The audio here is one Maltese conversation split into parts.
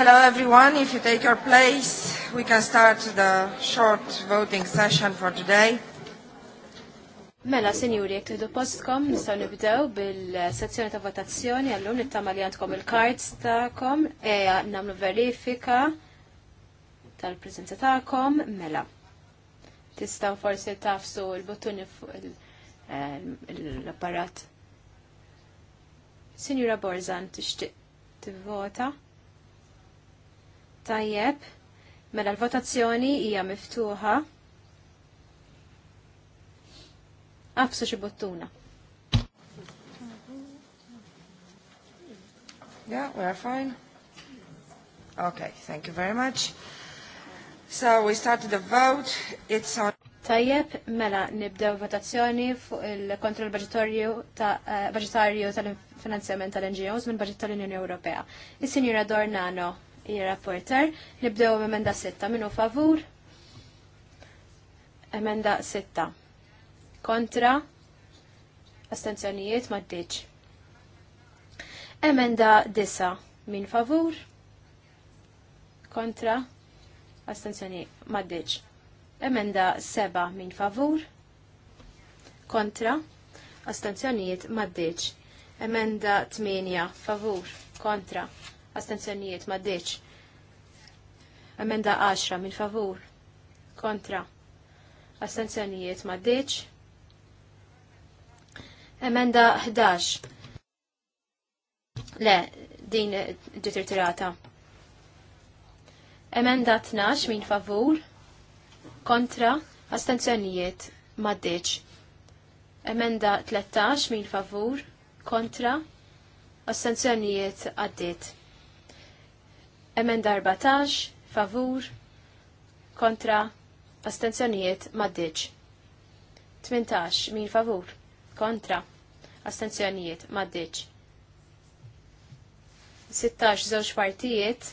Hello everyone, if you take your place, we can start the short voting session for today. Mela, senjuri, jek tiħdu postkom, nistaw nibdew bil-sezzjoni ta' votazzjoni, għallum nittama li għandkom il-cards ta'kom, e namlu verifika tal-prezenza ta'kom, mela. Tistaw forsi tafsu il-buttuni fuq l-apparat. Signora Borzan, tixtieq tivvota? vota Tajjeb, mela l-votazzjoni hija miftuħa. Absu xi bottuna. Yeah, we are fine. Okay, thank you very much. So we started the vote. It's on Tajjeb, mela nibdew votazzjoni fuq il-kontroll budgetarju ta' eh, budgetarju tal-finanzjament tal-NGOs minn budget tal-Unjoni Ewropea. Is-Sinjura Dornano il-rapporter. Nibdew emenda 6 minu favur. Emenda 6. Kontra. Astenzjonijiet maddiċ. Emenda disa min favur. Kontra. Astenzjoni maddiċ. Emenda 7 min favur. Kontra. Astenzjonijiet maddiċ. Emenda 8 favur. Kontra astenzjonijiet ma deċ. Emenda 10 min favur kontra astenzjonijiet ma deċ. Emenda 11. Le, din ġiet Emenda 12 min favur kontra astenzjonijiet ma ddeċ. Emenda 13 min favur kontra astenzjonijiet għaddit. Emenda 14, favur, kontra, astenzjonijiet maddiċ. 18, min favur, kontra, astenzjonijiet maddiċ. 16, żewġ partijiet,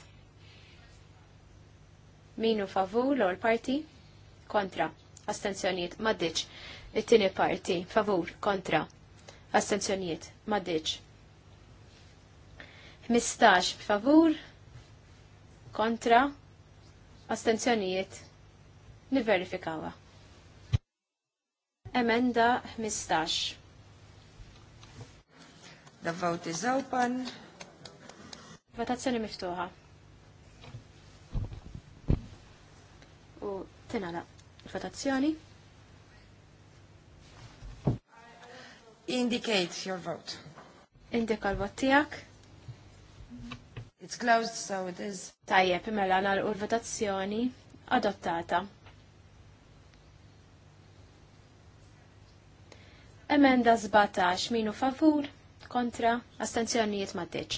minu favur, l-ol parti, kontra, astenzjonijiet maddiċ. It-tini parti, favur, kontra, astenzjonijiet maddiċ. 15, favur, kontra, astenzjonijiet, niverifikawa. Emenda 15. The vote is open. Votazzjoni miftuħa. U tinala votazzjoni. Indicate your vote. Indika l-vot tijak. It's closed, so it is. Tajjeb, mela nagħlqu l-votazzjoni adottata. Emenda 17 minu favur, kontra, astenzjonijiet maddeċ.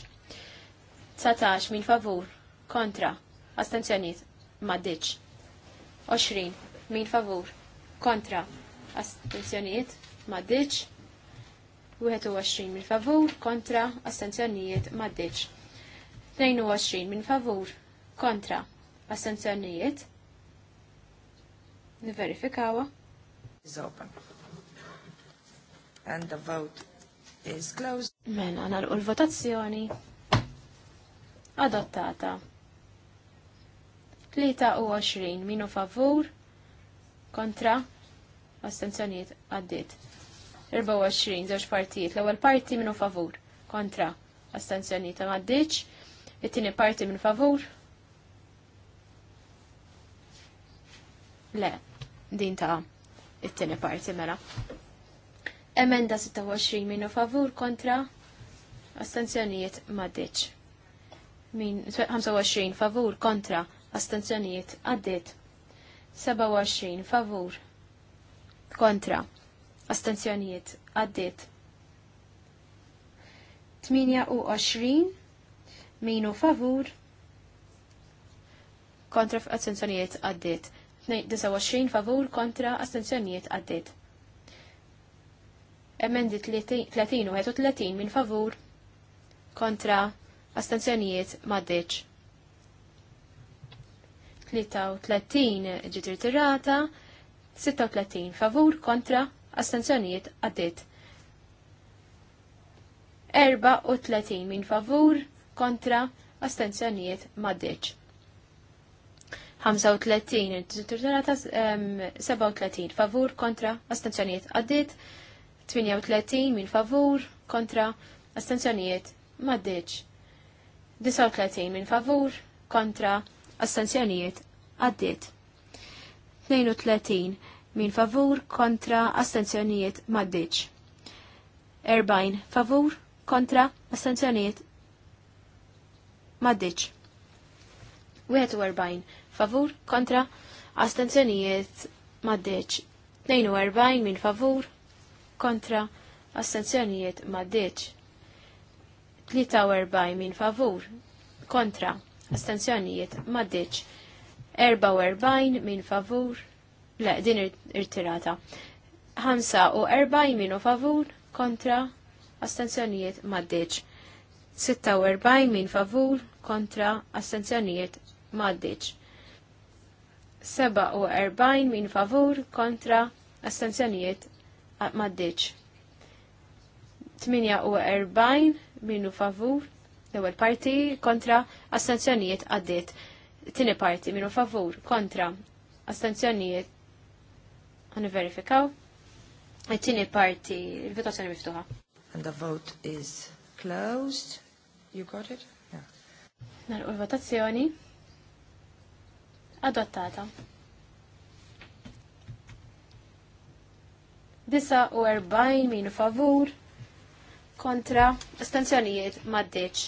19 min favur, kontra, astenzjonijiet maddeċ. 20 min favur, kontra, astenzjonijiet maddeċ. 21 min favur, kontra, astenzjonijiet maddeċ. 22 minn favur kontra assenzjonijiet. Niverifikawa. Is open. And the vote is closed. Mena nalqu l-votazzjoni. Adottata. 23 minu favur kontra assenzjonijiet għaddit. 24 żewġ partijiet, l-ewwel parti minu favur kontra astenzjonijiet għaddiċ, it-tieni parti minn favur. Le, din ta' it-tieni parti mela. Emenda 26 minn favur kontra astenzjonijiet maddeċ. Min 25 favur kontra astenzjonijiet għaddit. 27 favur kontra astenzjonijiet għaddit. 28 minu favur kontra astenzjonijiet għaddit. 29 favur kontra astenzjonijiet għaddit. Emendi 30 u min favur kontra astenzjonijiet maddeċ. 33 ġiet tirata, 36 favur kontra astenzjonijiet għaddit. 34 min favur kontra astenzjonijiet maddeċ. 35 37 favur kontra astenzjonijiet għaddit, 38 min favur kontra astenzjonijiet maddeċ. 39 min favur kontra astenzjonijiet għaddit. 32 min favur kontra astenzjonijiet maddeċ. 40 favur kontra astenzjonijiet maddiċ. 41 favur kontra astenzjonijiet maddiċ. 42 min favur kontra astenzjonijiet maddiċ. 43 min favur kontra astenzjonijiet maddiċ. 44 min favur le din irtirata. 45 Min favur kontra astenzjonijiet maddiċ. 46 min favur kontra astenzjonijiet maddiċ. 47 min favur kontra astenzjonijiet maddiċ. 48 min favur l-ewwel parti kontra assenzjonijiet għaddit. Tini parti minu favur kontra astenzjonijiet għanu verifikaw. E Tini parti, il-votazzjoni miftuħa. And the vote is closed. You got it? Yeah. Narqu l-votazzjoni. Adottata. Disa u erbajn min favur kontra astenzjonijiet maddeċ.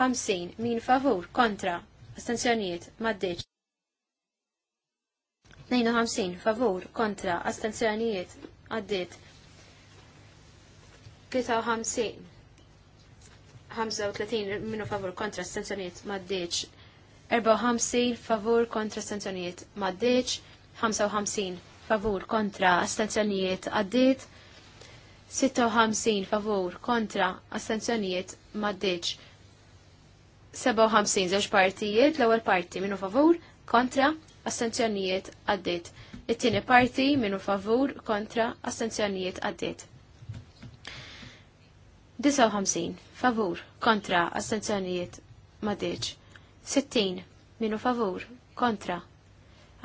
50 min favur kontra astenzjonijiet maddeċ. 52 favur kontra astenzjonijiet għaddit. 53 35 minu favur kontra astenzjoniet maddeċ. 54 favur kontra astenzjoniet maddeċ. 55 favur kontra astenzjoniet għaddit. 56 favur kontra astenzjoniet maddeċ. 57 żewġ partijiet, l-ewwel parti minu favur kontra astenzjonijiet għaddit. It-tieni parti minu favur kontra astenzjonijiet għaddit. 59 favur kontra astenzjonijiet maddiċ. 60 minu favur kontra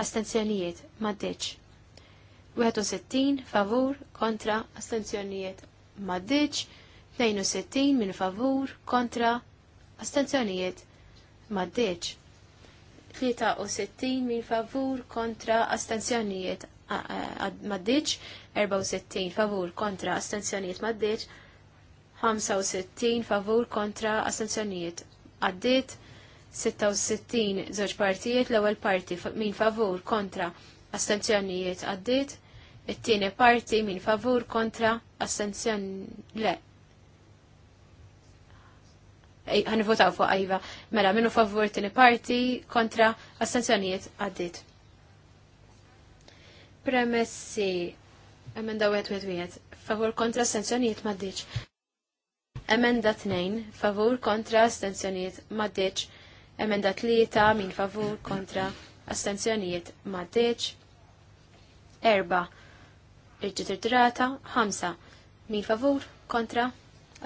astenzjonijiet maddiċ. 61 favur kontra astenzjonijiet maddiċ. 62 minu favur kontra astenzjonijiet maddiċ. 63 min favur kontra astenzjonijiet maddiċ, 64 favur kontra astenzjonijiet maddiċ, 65 favur kontra astenzjonijiet għaddit 66 żewġ partijiet l-ewwel parti min favur kontra astenzjonijiet għaddit it-tieni parti min favur kontra astenzjon le ħanivotaw fuq għajva. Mela, minnu favur tini parti kontra astenzjonijiet għaddit. Premessi, emenda 1 favur kontra astenzjonijiet maddiċ. Emenda 2, favur kontra astenzjoniet maddeċ. Emenda 3, min favur kontra astenzjoniet maddeċ. Erba, irġi tirata. Hamsa, min favur kontra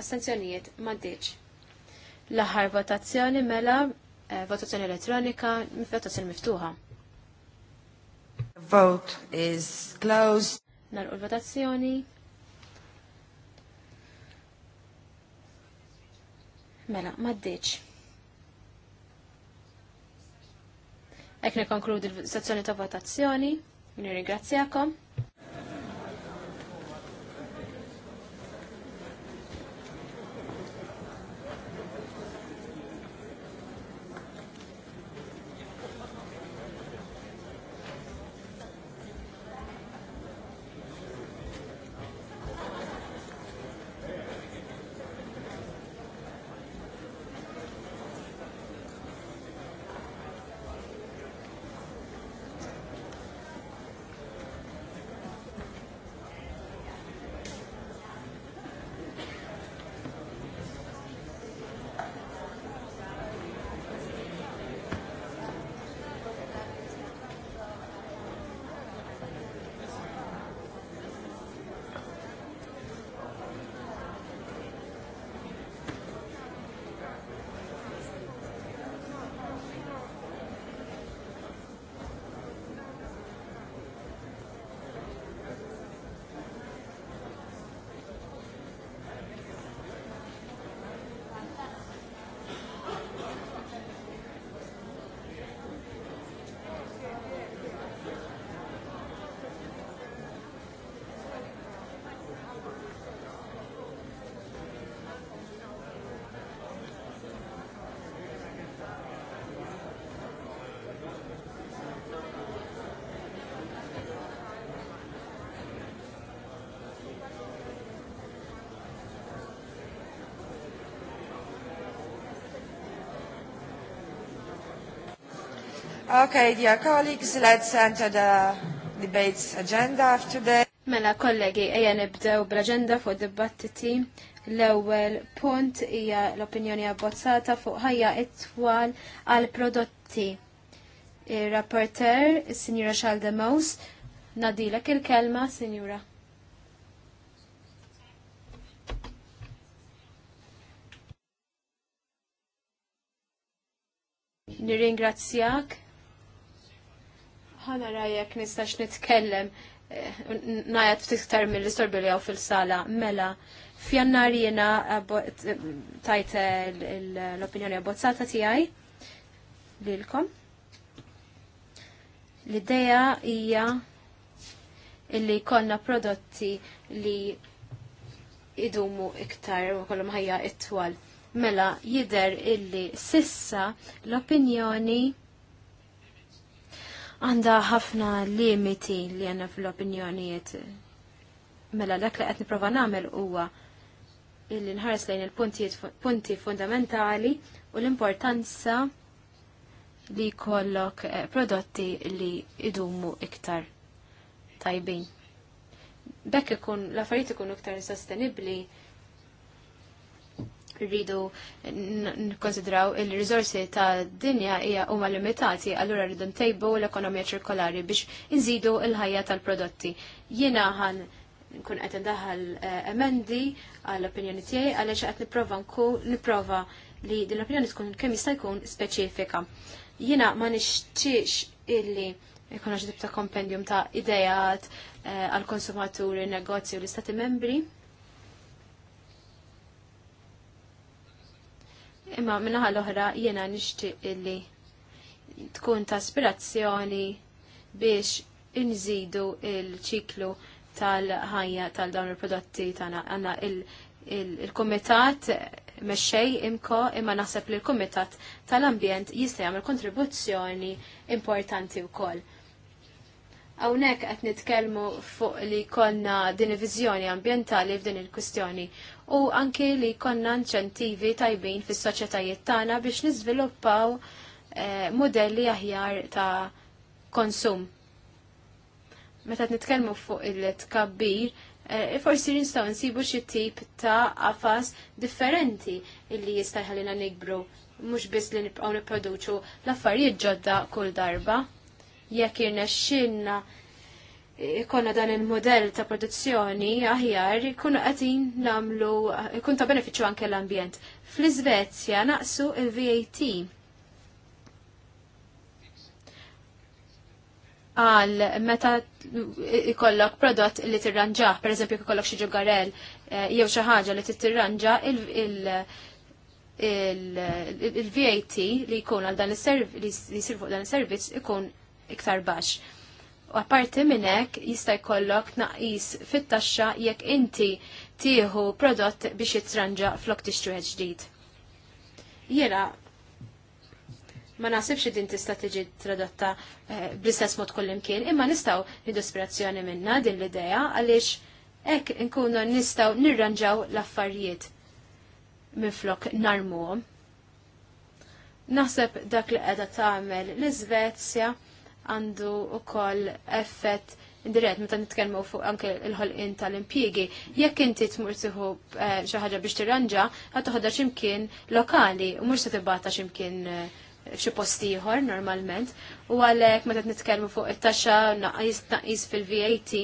astenzjoniet maddeċ. L-aħħar votazzjoni mela eh, votazzjoni elettronika, votazzjoni miftuħa. Vote is closed. Nar votazzjoni. Mela, maddiċ. Ek konkludi l-sezzjoni ta' votazzjoni. Nirringrazzjakom. Okay, dear colleagues, let's enter the debates agenda of today. Mela kollegi, eja nibdew bl-agenda fuq dibattiti. L-ewwel punt hija l-opinjoni abbozzata fuq ħajja it-twal għal prodotti. Ir-rapporter, is-Sinjura nadilek il-kelma, Sinjura. Nirringrazzjak ħana rajek nistax nitkellem eh, najat ftiktar mill-istorbi li fil-sala. Mela, f'jannar jena tajt l-opinjoni abbozzata għaj lilkom. L-ideja hija illi konna prodotti li idumu iktar u kollu ħajja it-twal. Mela, jider illi sissa l-opinjoni għandha ħafna limiti li għanna fl-opinjonijiet. Mela dak li qed nipprova nagħmel huwa illi nħares lejn il-punti fundamentali u l-importanza li kollok eh, prodotti li idumu iktar tajbin. Bekk ikun l-affarijiet ikunu iktar sostenibli rridu nkonsidraw il-rizorsi ta' dinja hija huma limitati, allura rridu ntejbu l-ekonomija ċirkolari biex nżidu l-ħajja tal-prodotti. Jiena ħan nkun qed indaħħal eh, emendi għall-opinjoni tiegħi għaliex qed nipprova nipprova li din l-opinjoni tkun kemm jista' jkun speċifika. Jiena ma nixtiex illi jkun ta' kompendium ta' idejat eh, għal-konsumaturi, negozju l-istati membri imma minnaħa l-oħra jena nishtiq illi tkun ta' aspirazzjoni biex inżidu il-ċiklu tal-ħajja tal-dawn il-prodotti tana għanna il-kumitat mexxej imko imma naħseb li l-kumitat tal-ambjent jista' jagħmel kontribuzzjoni importanti wkoll. Hawnhekk qed nitkellmu fuq li konna din viżjoni ambjentali f'din il-kwistjoni u anke li konna inċentivi tajbin fis soċjetajiet tagħna biex niżviluppaw eh, modelli aħjar ta' konsum. Meta nitkellmu fuq il-tkabbir, eh, forsi nistgħu nsibu xi tip ta' qafas differenti illi jista' jħallina nikbru mhux biss li nibqgħu nipproduċu l-affarijiet ġodda kull darba. Jekk irnexxinna ikonna dan il model ta' produzzjoni aħjar ikunu għatin nagħmlu ikun ta' benefiċċju anke l-ambjent. Fl-Iżvezja naqsu il-VAT għal meta ikollok prodott li tirranġa, per eżempju ikollok xi ġugarel eh, jew xi ħaġa li tittirranġa il-VAT li jkun għal dan il servizz jsir fuq dan is-servizz ikun iktar baxx. U apparti minn hekk jista' jkollok naqis fit-taxxa jekk inti tieħu prodott biex jitranġa flok tixtru ġdid. Jiena ma nasibx din tista' tiġi tradotta eh, bl-istess mod kullimkien, imma nistgħu nidu ispirazzjoni minna din l-idea għaliex hekk nkunu nistgħu nirranġaw l-affarijiet minflok narmu. Naħseb dak li qiegħda tagħmel l-Iżvezja għandu koll effett indirett meta nitkellmu fuq anke l-ħolqien tal-impjiegi. Jekk inti tmur tieħu eh, xi ħaġa biex tirranġa, ħadd toħodha x'imkien lokali u mhux se tibata x'imkien eh, xi post ieħor normalment. U għalhekk meta nitkellmu fuq it-taxxa naqis tnaqqis fil-VAT,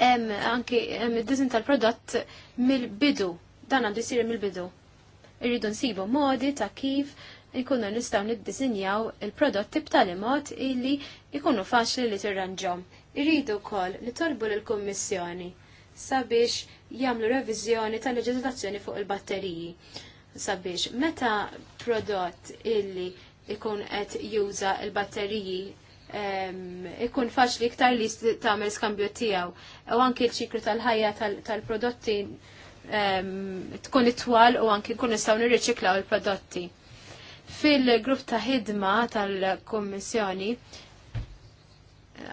hemm anke hemm id-diżin tal-prodott mill-bidu. Dan għandu jsir mill-bidu. Irridu nsibu modi ta' kif ikunu nistaw niddisinjaw il-prodotti b'tali mod illi ikunu faċli li tirranġom. Irridu kol li tolbu l-Kommissjoni sabiex jamlu revizjoni tal leġislazzjoni fuq il-batteriji. Sabiex meta prodott illi ikun qed juża il-batteriji ikun faċli iktar li tagħmel skambju tiegħu. U anki l-ċiklu tal-ħajja tal-prodotti tkun itwal u anke nkun nistgħu nirriċiklaw il-prodotti fil-grupp ta' ħidma tal-Kommissjoni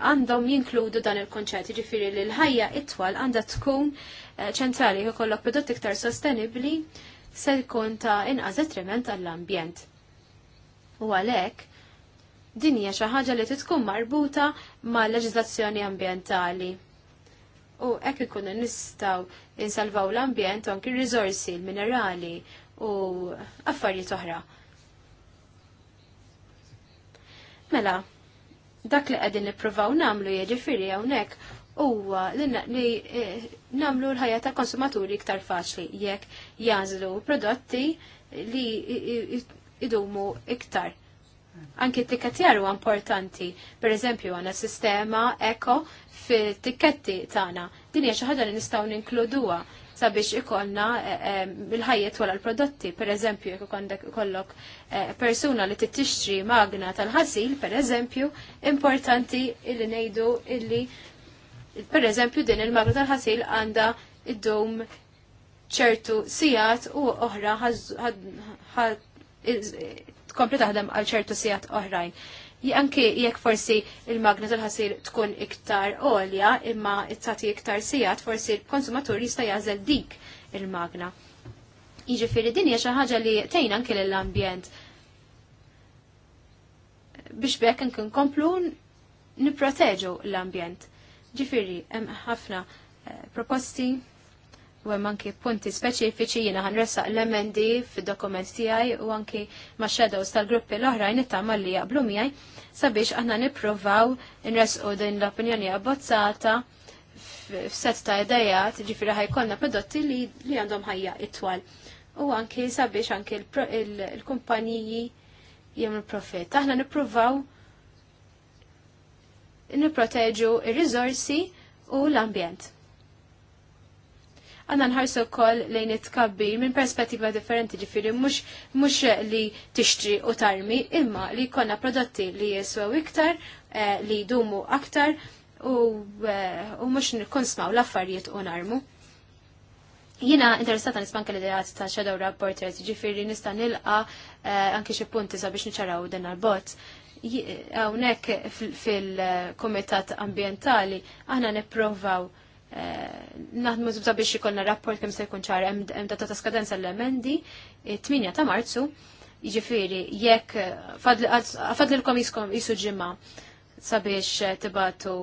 għandhom jinkludu dan il-konċett, ġifiri li l-ħajja itwal għandha tkun eh, ċentrali kollok prodotti iktar sostenibli se jkun ta' inqas detriment għall-ambjent. U għalhekk din hija xi ħaġa li tkun marbuta ma' leġiżlazzjoni ambjentali. U hekk ikunu nistgħu insalvaw l-ambjent anki r-riżorsi, l-minerali u affarijiet oħra. Mela, dak li qegħdin nippruvaw nagħmlu jiġifieri hawnhekk huwa li eh, nagħmlu l-ħajja ta' konsumaturi iktar faċli jekk jażlu prodotti li idumu iktar. Anki t-tikketjar huwa importanti. Per eżempju, għana sistema eko fit-tikketti tagħna. Din hija xi ħaġa li nistgħu ninkludua sabiex ikollna il-ħajjet wara l-prodotti. Per eżempju, jekk kondek kollok persuna li titixtri magna tal-ħasil, per eżempju, importanti illi ngħidu illi per eżempju din il-magna tal-ħasil għandha id-dum ċertu sijat u oħra tkompli taħdem għal ċertu sijat oħrajn. Janki jekk forsi il-magna tal-ħasir tkun iktar olja imma tati iktar sigħat forsi l-konsumatur jista' jażel dik il-magna. Jiġifieri din hija xi ħaġa li tejna anke l ambjent biex bekk nkun komplu nipproteġu l-ambjent. Ġifiri, hemm ħafna eh, proposti u hemm anki punti speċifiċi jiena ħanressaq l-emendi fid-dokument tiegħi u anki ma' shadows tal-gruppi l-oħrajn ittama li jaqblu miegħi sabiex aħna nippruvaw nresqu din l-opinjoni abbozzata f'set ta' idejat, ġifieri ħajkollna prodotti li, li għandhom ħajja itwal. U anki sabiex anki l-kumpaniji l profit. Aħna nippruvaw nipproteġu ir-riżorsi u l-ambjent għanna nħarsu kol lejn it-kabbi minn perspettiva differenti ġifiri mux li tixtri u tarmi imma li konna prodotti li jiswew iktar, eh, li jdumu aktar u eh, mux nikonsmaw l-affarijiet u narmu. Jina interessata nispanka l-idejat ta' Shadow Reporters, ġifiri nista nilqa eh, anki xie punti sabiex nċaraw dan bot għawnek fil-komitat ambientali, għana niprovaw Eh, naħdmu zibta biex ikollna rapport kemm se jkun ċar hemm data ta' skadenza l-emendi 8 ta' Marzu, jiġifieri jekk eh, fadlilkom jiskom jisu ġimgħa sabiex eh, tibatu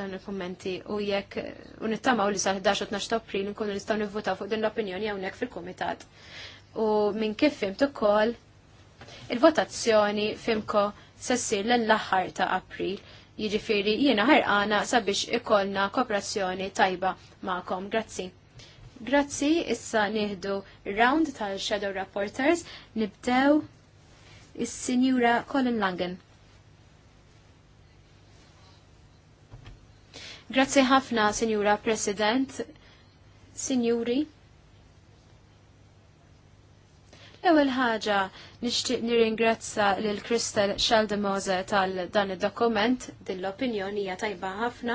dan il-kommenti u jekk u nittamaw li sa' 11-12 ta' April nkunu nistgħu nivvutaw fuq din l-opinjoni hawnhekk fil-kumitat. U minn kif fimt ukoll il-votazzjoni fimko se ssir l-aħħar ta' April Jiġifieri jiena ħarqana sabiex ikollna kooperazzjoni tajba ma'kom. Grazzi. Grazzi, issa nieħdu round tal-Shadow Reporters. Nibdew is-Sinjura Colin Langen. Grazzi ħafna, Sinjura President, Sinjuri. Ewwel ħaġa, Nixtieq nirringrazza lil Kristel Schaldemose tal dan id-dokument, din l-opinjoni hija tajba ħafna,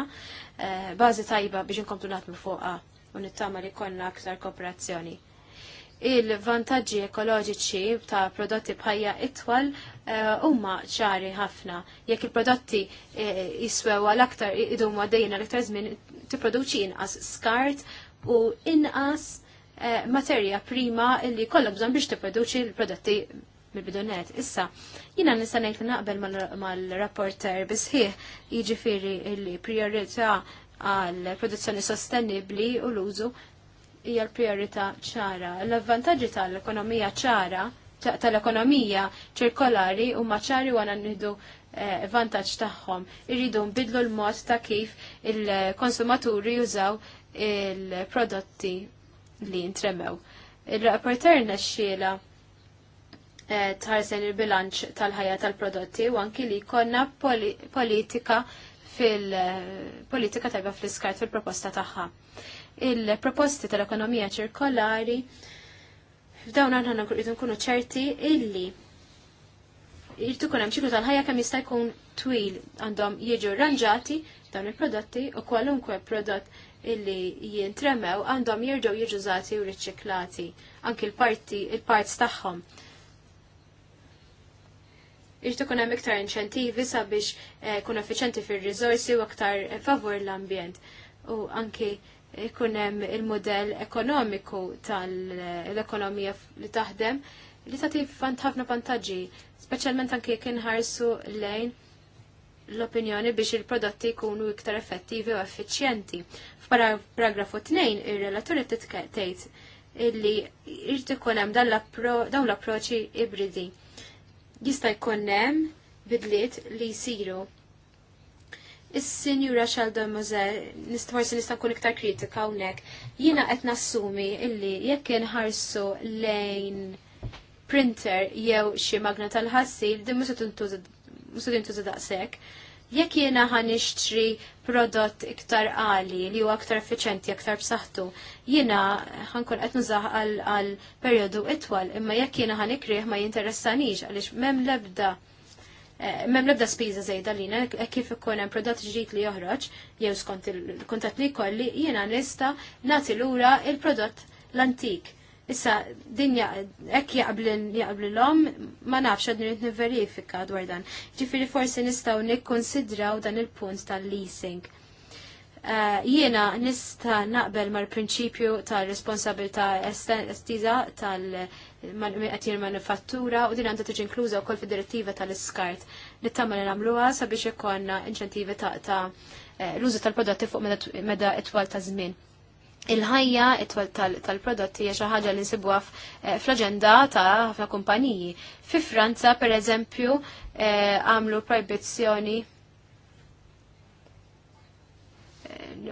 eh, bażi tajba biex inkomplu natmu fuqha u nittama li konna aktar kooperazzjoni. Il-vantaġġi ekoloġiċi ta' prodotti bħajja itwal eh, huma ċari ħafna. Jekk il-prodotti eh, jiswew għal-aktar idum għaddejjin għal-aktar żmien tipproduċi inqas skart u inqas materja prima li kollha bżonn biex tipproduċi l-prodotti mill-bidunet. Issa, jina nistanajt li naqbel mal-rapporter bisħiħ jiġifieri li priorità għal produzzjoni sostenibbli u l-użu hija l priorita ċara. L-avvantaġġi tal-ekonomija ċara tal-ekonomija ċirkolari u maċari għana nħidu eh, vantaġġ tagħhom. Irridu nbidlu l-mod ta' kif il-konsumaturi jużaw il-prodotti li ntremew. Il-rapporter naxxiela Eh, tħarsen il-bilanċ tal-ħajja tal-prodotti u anki li konna politika fil-politika eh, tajba fl-iskart fil-proposta tagħha. Il-proposti tal-ekonomija ċirkolari f'dawn għandna nkunu ċerti illi jirtu kun hemm ċiklu tal-ħajja kemm jista' jkun twil għandhom jiġu rranġati dawn il-prodotti u kwalunkwe prodott illi jintremew għandhom jirġgħu jiġużati u riċċiklati anki l-parti il-parts tagħhom. Iġdu kun hemm iktar inċentivi sabiex eh, kun effiċenti fir rizorsi u aktar eh, favur l-ambjent. U anki ikun eh, hemm il-modell ekonomiku tal-ekonomija li taħdem li tagħti ħafna vantaġġi, speċjalment anke jekk inħarsu lejn l-opinjoni biex il-prodotti jkunu iktar effettivi u effiċjenti. F'paragrafu 2 ir-relaturi tgħid illi jrid ikun hemm dawn l-approċċi ibridi jista' jkun hemm bidliet li jsiru. Is-Sinjura Xaldo Mozer, forsi nista' nkun iktar kritika hawnhekk, jiena qed nassumi illi jekk inħarsu lejn printer jew xi magna tal-ħassib din mhux tintuża daqshekk. Jekk jiena ħan nixtri prodott iktar għali li huwa aktar effiċenti, aktar b'saħħtu, jiena ħankun qed nużah għal perjodu itwal, imma jekk jiena ħan ikrih ma jinteressanix għaliex m'hemm l eh, Mem lebda spiża zejda li kif ikun hemm prodott ġdid li joħroġ jew skont il-kuntatt li jkolli jiena nista' nagħti lura il-prodott l-antik. Issa, din l jaqblilhom ma nafx għad nirrit verifika dwar dan. Ġifiri forsi nistgħu nikkonsidraw dan il-punt tal-leasing. Uh, jiena nista naqbel mal-prinċipju tal-responsabilta estiza tal-qed manifattura u din għandu tiġi inkluża wkoll fid-direttiva tal-iskart. Nittama li nagħmluha sabiex ikonna inċentivi ta' eh, l-użu tal-prodotti fuq meda etwal ta' żmien il-ħajja it-twal tal-prodotti hija xi ħaġa li nsibuha eh, fl-aġenda ta' ħafna kumpaniji. Fi Franza, per eżempju, eh, għamlu proibizzjoni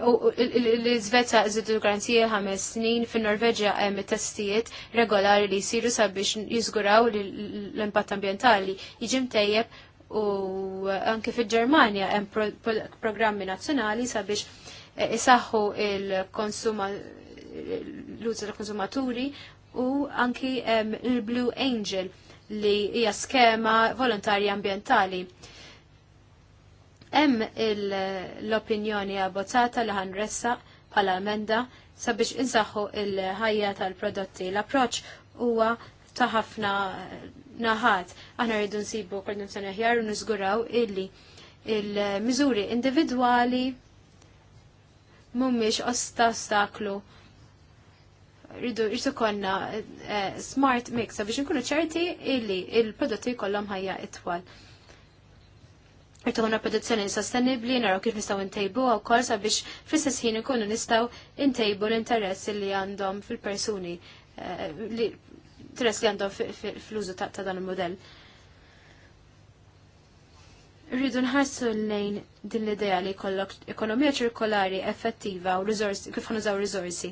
eh, l-Svezja zidu garanzija ħames snin, fin norveġja hemm testijiet regolari li jsiru sabiex jiżguraw l-impatt ambjentali jiġi mtejjeb u anke fil-Ġermanja hemm programmi nazzjonali sabiex Eh, isaħħu l-użu tal-konsumaturi u anki l-Blue Angel li hija skema volontarja ambientali. Hemm l-opinjoni abbozzata li ħanressa bħala emenda sabiex insaħħu il-ħajja tal-prodotti. L-approċ huwa ta' ħafna eh, naħat. Aħna rridu nsibu koordinazzjoni aħjar u niżguraw illi il-miżuri individwali osta staklu. Ridu, rridu konna eh, smart mix biex nkunu ċerti illi il-prodotti jkollhom ħajja itwal. Irtu għuna produzzjoni sostenibli, naraw kif nistaw intejbu għaw kol sabiex fl ħin ikunu nistaw intejbu l-interess li għandhom fil-persuni, eh, interess li għandhom fl-użu ta' dan il-modell rridu l lejn din l-idea li kollok ekonomija ċirkolari effettiva u kif nużaw risorsi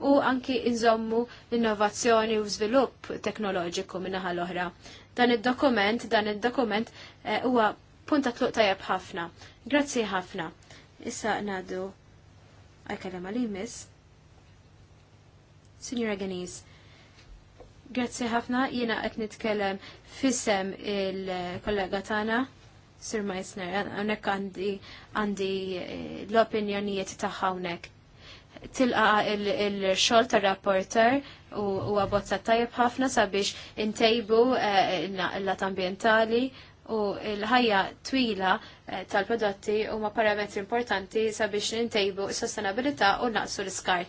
u anki nżommu innovazzjoni u żvilupp teknoloġiku minnaħa l-oħra. Dan id-dokument, dan id-dokument eh, huwa punta tluq tajab ħafna. Grazzi ħafna. Issa nadu għal-kalem għal-imis. Signora Ganis, grazzi ħafna jina għet nitkellem fissem il-kollega tana Sir Meissner, għonek għandi eh, l-opinjonijiet ta' għonek. Tilqa il-xol ta' rapporter u għabotza tajib ħafna sabiex intejbu eh, l-lat ambientali u l-ħajja twila eh, tal-prodotti u ma parametri importanti sabiex nintejbu s-sostenabilità u naqsu l-skart.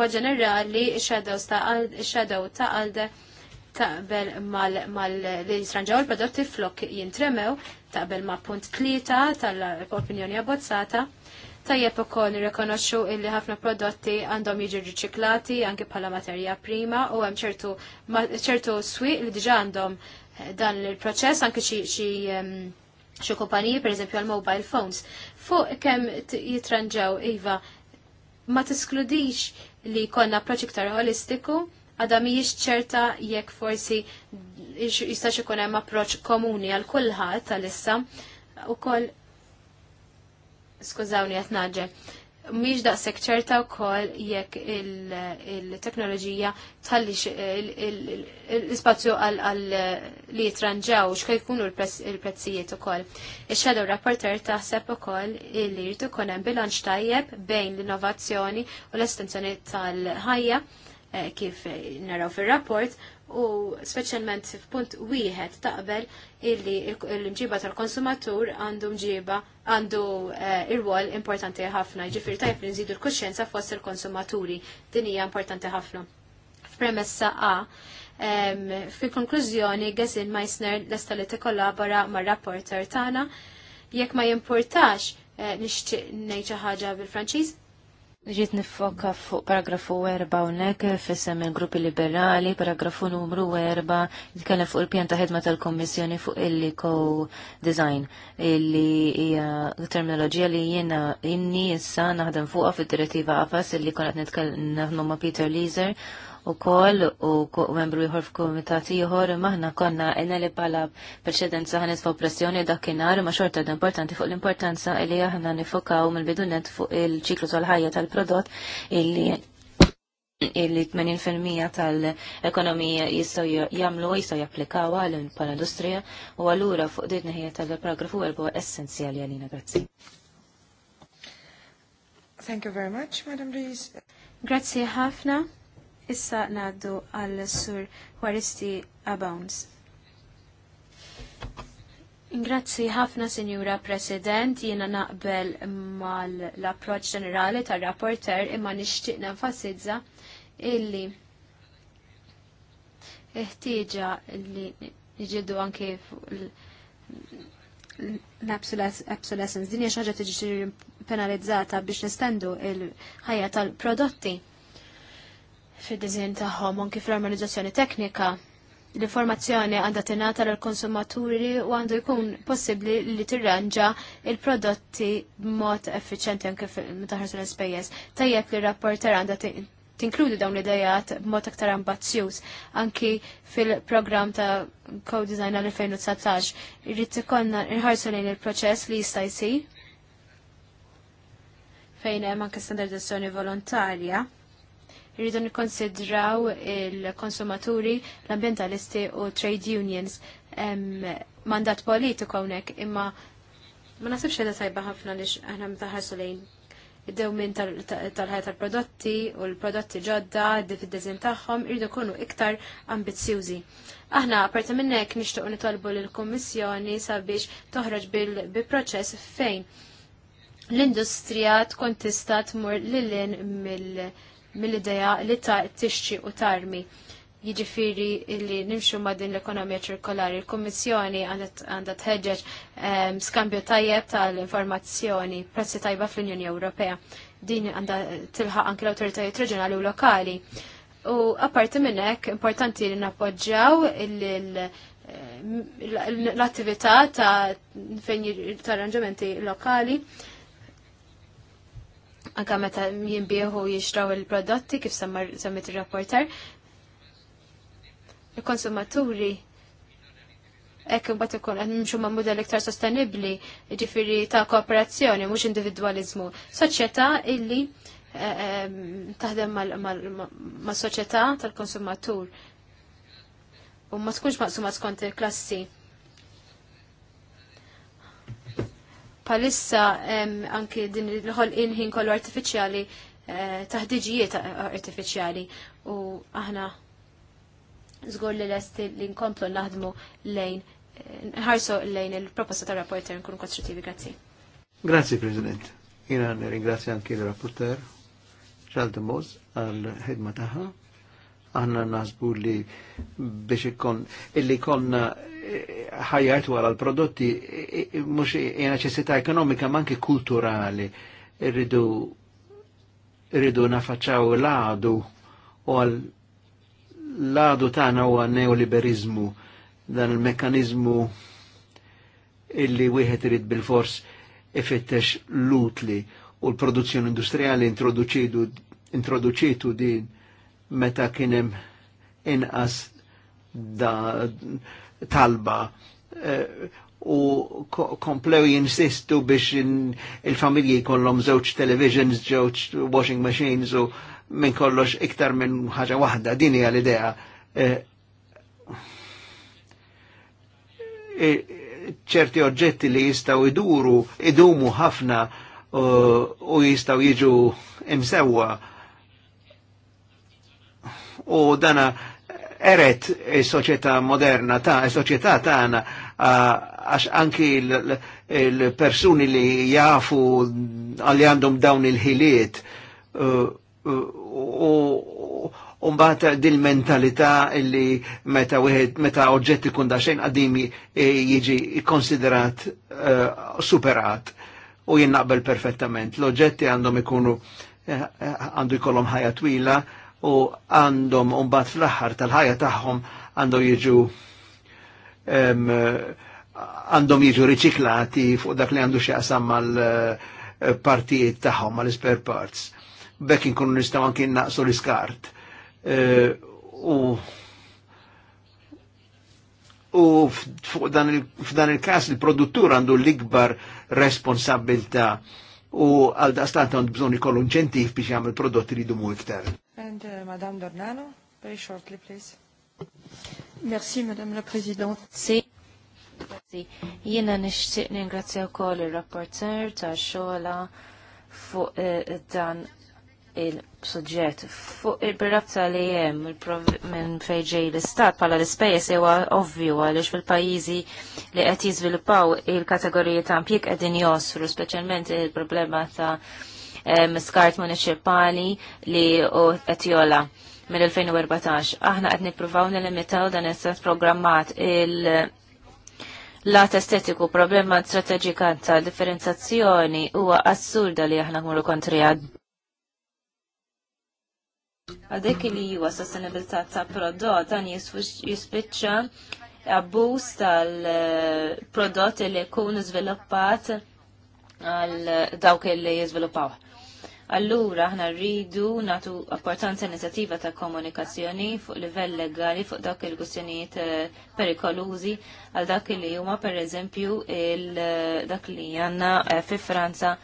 Mod ġenerali, il-shadow ta' għalde taqbel mal-li jisranġaw il-prodotti flok jintremew, taqbel ma' punt tlieta tal-opinjoni abbozzata. Tajjeb ukoll nirrikonoxxu illi ħafna prodotti għandhom jiġu riċiklati anke bħala materja prima u hemm ċertu ċertu swieq li diġa' għandhom eh, dan il-proċess anke xi xi kumpaniji pereżempju għal-mobile phones. Fuq kemm jitranġaw iva ma tiskludix li konna proċ iktar holistiku għada mhijiex ċerta jekk forsi jistax ikun hemm approċċ komuni għal kulħadd u kol skużawni qed naġġe, Mhijiex daqshekk ċerta wkoll jekk il-teknoloġija tħalli l-ispazju għal li jitranġaw x'ka jkunu l-prezzijiet ukoll. Ix-shadow rapporter taħseb ukoll li jrid ikun hemm bilanċ tajjeb bejn l-innovazzjoni u l-estensjoni tal-ħajja Eh, kif eh, naraw fil-rapport u specialment f'punt wieħed taqbel illi l-imġiba tal-konsumatur għandu mġiba għandu eh, ir-rwol importanti ħafna, ġifir tajf li nżidu l-kuxjenza fost il-konsumaturi, din hija importanti ħafna. F'premessa A, fil konklużjoni Gazin Meissner lesta li tikkollabora mar-rapporter tagħna jekk ma jimportax nixtieq ngħid xi ħaġa bil-Franċiż, Ġiet nifoka fuq paragrafu 4 unnek fissem il-gruppi liberali, paragrafu numru 4 jitkellem fuq il-pjan ta' ħedma tal-Kommissjoni fuq il-co design illi hija terminoloġija li jiena inni issa naħdem fuqha fid-direttiva qafas illi konet nitkellem ma' Peter Leaser u koll u membru jħor f'komitat jħor maħna konna enna li pala preċedenza ħanes fuq pressjoni dakinar ma xorta d-importanti fuq l-importanza li aħna nifokaw mill-bidunet fuq il-ċiklu tal-ħajja tal-prodott illi illi 80% tal-ekonomija jistaw jamlu jistaw japplikaw għalun pal-industrija u għallura fuq dit neħija tal-paragrafu għalbu essenzjali għalina grazzi. Thank you very much, Madam Rees. Grazie ħafna. Issa naddu għal sur Kwaristi Abounds. Ingrazzi ħafna, Sinjura President, jiena naqbel mal-approċ ġenerali tar-rapporter imma nixtieq nenfasizza illi iħtieġa li niġidu anke l-absolescence din hija xi ħaġa tiġi penalizzata biex nistendu l ħajja tal-prodotti fid-dizin tagħhom anki fl-armonizzazzjoni teknika. L-informazzjoni għandha tingħata lill konsumaturi u għandu jkun possibbli li tirranġa il-prodotti b'mod effiċenti anke meta ħarsu l-ispejjeż. Tajjeb li rapporter għandha tinkludi dawn l-idejat b'mod aktar ambazzjuż anki fil-programm ta' co-design għal-2019. Irrid ikollna nħarsu lejn il-proċess li jista' jsir fejn hemm anke standardizzazzjoni volontarja. Irridu nikkonsidraw il-konsumaturi, l-ambientalisti u trade unions mandat politiku hawnhekk imma ma nasibx qiegħda tajba ħafna li aħna mtaħarsu lejn id-dew minn tal-ħajja tal-prodotti u l-prodotti ġodda, id-dizin tagħhom irridu jkunu iktar ambizzjużi. Aħna apparti minn hekk nixtiequ nitolbu lill-Kummissjoni sabiex toħroġ bil-proċess fejn l-industrija tkun tista' tmur lilin mill- mill-ideja li ta' tixxi u tarmi. Jiġifieri li nimxu ma' din l-ekonomija ċirkolari. Il-Kummissjoni għandha tħeġġeġ ehm, skambju tajjeb tal-informazzjoni prezzi tajba fl-Unjoni Ewropea. Din għandha tilħaq anke l-awtoritajiet reġjonali u lokali. U apparti minn hekk importanti li nappoġġjaw l-attività ta' fejn arranġamenti lokali anka meta jinbieħu jixtraw il-prodotti kif semmit il-rapporter. Il-konsumaturi ekk imbagħad ikun qed nimxu ma' mudell iktar sostenibbli, jiġifieri ta' kooperazzjoni mhux individwaliżmu. Soċjetà illi eh, eh, taħdem mas-soċjetà tal-konsumatur u ma tkunx maqsuma skont il-klassi. palissa anki din l-ħol inħin kollu artificiali eh, taħdiġijiet artificiali u aħna zgur li l-est li nkomplu naħdmu lejn nħarsu lejn il-proposta ta' rapporter nkunu konstruttivi, grazzi. Grazzi, President. Jina ringrazzi anki l-rapporter, ċaldu Moz, għal-ħidma taħħa għanna nasbu li biex ikon illi konna eh, ħajjart wara l-prodotti eh, eh, mux jena ekonomika ma kulturali. Irridu irridu nafaċċaw l ħadu u għal l-għadu u huwa neoliberizmu dan il mekanizmu illi wieħed irid bil-fors ifittex l-utli u l-produzzjoni industrijali introduċitu din meta kienem inqas da talba eh, u komplew jinsistu biex il-familji kollom żewġ televisions, żewġ washing machines u minn kollox iktar minn ħaġa waħda, din hija l-idea. Eh, eh, ċerti oġġetti li jistaw iduru, idumu ħafna u jistaw jiġu imsewwa u dana eret il-soċieta moderna ta' il-soċieta għana għax anki il-persuni li jafu għalli għandhom dawn il-ħiliet u Umbat dil-mentalità illi meta wieħed meta oġġett ikun da xejn qadimi jiġi konsiderat e, superat u jinnaqbel naqbel perfettament. L-oġġetti għandhom ikunu e, e, għandu jkollhom ħajja twila u għandhom umbat fl-aħħar tal-ħajja tagħhom għandhom jiġu għandhom jiġu riċiklati fuq dak li għandu xieqsam mal-partijiet tagħhom mal-spare parts. Bekk inkunu nistgħu anki naqsu l-iskart. E, u u f'dan il-kas il-produttur għandu l-ikbar responsabilta' u għal daqstant għand bżon ikollu nċentif biex jgħamil prodotti li dumu iktar. And uh, Madame Dornano, very shortly please. Merci Madame la Présidente. Si. Jena nishtiq ningrazzja u koll il rapporter ta' xola fuq eh, dan il- suġġett fuq il-birazza li jem minn fejġej l-istat pala l-ispejjes jewa ovvju għalix fil-pajizi li qed jiżviluppaw il-kategoriji ta' impjieg qegħdin josru, speċjalment il-problema ta' skart municipali li u qed jola mill-2014. Aħna qed nippruvaw nilimitaw dan is-sens programmat il- lat estetiku problema strategika ta' differenzazzjoni huwa assurda li aħna kontri kontrija Għadek li huwa sostenibilità ta' prodott għan jispiċċa għabbus tal-prodott li kun żviluppat għal dawk li jiżviluppaw. Allura aħna rridu natu importanza inizjattiva ta' komunikazzjoni fuq livell legali fuq dawk il-kwistjonijiet eh, perikolużi għal dak li huma pereżempju il dak li għandna eh, fi Franza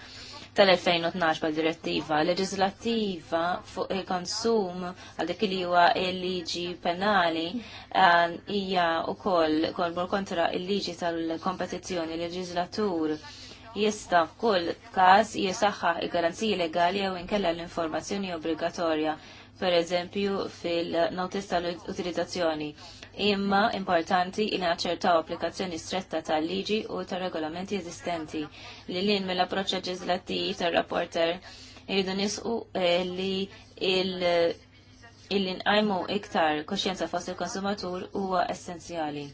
tal-2012 bħal direttiva leġislattiva fuq il-konsum għal dik li huwa il-liġi penali eh, hija wkoll kolmur kontra il-liġi tal-kompetizzjoni leġislatur jista f'kull każ jisaħħa il-garanziji legali jew inkella l-informazzjoni obbligatorja per eżempju fil-notis tal-utilizzazzjoni imma importanti in naċċertaw applikazzjoni stretta tal-liġi u tal-regolamenti eżistenti li mill-approċċ leġislattiv tar-rapporter irridu nisqu eh, li il- il-inqajmu iktar koxjenza fost il-konsumatur huwa essenzjali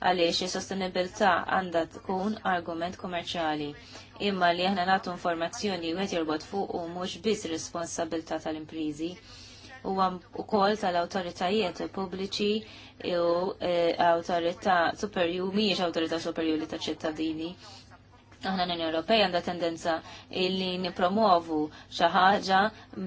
għaliex il sostenibilità għandha tkun argument kummerċjali, imma li aħna nagħtu informazzjoni wieħed jirbot fuq u mhux biss responsabilità tal-imprizi u wkoll tal-awtoritajiet pubbliċi u e, awtorità superju mhijiex awtorità li ta' ċittadini. Aħna l-Unjoni Ewropej għandha tendenza illi nipromovu xi ħaġa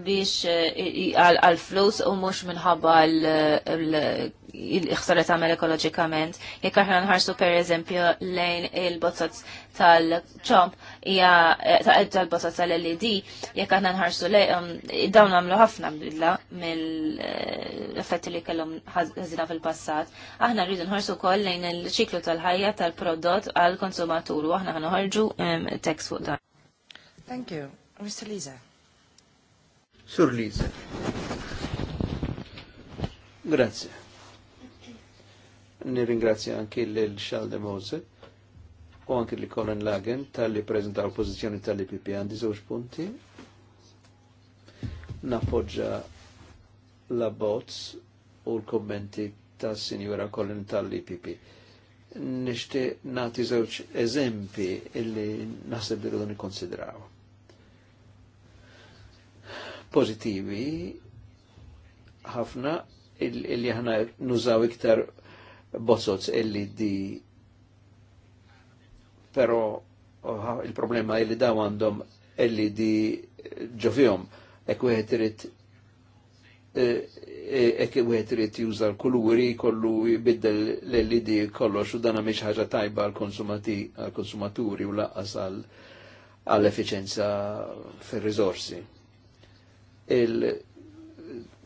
biex e, għall flus u mhux minħabba l-ħsara tagħmel ekoloġikament. Jekk aħna nħarsu pereżempju lejn il-bozzat tal-ċomp, hija eh, l bosa tal-LED jekk aħna nħarsu le um, dawn għamlu ħafna bidla mill-effetti li kellhom ħażina fil-passat. Aħna rridu nħarsu wkoll lejn il-ċiklu tal-ħajja tal-prodott għall konsumatur u aħna ħanoħorġu tekst fuq dan. Thank you. Mr. Lisa. Sur Liza. Grazie. Nirringrazzja anki l-Xalde Mose u anki li Colin Lagen tal-li prezenta prezentaw pozizjoni tal-IPP għandi zewġ punti. Nappoġġa la bots u l-kommenti tas sinjura Colin tal-IPP. Nishti nati zewġ eżempi illi nasib li nikkonsidraw. Pozitivi ħafna illi ħana nużaw iktar bozzot illi di pero il-problema illi daw għandhom illi e di ġovjom ek wieħed e, e, ek wieħed juża l-kuluri kollu biddel l di kollu u dana mhix ħaġa tajba għall-konsumaturi u laqqas għall-efficienza fir Il-ħajja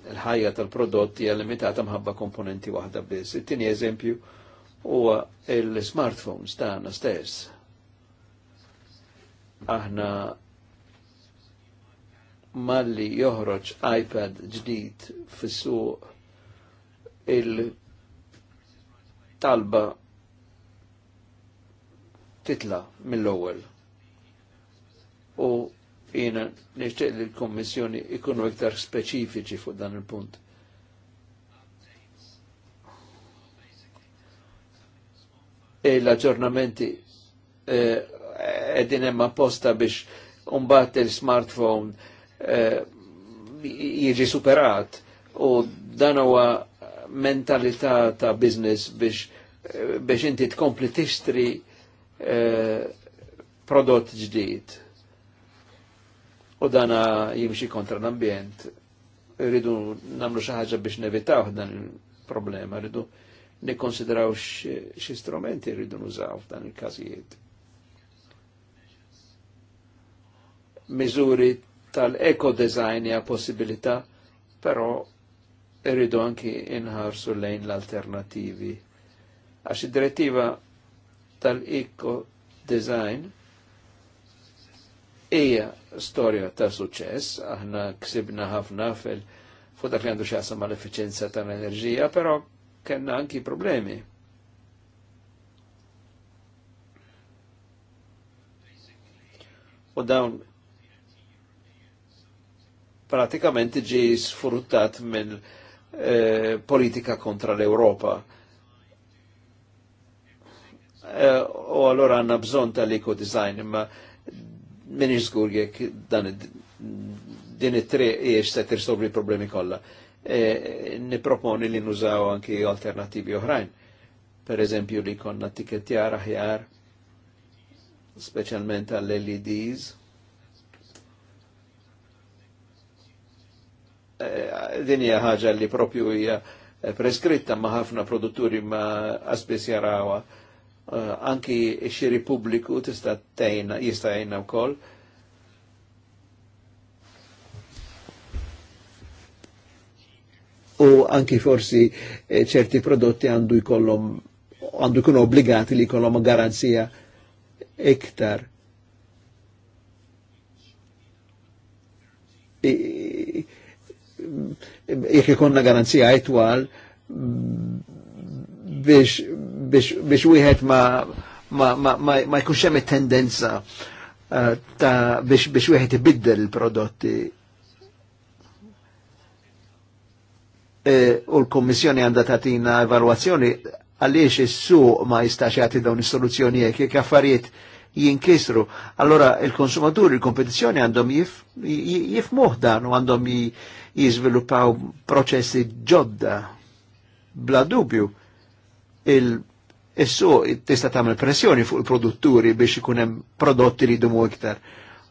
Il-ħajja tal-prodotti hija limitata mħabba komponenti waħda biss. It-tieni eżempju huwa l-smartphones tagħna stess aħna malli joħroġ iPad ġdid fissu il-talba titla mill-ewwel. U jiena nixtieq li l-Kommissjoni ikunu iktar speċifiċi fuq dan il-punt. E l-aġġornamenti eh, edin hemm apposta biex umbat il-smartphone eh, jiġi jieġi superat u dan huwa mentalità ta' business biex eh, biex inti tkompli tixtri eh, prodott ġdid. U dana jimxi kontra l-ambjent. Rridu namlu xi ħaġa biex nevitaw dan il-problema, rridu nikkonsidraw xi strumenti rridu nużaw f'dan il-każijiet. miżuri tal-eco design hija possibilità, però irridu anki inħarsu lejn l-alternativi. Għax id-direttiva tal-eco design hija storja ta' suċess, aħna ksibna ħafna fil- fuq dak li għandu xaqsam mal efficienza tal-enerġija, però kellna anki problemi. U dawn pratikament iġi sfruttat minn eh, politika kontra l-Europa. Eh, u allora għanna bżon tal-eco design, imma minni zgur jek dan din it-tri jiex se tirsolvi problemi kolla. Eh, Niproponi li nużaw anki alternativi oħrajn. Per eżempju li konna tikettjar aħjar, specialment għall-LEDs, Eh, din hija ħaġa li propju hija eh, preskritta ma' ħafna produtturi ma' asbis jarawa. Eh, anki xiri pubbliku tista' tejna, jista' u wkoll. U anki forsi ċerti prodotti għandu jkollhom għandu jkunu obbligati li jkollhom garanzija iktar jek ikonna garanzija għajtwal biex biex wieħed ma ma ma ma, jkunx hemm tendenza uh, ta' biex biex wieħed ibiddel il-prodotti. E, u l-Kommissjoni għandha tatina evalwazzjoni għaliex is-suq ma jistax jagħti dawn is-soluzzjoni jekk jekk affarijiet jinkisru. Allora il-konsumaturi, il-kompetizjoni għandhom jifmuħ jif dan u għandhom jif jizvilupaw proċessi ġodda. Bla dubju, il Issu il tista tagħmel pressjoni fuq il-produtturi biex ikunem prodotti li jdumu iktar.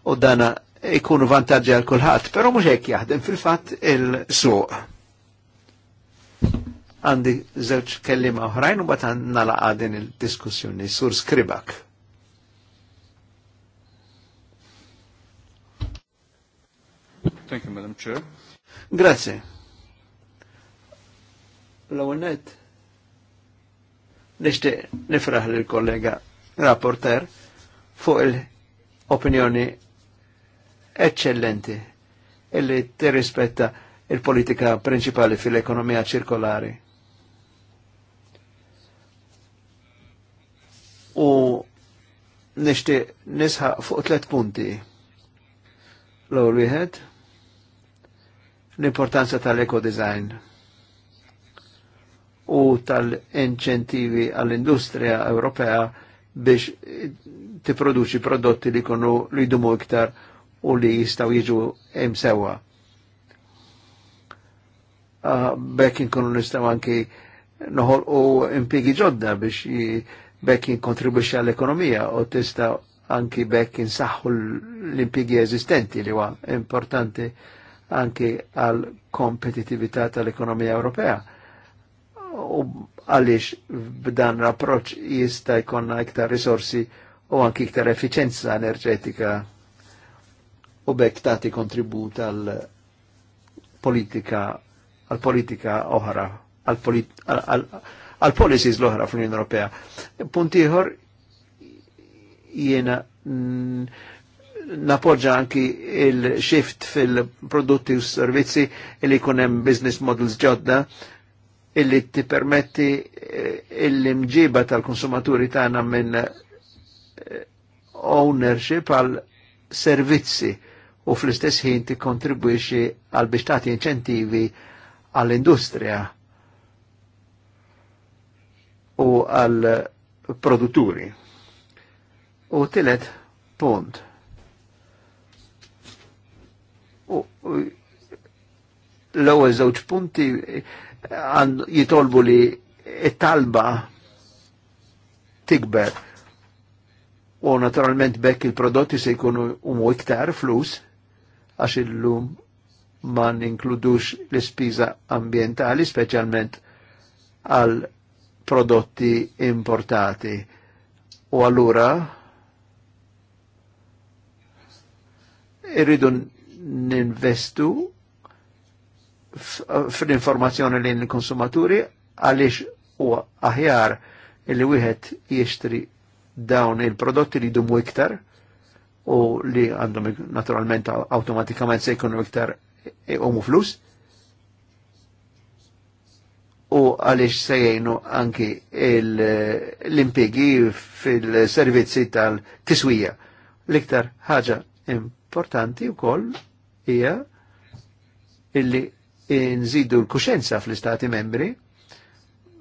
U dana ikunu vantaġġi għal kulħadd, però mhux hekk jaħdem fil-fatt il-suq. Għandi żewġ kellima oħrajn u bagħad nalaqa' din il-diskussjoni sur skribak. Thank you, Madam Chair. Grazie. L-ewwel net nifraħ l kollega rapporter fuq il-opinjoni eccellenti illi t-rispetta il-politika principali fil-ekonomija ċirkolari. U nishti nisħaq fuq tlet punti. L-ewwel l-importanza tal ekodesign u tal-inċentivi għall-industrija Ewropea biex tiproduċi prodotti li konu li jdumu iktar u li jistaw jiġu imsewa. Uh, Bekk inkunu nistaw anki noħol u impiegi ġodda biex bekk kontribuċi għall-ekonomija u tista anki bekk insaħħu l-impiegi eżistenti li huwa importanti anke għal kompetitività tal-ekonomija Ewropea. U għaliex b'dan l-approċ jista jkollna iktar risorsi u anke iktar efficienza enerġetika u bekk tagħti kontribut għal politika għal politika oħra, għal policies l-oħra fl-Unjoni Ewropea. Punt ieħor jiena napoġġa anki il-shift fil-prodotti u servizzi li kunem business models ġodda illi ti permetti eh, il-imġiba tal-konsumaturi tagħna minn eh, ownership għal servizzi u fl-istess ħin ti kontribwixi għal biex tagħti inċentivi għall-industrija u għall produtturi. U tillet punt l-ewwel żewġ punti jitolbu li it-talba tikber u naturalment bekk il-prodotti se jkunu umu iktar flus għax illum ma ninkludux l-ispiża ambientali, speċjalment għal prodotti importati. U allura irridu ninvestu fl-informazzjoni li l-konsumaturi għaliex u aħjar li wieħed jixtri dawn il-prodotti li dumu iktar u li għandhom naturalment automatikament se jkunu iktar e- umu flus u għaliex se jgħinu anki l impiegi fil-servizzi tal-tiswija. L-iktar ħaġa importanti u koll hija illi nżidu l-kuxenza fl-istati membri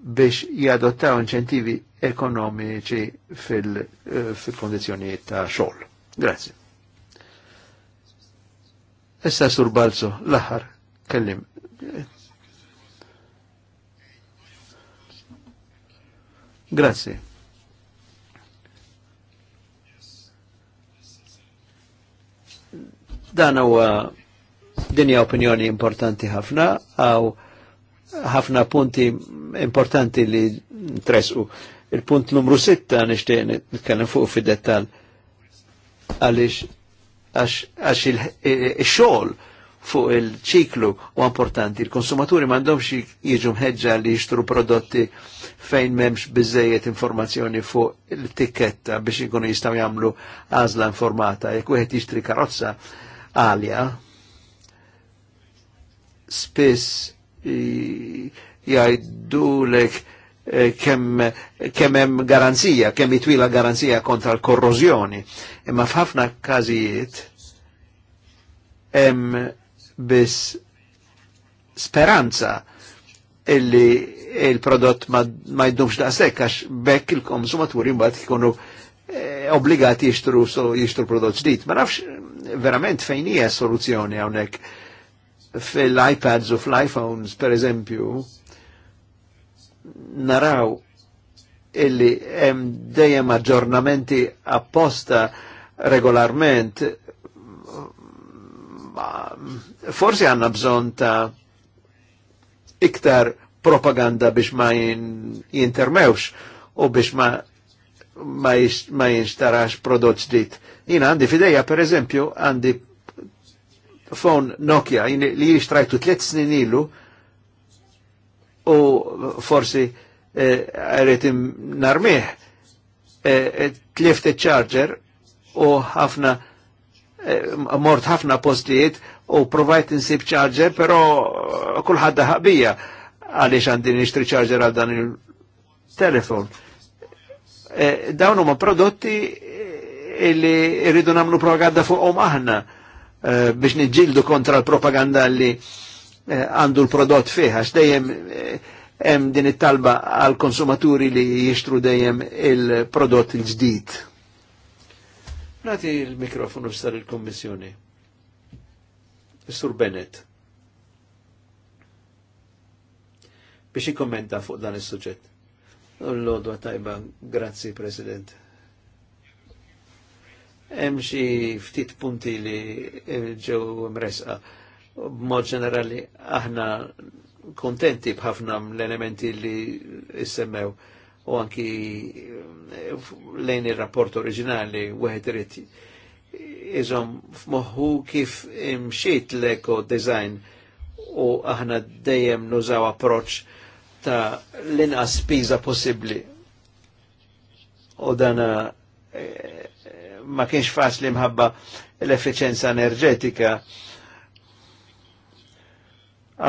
biex jadottaw inċentivi ekonomiċi eh, fil-kondizjonijiet fil ta' xogħol. Grazie. Issa sur balzo, l-aħħar, kellim. Grazie. Dan huwa Dinja opinjoni importanti ħafna, għaw ħafna punti importanti li tresqu. Il-punt numru 6 nishtiq nitkellem fuq fid-dettal għaliex għax il-xogħol fuq il-ċiklu u importanti. Il-konsumaturi m'għandhomx jiġu mħeġġa li jixtru prodotti fejn m'hemmx biżejjed informazzjoni fuq il-tikketta biex ikunu jistgħu jagħmlu għażla informata. Jekk wieħed jixtri karozza għalja, spiss jajdulek eh, kemm kem hemm garanzija, kemm itwila garanzija kontra l-korrożjoni. Imma f'ħafna każijiet hemm biss speranza illi il-prodott ma, ma da' sekk għax bekk il-konsumaturi mbagħad ikunu eh, obbligati jixtru so, jixtru prodott ġdid. Ma nafx verament fejn hija soluzzjoni hawnhekk fil-iPads u fil iphones per eżempju, naraw illi hemm dejjem aġġornamenti apposta regolarment forsi għanna bżon ta' iktar propaganda biex ma jintermewx u biex ma ma, jinxtarax prodotts ġdid. Jina għandi fideja, per eżempju, għandi fon Nokia jini, li jien xtrajtu tliet snin ilu u forsi eh, għaret eh, narmiħ eh, tlift charger u ħafna eh, mort ħafna postijiet u provajt nsib charger pero kullħadda ħabija għaliex għandin nixtri charger għal dan il-telefon. Eh, Dawnu ma prodotti eh, illi irridu namlu propaganda fuqom aħna. Eh, Eh, biex nġildu kontra l-propaganda li eh, għandu l-prodott fiħa, dejjem eh, hemm din it-talba għal konsumaturi li jixtru dejjem il-prodott il-ġdid. Nati il-mikrofonu sar il-Kommissjoni. Sur Bennett. Biex i-kommenta fuq dan is-suġġett. L-lodwa tajba, grazzi President hemm xi ftit punti li eh, ġew mresqa. Mod ġenerali aħna kontenti bħafna l-elementi li issemmew u anki eh, lejn ir-rapport oriġinali wieħed irid iżom f'moħħu kif imxiet l-eko design u aħna dejjem nużaw approċ ta' l-inqas spiża possibbli. U dana eh, ma kienx faċli mħabba l-efficienza enerġetika.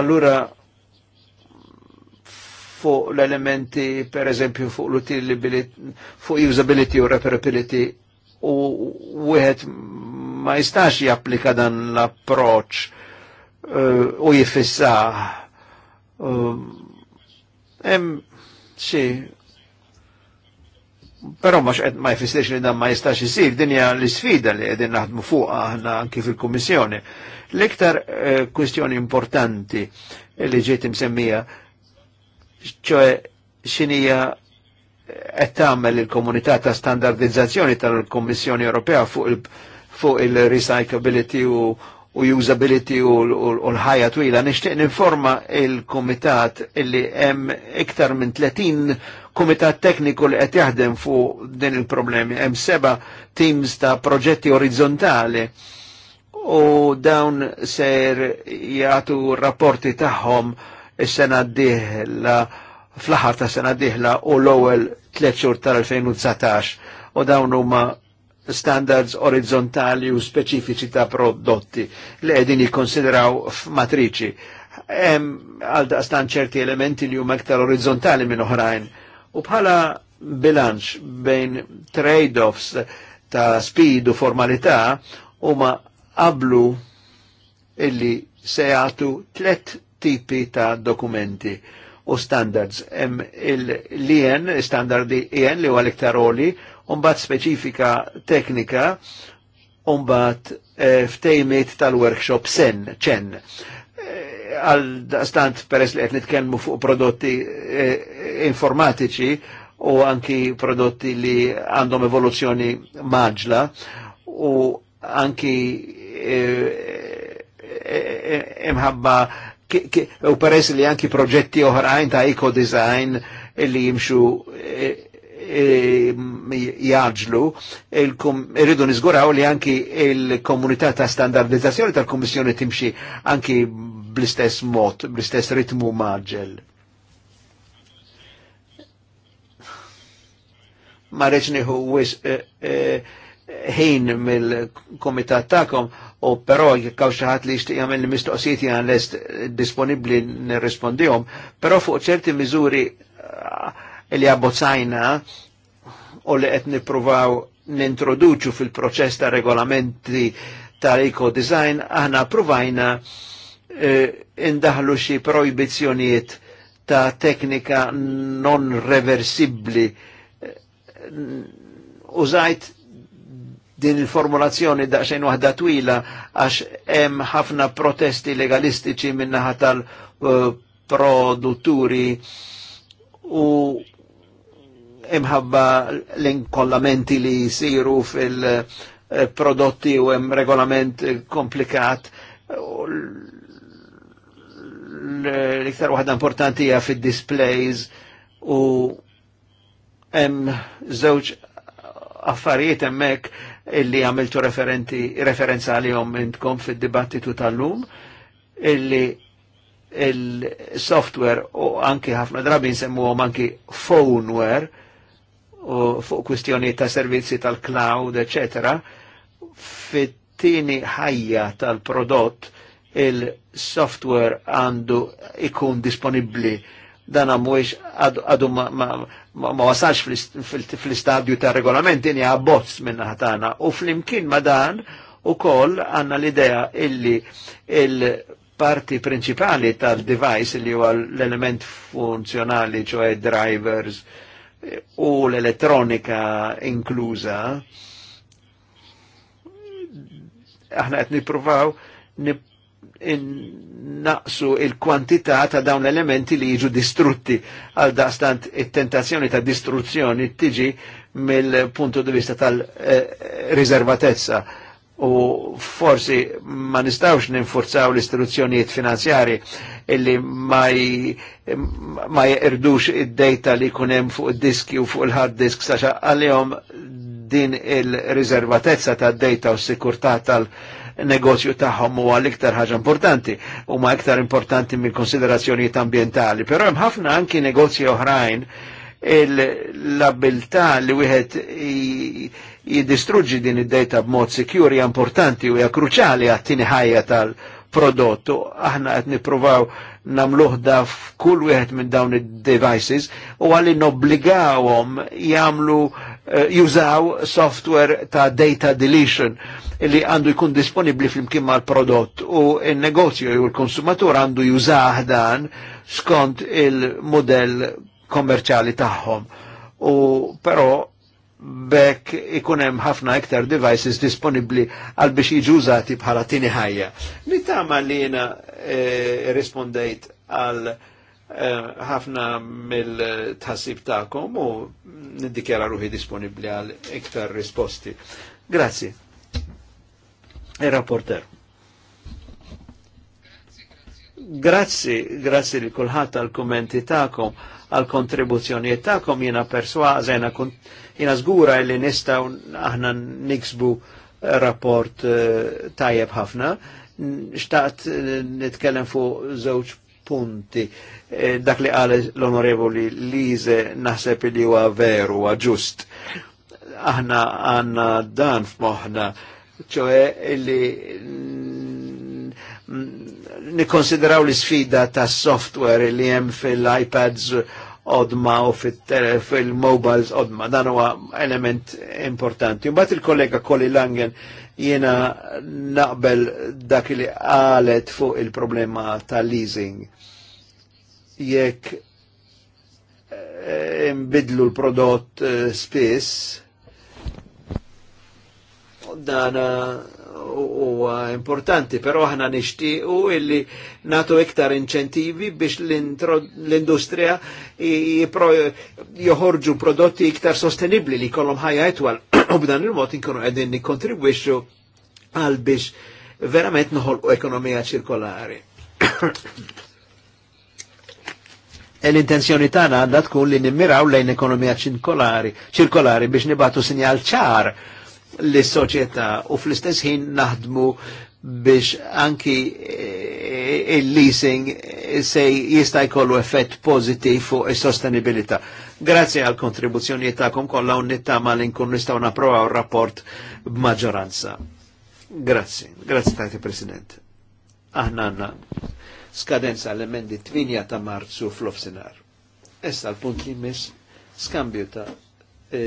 Allura fuq l-elementi, per eżempju, fuq l utilibility fuq usability u reparability, u wieħed ma jistax japplika dan l-approċ uh, u jifissa. Hemm um, xi Però ma xed ma jfissirx li dan ma jistax jisir, din hija l-isfida li qegħdin naħdmu fuq aħna anki fil-Kummissjoni. L-iktar eh, kwistjoni importanti li ġiet imsemmija ċoe xinija eh, qed tagħmel il-komunità ta' standardizzazzjoni tal-Kummissjoni Ewropea fuq il-recyclability u u usability u l-ħajja twila, nixtieq informa il-Kumitat illi hemm iktar minn 30 kumitat tekniku li qed jaħdem fuq din il-problemi. Hemm seba' teams ta' proġetti orizzontali u dawn ser jagħtu rapporti tagħhom is-sena d-dieħla fl-aħħar ta' sena d-dieħla u l-ewwel tliet xhur tal-2019 u dawn huma standards orizzontali u speċifiċi ta' prodotti li qegħdin jikkonsidraw f'matriċi hemm għal daqstan ċerti elementi li huma iktar orizzontali minn oħrajn U bħala bilanċ bejn trade-offs ta' speed u formalità huma qablu illi se jagħtu tlet tipi ta' dokumenti u standards. Hemm il-lien, standardi ien li huwa l-iktar oli, mbagħad speċifika teknika, mbagħad e, ftejmiet tal-workshop sen, ċen għal stant peress li qed nitkellmu fuq prodotti eh, informatiċi u anki prodotti li għandhom evoluzzjoni maġla u anki eh, eh, imħabba u peress li anki proġetti oħrajn ta' eco-design li jimxu jaġlu, irridu nizguraw li anki il-komunità ta' standardizzazzjoni tal komissjoni timxi anki bl-istess mod, bl-istess ritmu maġġel. Ma reċniħu wis eh, eh, ħin mill-komitat ta'kom, u però jekkaw xaħat li jishtiq jagħmel mistoqsijiet jgħan lest eh, disponibbli nirrispondihom, però fuq ċerti miżuri li għabbozzajna u li qed nippruvaw nintroduċu fil-proċess ta' regolamenti tal-eco design aħna provajna Eh, indaħlu xi projbizzjonijiet ta' teknika non reversibbli. Eh, użajt din il-formulazzjoni daqsxejn waħda twila għax hemm ħafna protesti legalistiċi minnaħa tal-produtturi u imħabba l-inkollamenti li jisiru fil-prodotti u hemm regolament komplikat l-iktar waħda importanti hija fid-displays u hemm żewġ affarijiet hemmhekk illi għamiltu referenti referenza għalihom intkom fid-dibattitu tal-lum illi il-software u anki ħafna drabi nsemmuhom anki phoneware u fuq kwistjoni ta' servizzi tal-cloud, eccetera, fit-tieni ħajja tal-prodott il-software għandu ikun disponibli dan mhuwiex għadu ma wasalx fl-istadju ta' regolament inja abbozz minna ħatana u fl-imkien ma dan u koll għanna l-idea illi il-parti principali tal-device li huwa l-element funzjonali ċoħe drivers u l-elettronika inklusa aħna qed nippruvaw nip naqsu il-kwantità ta' dawn l-elementi li jiġu distrutti għal dastant it-tentazzjoni ta' distruzzjoni tiġi mill-puntu di vista tal-riservatezza u forsi ma nistawx ninforzaw l-istruzzjonijiet finanzjari illi ma, jirdux id-data li kunem fuq diski u fuq il-hard disk saċa għal-jom din il-riservatezza ta' data u sikurtà tal-data negozju tagħhom huwa l-iktar ħaġa importanti, huma iktar importanti minn konsiderazzjonijiet ambientali, però hemm ħafna anki negozji oħrajn l-abilità li wieħed jiddistruġġi din id-data b'mod sikjuri importanti u hija kruċjali għat-tieni ħajja tal-prodott. Aħna qed nippruvaw namluħda f'kull wieħed minn dawn id-devices u għalli nobbligawhom jagħmlu Eh, jużaw software ta' data deletion li għandu jkun disponibli flimkien mal prodott u il-negozju u l-konsumatur għandu jużaw dan skont il-modell kommerċali tagħhom. U però bekk ikunem ħafna iktar devices disponibli għal biex jiġu użati bħala tini ħajja. Nittama li jena e, eh, rispondejt għal Eh, ħafna mill-tħassib ta'kom u niddikjara ruħi disponibli għal iktar risposti. Grazzi. Il-rapporter. Grazzi, grazzi li kullħat għal kommenti ta'kom, għal kontribuzzjoni ta'kom jena perswaza, jena, jena zgura li nistaw aħna niksbu rapport eh, tajjeb ħafna. Xtaqt eh, nitkellem fuq zewġ punti. E dak li għal l-onorevoli Lise naħseb li huwa veru, huwa ġust. Aħna għanna dan f'moħħna, ċoe li nikonsideraw l-sfida ta' software li hemm fil-iPads odma u fil-mobiles odma. Dan huwa element importanti. Mbagħad il-kollega Koli Langen jiena naqbel dak li qalet fuq il-problema tal-leasing jekk eh, imbidlu l-prodott eh, spiss dana u importanti, però aħna nixtiequ illi natu iktar inċentivi biex l-industrija joħorġu prodotti iktar sostenibli li kollom ħajja etwal u b'dan il-mod inkunu qegħdin nikkontribwixxu għal biex verament u ekonomija ċirkolari. E l-intenzjoni tagħna għandha tkun li nimmiraw lejn ekonomija ċirkolari, ċirkolari biex nibatu sinjal ċar lis soċjetà u fl-istess ħin naħdmu biex anki eh, il-leasing se jista' jkollu effett pożittiv fuq is-sostenibilità. Grazzi għal kontribuzzjoni tagħkom kollha u nittama li nkun nistgħu napprovaw rapport b'maġġoranza. Grazzi, grazzi tajti President. Aħna għandna skadenza l-emendi 8 ta' marzu fl-ofsenar. Issa l-punt li mis skambju ta' e,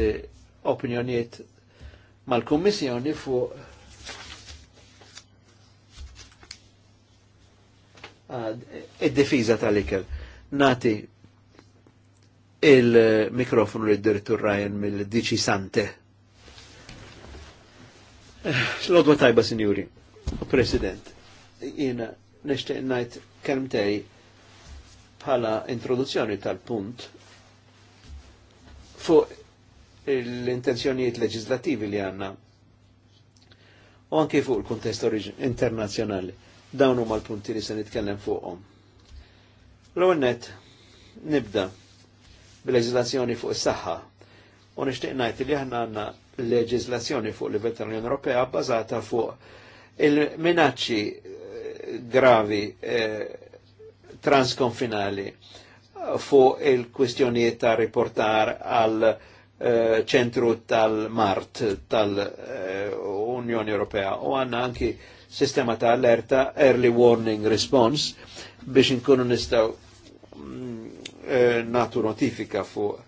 opinjoniet mal-Kommissjoni fuq e, id difiza tal-ikel. Nati il-mikrofonu li d-dirittur Ryan mill-Dici Sante. Xlodwa eh, tajba, Signori, President, jina nishtiq najt kelmtej bħala introduzzjoni tal-punt fuq l-intenzjonijiet leġislativi li għanna u anke fuq il-kontest internazzjonali. Dawn huma l-punti li se nitkellem fuqhom. L-ewwel net nibda bil-leġislazzjoni fuq is-saħħa u nixtieq ngħid li aħna għandna leġislazzjoni fuq livell tal-Unjoni Ewropea bbażata fuq il-minacċi gravi eh, transkonfinali fu il-kwistjonijiet ta' riportar għal eh, ċentru tal-Mart tal-Unjoni eh, Ewropea u għanna anki sistema ta' allerta early warning response biex nkunu nistaw mm, natu notifika fuq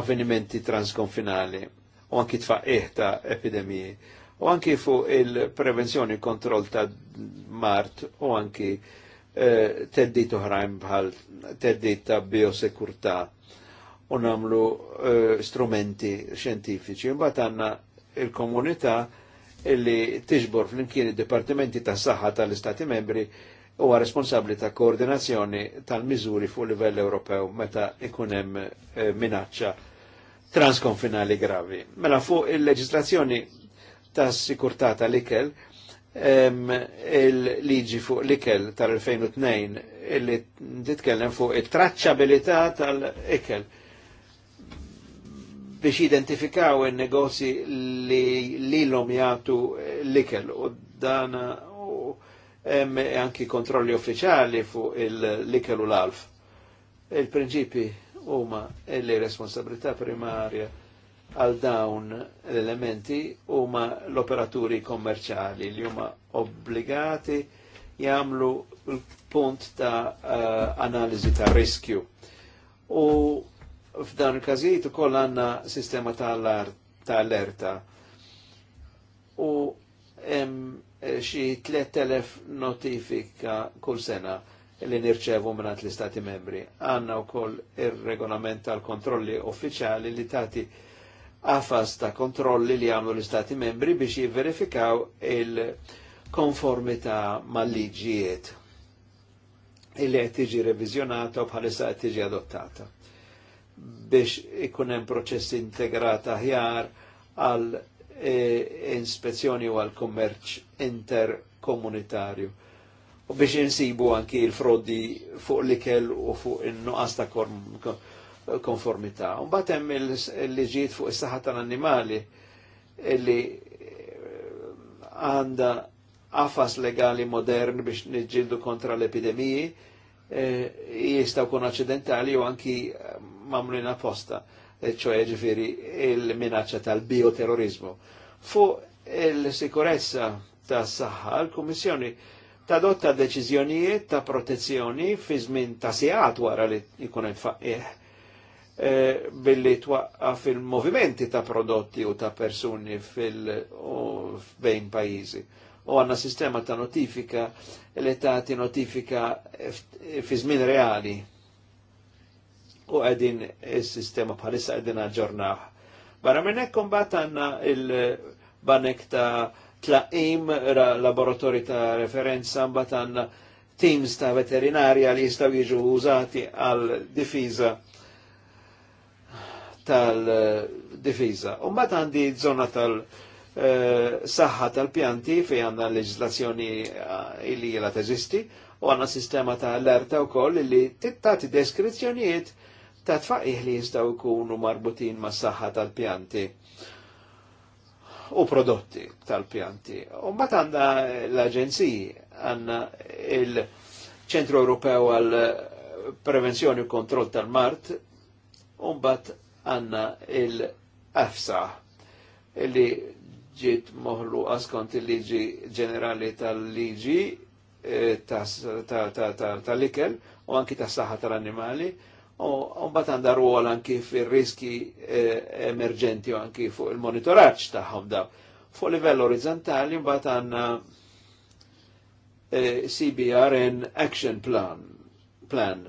avvenimenti transkonfinali u anki tfaqih ta' epidemiji u anki fuq il-prevenzjoni kontroll ta' mart u anki eh, teddit uħrajn bħal teddit ta' biosekurta u namlu eh, strumenti xjentifiċi. Mbagħad għandna il-komunità illi tiġbor fl-imkien id-dipartimenti ta' saħħa tal-Istati membri huwa responsabbli ta' koordinazzjoni tal-miżuri fuq livell Ewropew meta ikun hemm eh, transkonfinali gravi. Mela fuq il-leġislazzjoni ta' sikurtà tal-ikel il-liġi fuq l-ikel tal-2002 illi titkellem fuq il traċċabilità tal-ikel biex identifikaw il negozi li lilhom jagħtu l-ikel u dana u anki kontrolli uffiċali fuq l-ikel u l-alf. Il-prinċipi huma li responsabilità primarja għal dawn l-elementi huma l-operaturi kommerċali li huma obbligati jagħmlu l-punt ta' uh, analiżi ta' riskju. U f'dan il-każijiet ukoll għandna sistema ta' allerta. U hemm eh, xi 3000 notifika kull sena li nirċevu minnat l-Istati membri. Għanna u koll regolament tal-kontrolli uffiċjali li tati għafas ta' kontrolli li għamlu l-Istati membri biex jiverifikaw il-konformita mal-liġijiet illi għed tiġi revizjonata u bħalissa għed tiġi adottata biex ikunem proċess integrata ħjar għal e, inspezzjoni u għal kommerċ interkomunitarju. U biex insibu anki il-frodi fuq l-ikel u fuq il-nuqqas ta' konformità. Mbagħad hemm il-liġijiet fuq is-saħħa tal-annimali li eh, għandha qafas legali modern biex niġġieldu kontra l-epidemiji eh, jistgħu kun aċċidentali u anki eh, mamlin apposta, ċoħe ġifiri il-minaccia tal-bioterrorizmu. Fuq il-sikurezza tas saħħa l-Kummissjoni tadotta deċiżjonijiet ta' protezzjoni fi żmien ta' sigħat wara li jkun hemm faqih Eh, billi twaqqa fil-movimenti ta' prodotti u ta' persuni bejn pajizi. U għanna sistema ta' notifika e li ta' notifika fi reali. U għedin il-sistema bħalissa għedin għagġornaħ. Barra minnek hekk kombat għanna il-banek ta' tlaqim, laboratori ta' referenza, mbagħad teams ta' veterinarja li jistaw jiġu użati għal difiża tal-difiża. U mbagħad għandi żona tal-saħħa eh, tal-pjanti fejn għandna leġislazzjoni eh, illi jela teżisti u għandna sistema ta' allerta wkoll li tittati deskrizzjonijiet ta' tfaqih li jistgħu jkunu marbutin mas saħħa tal-pjanti u prodotti tal-pjanti. U mbagħad għandna l-aġenziji għandna il-Ċentru Ewropew għal prevenzjoni u kontroll tal-mart, mbagħad għanna il afsa li ġiet moħlu għaskont il-liġi ġenerali tal-liġi eh, tal-ikel u anki tas saħħa tal-animali u mbagħad għandha rwol anki fir-riski eh, emerġenti u anki fuq il-monitoraġġ tagħhom da. Fuq livell orizzontali mbagħad għandna eh, CBRN Action Plan plan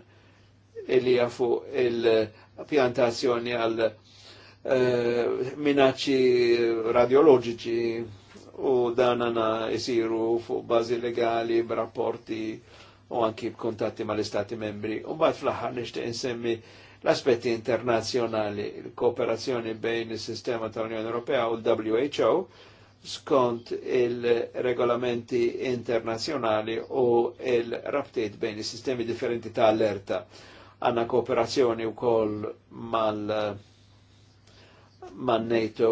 li fuq il- pjantazzjoni għal eh, minacci minacċi u dan għana jisiru fuq bazi legali, b'rapporti u anki b'kontatti l istati membri. U bat fl-ħar nishtiq insemmi l-aspetti internazjonali, l-kooperazzjoni bejn il-sistema tal-Unjoni Ewropea u l-WHO skont il-regolamenti internazjonali u il-rabtiet bejn il-sistemi differenti ta' allerta għanna kooperazzjoni u koll mal man NATO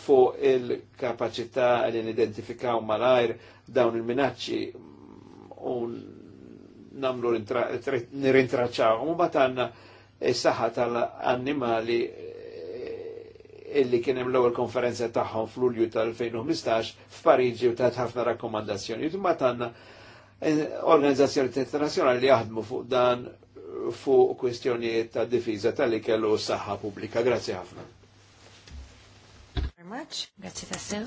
fuq il-kapacità li nidentifikaw mal-ajr dawn il-minacċi u namlu nirrintraċċaw u bat għanna s-saħħa tal-annimali eh, illi kien hemm l-ewwel konferenza tagħhom fl-Ulju tal-2015 f'Pariġi u tat ħafna rakkomandazzjoni. Imma għandna organizzazzjoni internazjonali li jaħdmu fuq dan fuq kwestjonijiet ta' difiża tal-li kellu saħħa pubblika. Grazzi ħafna. Grazzi tassew.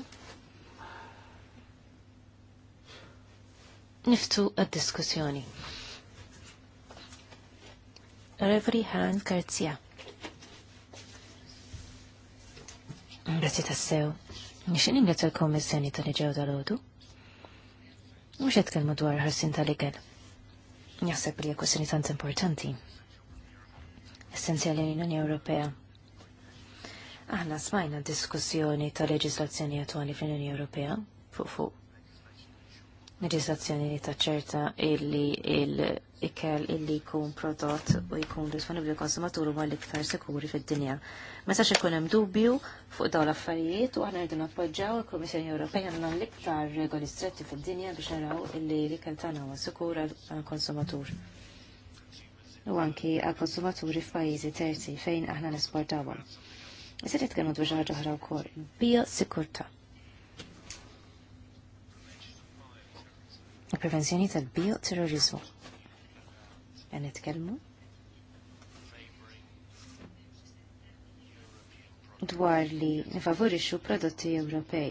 Niftu għad-diskussjoni. Reveri Han Karzia. Grazzi tassew. Nixin ingrazzalkom il-seni tal-ġew dal-ħodu. Mux jitkelmu dwar ħarsin tal-ikel. Jaħseb li kwestjoni tant importanti. Essenzjali l-Unjoni Ewropea. Aħna smajna diskussjoni ta' leġislazzjoni attwali fl-Unjoni Ewropea fuq fuq. Leġislazzjoni li taċċerta illi il ikel illi jkun prodott u jkun disponibli konsumaturu ma l-iktar sikuri fid-dinja. Mesa xe ikun hemm dubju fuq dawn l-affarijiet u aħna jidun appoġġaw il komissjoni Ewropea għandna l-iktar regoli stretti fid-dinja biex naraw illi l-ikel tana huwa sikur għall-konsumatur. U anki għal-konsumaturi f'pajjiżi terzi fejn aħna nesportawhom. Issa nitkellmu dwar xi ħaġa oħra wkoll, bija sikurtà. Il-prevenzjoni tal-bioterrorizmu qed nitkellmu. Dwar li nifavorixxu prodotti Ewropej.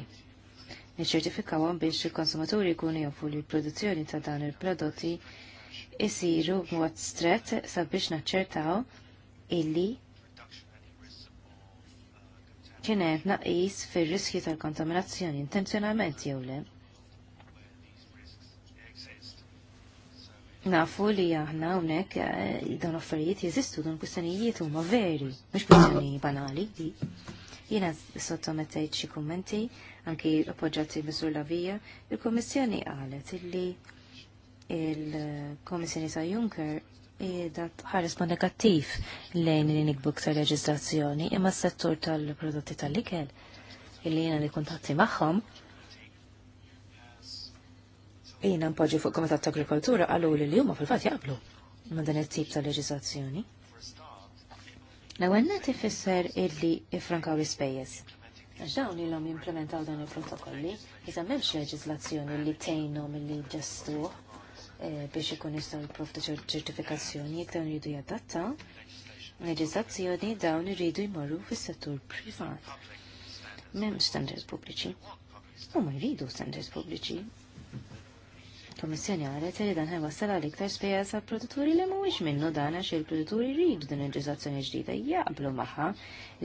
Niċċertifikawhom biex il-konsumaturi jkunu jafu li l-produzzjoni ta' dan il-prodotti isiru b'mod strett sabiex naċċertaw illi kien naqis fir-riskju tal-kontaminazzjoni intenzjonalment jew le. nafu li aħna hawnhekk eh, dawn affarijiet jeżistu dawn kwistjonijiet huma veri, mhux kustani banali di. Jiena sottomettejt xi kummenti anki appoġġjati la lavija, il-Kummissjoni qalet illi il-Kommissjoni sa Juncker dat ħares ma' negattiv lejn li nikbu ta' leġislazzjoni imma s-settur tal-prodotti tal-ikel illi jiena li kuntatti magħhom jina npoġġi fuq Komitat Agrikoltura għallu li l huma fil fat jgħablu ma' dan it-tip ta' leġizazzjoni. L-ewwel net ifisser illi ifrankaw l-ispejjeż. Għax dawn ilhom jimplementaw dan il-protokolli, iżda m'hemmx leġiżlazzjoni li tgħinhom illi ġastu eh, biex ikun jistgħu jipprovdu ċertifikazzjoni jekk dawn jridu jadatta leġizazzjoni dawn iridu jmorru fis-settur privat. Memx standards pubbliċi. U ma jridu standards pubbliċi, Kommissjoni għalet li dan ħajwassal l iktar spejjeż għal produtturi li mhuwiex minnu dan għax il-produtturi rridu din leġiżlazzjoni ġdida jaqblu magħha.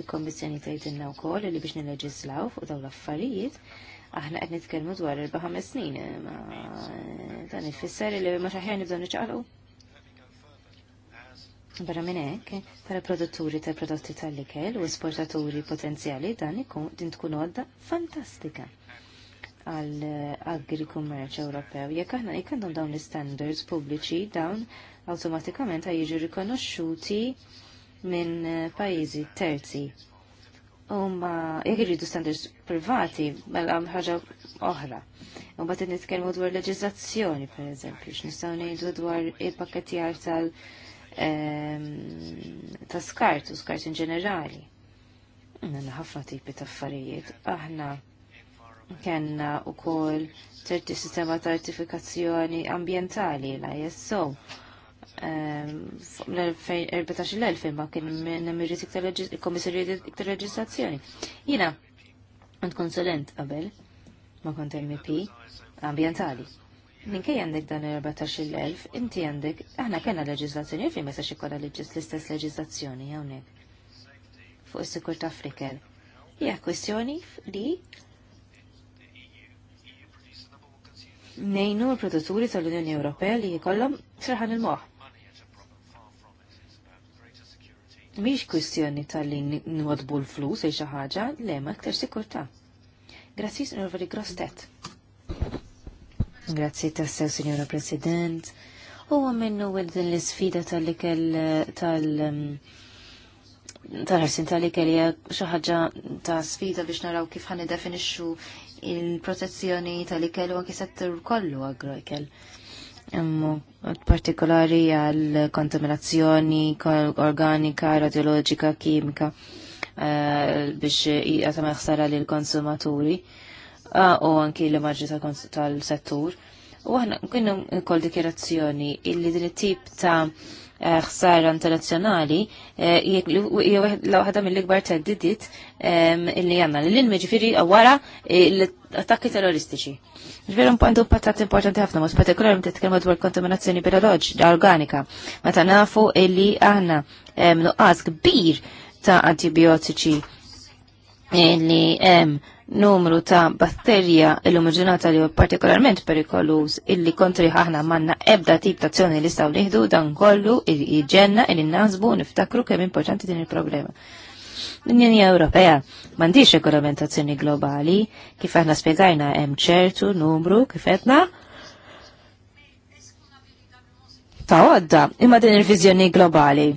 Il-Kommissjoni tgħidilna wkoll li biex nilleġislaw fuq dawn l-affarijiet aħna qed nitkellmu dwar erba' ħames snin dan ifisser li ma xaħjar nibdew niċċaqlqu. Barra minn hekk, para produtturi tal prodotti tal-ikel u esportaturi potenzjali dan ikun din tkun għodda fantastika għall-agri-kummerċ Ewropew. Jekk aħna jekk għandhom dawn l-standards pubbliċi, dawn awtomatikament jiġu rikonoxxuti minn eh, pajjiżi terzi. Umma jekk iridu standards privati, mela ħaġa oħra. U bat nitkellmu dwar leġiżlazzjoni, pereżempju, x'nistgħu ngħidu dwar il-pakketjar tal- ehm, ta' skart u skart in ġenerali. Nanna ħafna tipi ta' affarijiet. Aħna kena u kol ċerti sistema ta' artifikazzjoni ambientali, la ISO. L-14 l-2000 ma kien nemmirrit il-komissarju iktar leġislazzjoni. Jina, għand konsulent għabel, ma kont MP, ambientali. Minkej għandek dan l-14 14.000, inti għandek, aħna kena leġizlazzjoni, fi ma sax ikolla l-istess leġizlazzjoni hawnhekk fuq s sikur ta' Afrikel. Hija kwestjoni li nejnu l-produtturi tal-Unjoni Ewropea li jikollhom serħan il-moħħ. Mhix kwistjoni tal-li nwodbu l-flus xi ħaġa, le ma iktar sikurtà. Grazzi, Norveri Grostet. Grazzi tassew, Signora President. Huwa għamennu din l-sfida tal-ikel tal-, -tal um, tal-ħarsin tal-ikel hija xi ħaġa ta' sfida biex naraw kif ħan definixxu il-protezzjoni tal-ikel u anke settur kollu ikel. Immu partikolari għal kontaminazzjoni organika, radiologika, kimika eh, biex jgħatam ħsara lil konsumaturi eh, u anki l-marġi tal-settur. U għahna kienu kol dikjerazzjoni illi din tip ta' ħsara internazzjonali eh, hija waħda mill-ikbar teddidit illi għandna li l-ilmi ġifieri wara l-attakki terroristiċi. Ġifieri għandu patat importanti ħafna, mhux partikolarment titkellmu dwar kontaminazzjoni bioloġika organika. Meta nafu illi aħna nuqqas kbir ta' antibiotiċi li hemm numru ta' batterja il umġinata li partikolarment perikoluż illi kontri ħahna manna ebda tip ta' azzjoni li staw liħdu dan kollu il-ġenna il nazbu niftakru kemm importanti din il-problema. L-Unjoni Ewropea m'għandix regolamentazzjoni globali kif aħna spjegajna hemm ċertu numru kif qedna ta' għodda imma din il-viżjoni globali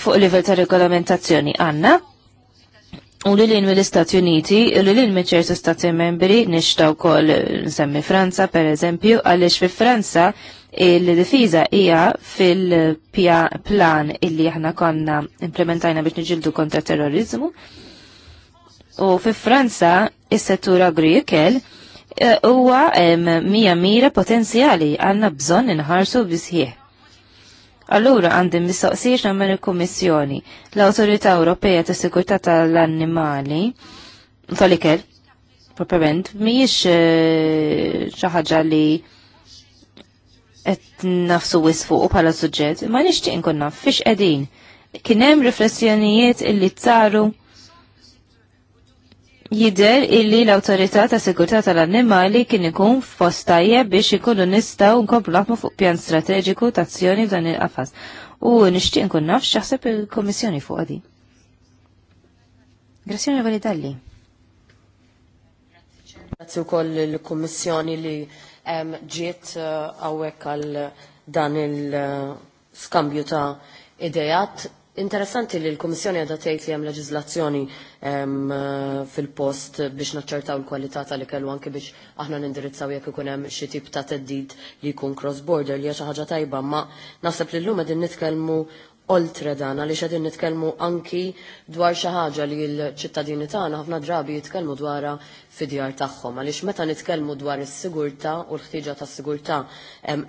fuq livell ta' regolamentazzjoni għandna U li l-in mill-Istati Uniti, li l-in ċertu stati membri, nishtaw kol nsemmi Franza, per eżempju, għalix fi Franza il-difiza hija fil-plan illi aħna konna implementajna biex niġildu kontra terrorizmu. U fi Franza, is-settur agrikel eh, huwa mija mira potenzjali għanna bżon inħarsu bisħieħ Allura għandi mistoqsijiex nagħmel il-Kummissjoni. L-Awtorità Ewropea tas Sigurtà tal-Annimali tal-ikel propriment mhijiex eh, xi ħaġa li qed nafsu wis fuq bħala suġġett, ma nixtieq inkun naf fiex qegħdin. Kien hemm riflessjonijiet illi tsaru jider illi l-autorità ta' sigurtà tal-annimali kien ikun fost biex ikunu nistaw nkomplu naħdmu fuq pjan strateġiku ta' azzjoni f'dan il-qafas. U nixtieq nkun naf x'aħseb il-Kommissjoni fuq di. Grazie onorevoli Dalli. Grazie wkoll il-Kummissjoni li ġiet għawek eh, għal dan il-skambju eh, ta' idejat Interessanti li l-Komissjoni għadha tgħid li hemm leġislazzjoni fil-post biex naċċertaw l-kwalità tal-ikel anke biex aħna nindirizzaw jekk ikun hemm xi tip ta' teddid li jkun cross-border li hija xi ħaġa tajba, ma naħseb li llum qegħdin nitkellmu oltre dan għaliex qegħdin nitkellmu anki dwar xi ħaġa li l-ċittadini tagħna ħafna drabi jitkellmu dwarha f'idjar taħħom. tagħhom għaliex meta nitkellmu dwar is-sigurtà u l-ħtiġa tas-sigurtà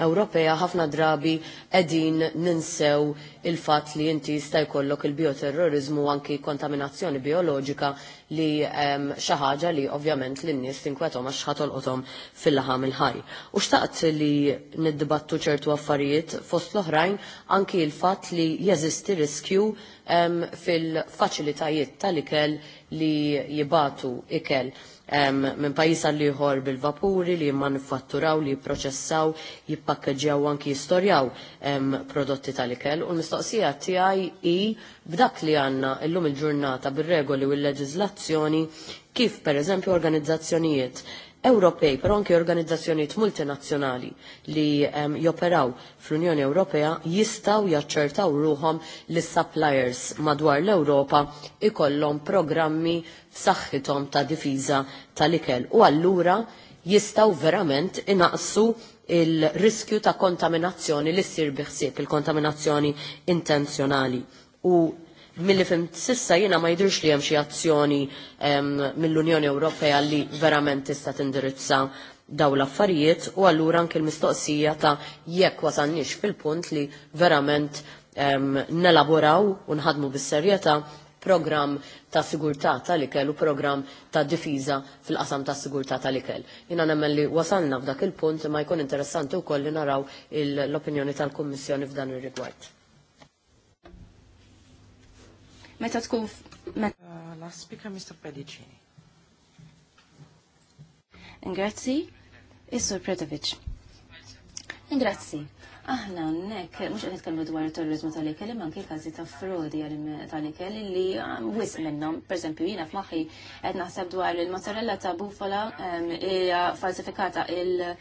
Ewropea ħafna drabi qegħdin ninsew il-fatt li inti jista' jkollok il-bioterrorizmu anki kontaminazzjoni bioloġika li xi ħaġa li ovvjament lin-nies tinkwethom għax ħatolqothom fil-laħam il-ħaj. U xtaqt li niddibattu ċertu affarijiet fost l-oħrajn anki il-fatt li jeżisti riskju fil-faċilitajiet tal-ikel li jibatu ikel minn pajis li ieħor bil-vapuri li jimmanifatturaw, li jipproċessaw, jippakkeġġjaw anki jistorjaw prodotti tal-ikel. U l-mistoqsija tijaj i b'dak li għandna llum il-ġurnata bir-regoli u l-leġiżlazzjoni kif pereżempju organizzazzjonijiet Ewropej, però anke organizzazzjonijiet multinazzjonali li um, joperaw fl-Unjoni Ewropea jistaw jaċċertaw ruhom li suppliers madwar l-Ewropa ikollhom programmi f'saħħithom ta' difiża tal-ikel u allura jistaw verament inaqsu il-riskju ta' kontaminazzjoni li ssir biħsieb il-kontaminazzjoni intenzjonali. U Milli fim sissa jina ma jidrux li hemm xi azzjoni mill-Unjoni Ewropea li verament tista' tindirizza daw l-affarijiet u allura anke l-mistoqsija ta' jekk wasannix fil-punt li verament nelaboraw u nħadmu bis-serjetà program ta' sigurtà tal-ikel u program ta' difiża fil-qasam ta' sigurtà tal-ikel. Jina nemmen li wasalna f'dak il-punt ma jkun interessanti wkoll li naraw l-opinjoni tal-Kummissjoni f'dan ir-rigward meta tkun uh, La speaker Mr. Pedicini. Ingrazzi, Isur Predovic. Ingrazzi. Aħna nek, mux għan nitkellmu dwar terrorizmu tal-ikel, imma anke każi ta' frodi tal-ikel li uh, wis minnhom. Pereżempju jiena f'maħħi qed naħseb dwar il-mozzarella ta' bufala um, hija falsifikata il-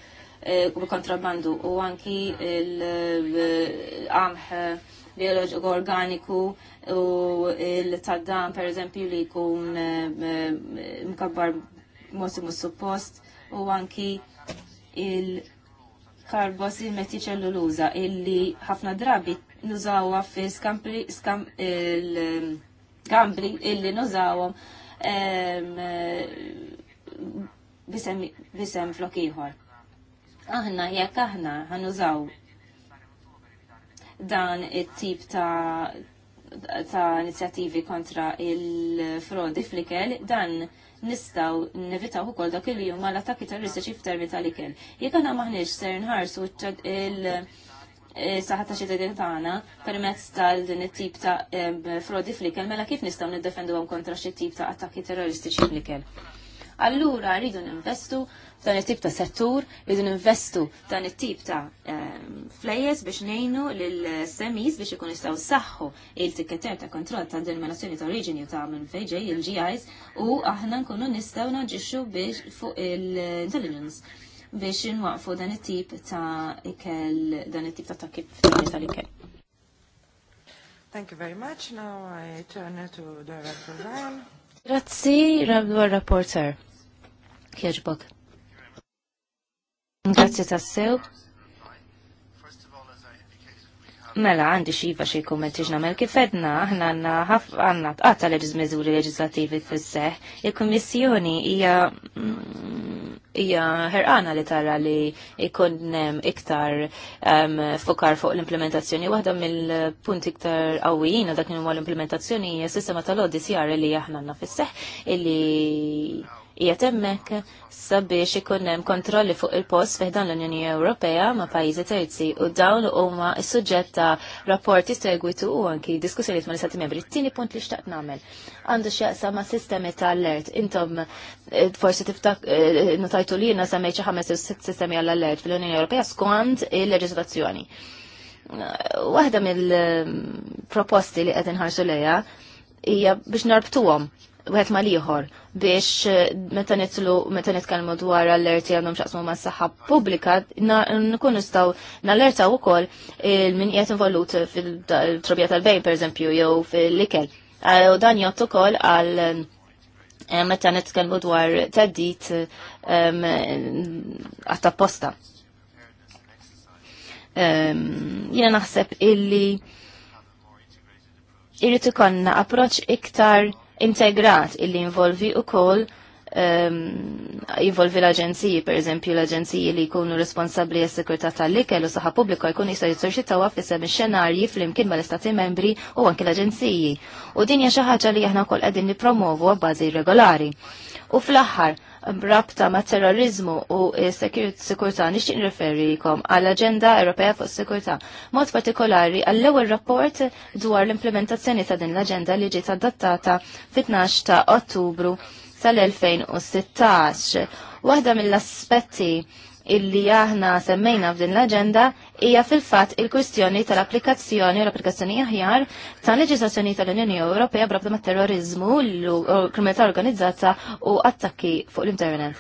Eh, u kontrabandu u anki l-qamħ bioloġiku organiku u l-taddam per eżempju li jkun eh, mkabbar mosimu suppost u anki il-karbosi ċelluluza illi ħafna drabi nużawa fi skampli skam, il-gambri illi nużawam eh, bisem flok iħor aħna jekk aħna ħanużaw dan it-tip ta' ta' inizjattivi kontra il-frodi fl-ikel, dan nistaw nevitaw ukoll dak il huma l-attakki terroristiċi f'termi tal-ikel. Jekk aħna maħniex ser nħarsu il- eh, saħat ta' ċittadin tagħna permezz tal din it-tip ta' eh, frodi fl-ikel, mela kif nistgħu niddefendu kontra xi tip ta' attakki terroristiċi fl-ikel? Allura rridu ninvestu f'dan it-tip ta' settur, rridu ninvestu f'dan it-tip ta' ehm, flejes biex nejnu l semis biex ikun jistgħu saħħu il-tikketer ta' kontrol ta' denominazzjoni ta' oriġini ta' minn fejġej il-GIs u aħna nkunu nistgħu naġixxu biex fuq il-intelligence biex nwaqfu dan it-tip ta' ikel, dan it-tip ta' takib tal-ikel. Thank you very much. Now I turn to Director Ryan. Grazzi, rabdu rapporter Kieġbog. Grazzi tassew. Mela, għandi xiva xie kommenti xnamel kif edna, ħna għanna għanna tqata leġizmizuri leġizlativi fil-seħ. il komissjoni hija mm, hija ħerqana li tara li ikun iktar fokar fuq l-implementazzjoni. Waħda mill-punti iktar qawwijina dak li l-implementazzjoni hija sistema tal-ODCR li aħna għandna fis-seħ illi qiegħed hemmhekk sabiex ikun hemm kontrolli fuq il-post fiħdan l-Unjoni Ewropea ma' pajjiżi terzi u dawn huma s-suġġett ta' rapporti segwitu u anki diskussjonijiet ma' l-Istati Membri. Tieni punt li xtaqt nagħmel għandu x'jaqsa ma' sistemi ta' alert, Intom eh, forsi tiftak eh, notajtu li jiena semmejt ħames sistemi għall-allert fil-Unjoni Ewropea skont il leġizlazzjoni Waħda mill-proposti eh, li qed inħarsu lejha hija biex narbtuhom għet ma liħor biex eh, meta nitlu meta nitkellmu dwar allerti għandhom xaqsmu ma' saħħa pubblika nkun nistgħu nallertaw ukoll min qiegħed involut fil-trobja tal-bejn eżempju, jew fil-ikel. Eh, u dan u ukoll għal eh, meta nitkellmu dwar teddit għatta posta. Jiena naħseb illi irrid konna approċċ iktar integrat illi involvi u koll um, ehm, involvi l-aġenziji, per eżempju l-aġenziji li jkunu responsabli għas sekurtà tal-likel u saħħa pubblika jkun jista' jitsorċitaw fissem ix-xenarji flimkien mal-istati membri u anke l-aġenziji. U din hija xi ħaġa li aħna wkoll qegħdin nippromovu għabbażi regolari. U fl-aħħar, rabta ma' terrorizmu u s-sikurta referi kom għall-Aġenda Ewropea fuq s Mod partikolari għall-ewwel rapport dwar l-implementazzjoni ta' din l-aġenda li ġiet adattata fit-12 ta' Ottubru tal-2016. Waħda mill-aspetti illi aħna semmejna f'din l-agenda hija fil-fatt il-kwistjoni tal-applikazzjoni u l-applikazzjoni aħjar tal leġislazzjoni tal-Unjoni Ewropea brabda ma' terrorizmu, l-kriminalità organizzata u attakki fuq l-internet.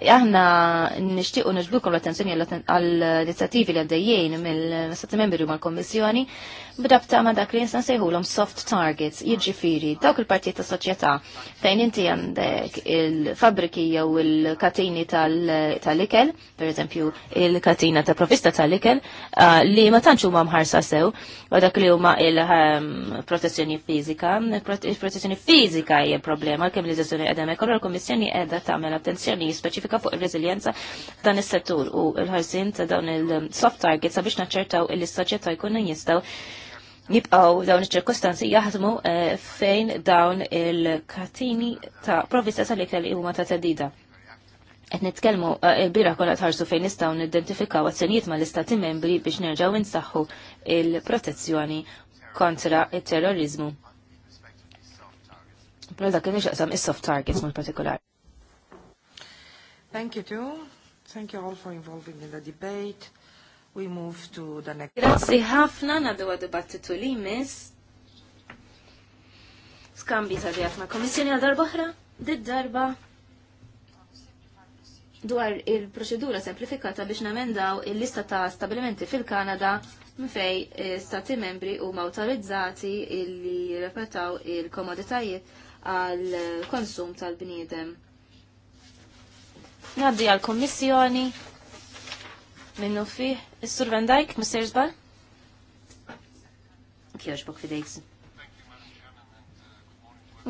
Aħna nixtiequ niġbdukom l-attenzjoni għall-inizjattivi li għaddejjien mill-Stati Membri u mal-Kommissjoni b'rabta ma' dak li jinsan sejħulhom soft targets, jiġifieri dawk il-partijiet ta' soċjetà fejn inti għandek il-fabriki jew il-katini tal-ikel, per eżempju il-katina ta' provista tal-ikel, Ah, li ma tantx huma mħarsa sew u dak li huma ehm, il-protezzjoni fiżika. Il-protezzjoni fiżika hija problema kemm li qiegħda hemmhekk. Allura l-Kummissjoni qiegħda tagħmel attenzjoni speċifika fuq ir-reżiljenza dan is-settur u l-ħarsin ta' dawn il-soft targets sabiex naċċertaw il soċjetà jkunu jistgħu jibqgħu dawn iċ-ċirkostanzi jaħdmu eh, fejn dawn il-katini ta' provvista li ikel huma ta' tedida qed nitkellmu eh, bira kollha tħarsu fejn nistgħu nidentifikaw ma mal-istati membri biex nerġaw insaħħu il-protezzjoni kontra it-terrorizmu. Però kien ixaqsam il soft targets mal partikolari. Thank you too. Thank you all for involving in the debate. We move to the next. Grazzi ħafna nadu għad-dibattitu li mis. Skambi ta' ma' komissjoni għal darba did darba dwar il-proċedura semplifikata biex namendaw il-lista ta' stabilimenti fil-Kanada mfej eh, stati membri u mawtorizzati li repetaw il-komoditajiet għal konsum tal-bniedem. Naddi għal kommissjoni minnu fi Is-Sur Van Dijk, Mr. Zbal? Kjoġbok fidejks.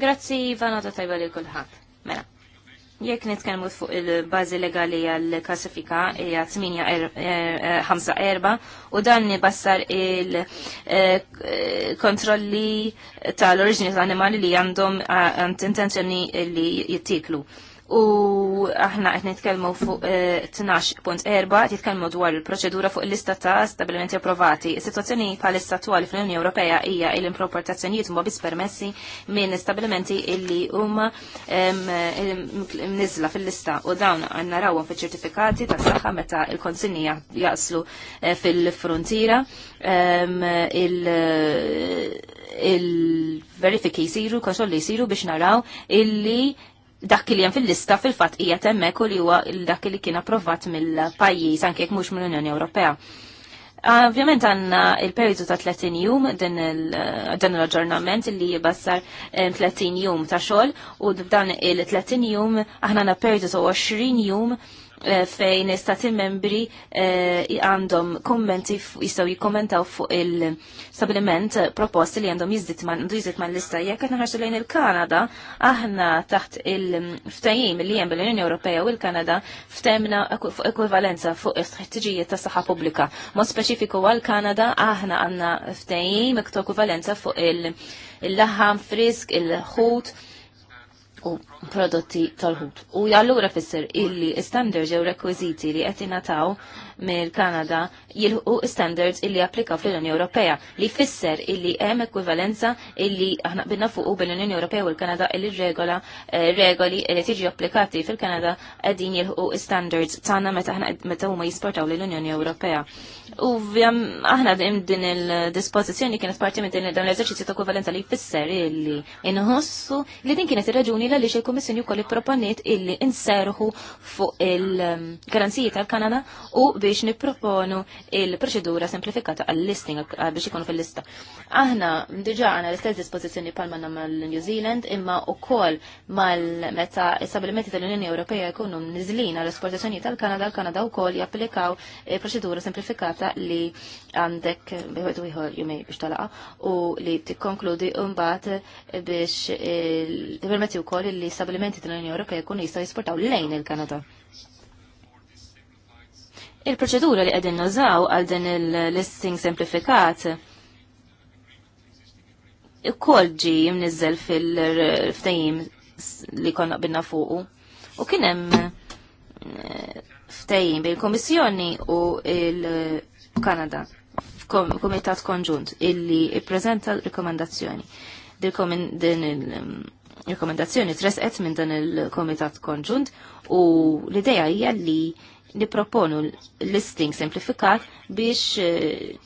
Grazzi, Ivana, tajba li kullħat. Mela. Jekk nitkellmu fuq il-bażi legali għall-klassifika hija 854 er- er- u dan nibassar il-kontrolli eh, tal-oriġini tal-animali li għandhom eh, intenzjoni li jittiklu u aħna qed nitkellmu fuq 12.4 eh, jitkelmu dwar il-proċedura fuq il-lista ta' stabilimenti approvati. Is-sitwazzjoni bħalissa attwali fl-Unjoni Ewropea hija l importazzjonijiet huma biss permessi minn stabilimenti illi huma nizla fil-lista u dawn rawon fiċ-ċertifikati ta' saħħa meta il-konsinja jaslu eh, fil-frontiera eh, il-verifiki jisiru, kontrolli jisiru biex naraw illi dak li hemm fil-lista fil-fatt hija hemmhekk u li huwa dak li kien approvat mill-pajjiż anke jekk mhux mill-Unjoni Ewropea. Ah, ovvjament għanna il-periodu ta' 30 jum eh, dan l-aġġornament li jibassar 30 eh, jum ta' xogħol u dan il-30 jum aħna għandna periodu ta' 20 jum Eh, fejn stati membri eh, għandhom kommenti jistaw jikkommentaw fuq il-stabiliment eh, proposti li għandhom jizditman, man jizdit man lista jekk qed lejn il-Kanada aħna taħt il-ftajim li jem bil-Unjoni Ewropea u l-Kanada ftemna fuq ekwivalenza fuq istrateġijiet ta' saħħa pubblika. Mod speċifiku għal-Kanada aħna għandna ftajim ekwivalenza fuq il-laħam frisk, il-ħut, il u prodotti tal-ħut. U jallura fisser illi standards jew rekwiziti li qed ingħataw mill-Kanada jilħu standards illi applika fl-Unjoni Ewropea li fisser illi hemm ekwivalenza illi aħna bidna fuqu bil-Unjoni Ewropea u l-Kanada illi regola eh, regoli li tiġi applikati fil-Kanada qegħdin jilħu standards tagħna meta aħna meta huma jisportaw lill-Unjoni Ewropea. U aħna din il-dispożizzjoni kienet parti minn dawn l-eżerċizzju ta' ekwivalenza li jfisser illi inħossu li din kienet ir-raġuni għaliex il-Kummissjoni wkoll ipproponiet illi inserħu fuq il-garanziji eh, tal-Kanada u bi biex nipproponu il-proċedura semplifikata għall-listing biex ikunu fil-lista. Aħna diġa għana l-istess dispożizzjoni palma mal-New Zealand imma u koll mal-meta stabilimenti tal-Unjoni Ewropea jkunu nizlin għall-esportazzjoni tal-Kanada, l-Kanada u kol japplikaw eh, proċedura semplifikata li għandek biħed jħor jumej biex talaqa u li tikkonkludi mbagħad biex eh, permetti wkoll li stabilimenti tal-Unjoni Ewropea jkunu jistgħu jisportaw lejn il-Kanada. Il-proċedura li qegħdin nużaw għal din il-listing semplifikat ukoll ġi jimnizzel fil-ftajim li konna binna fuqu. U kien hemm eh, ftajim bil-Komissjoni u il-Kanada komitat Konġunt illi l rikomandazzjoni. Din il-rikomandazzjoni tresqet minn dan il-Komitat Konġunt u l-idea hija li niproponu listing simplifikat biex eh,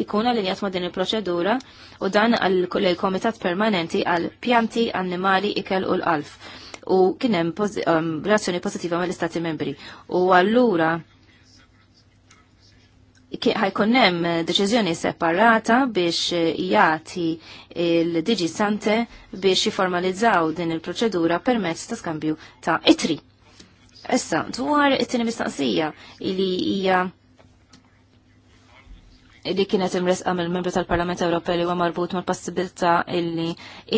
ikuna li ma' din il-proċedura u dan għal komitat permanenti għal pjanti, annimali, ikel u l-alf. U kienem poz um, reazzjoni pozitiva ma' l-istati membri. U għallura ħajkonnem eh, deċiżjoni separata biex eh, jati il-Digi Sante biex jiformalizzaw din il-proċedura permezz ta' skambju ta' itri. Issa, dwar it-tini mistaqsija li hija li kienet imresqa mill membru tal-Parlament Ewropew li huwa marbut mal-possibilità illi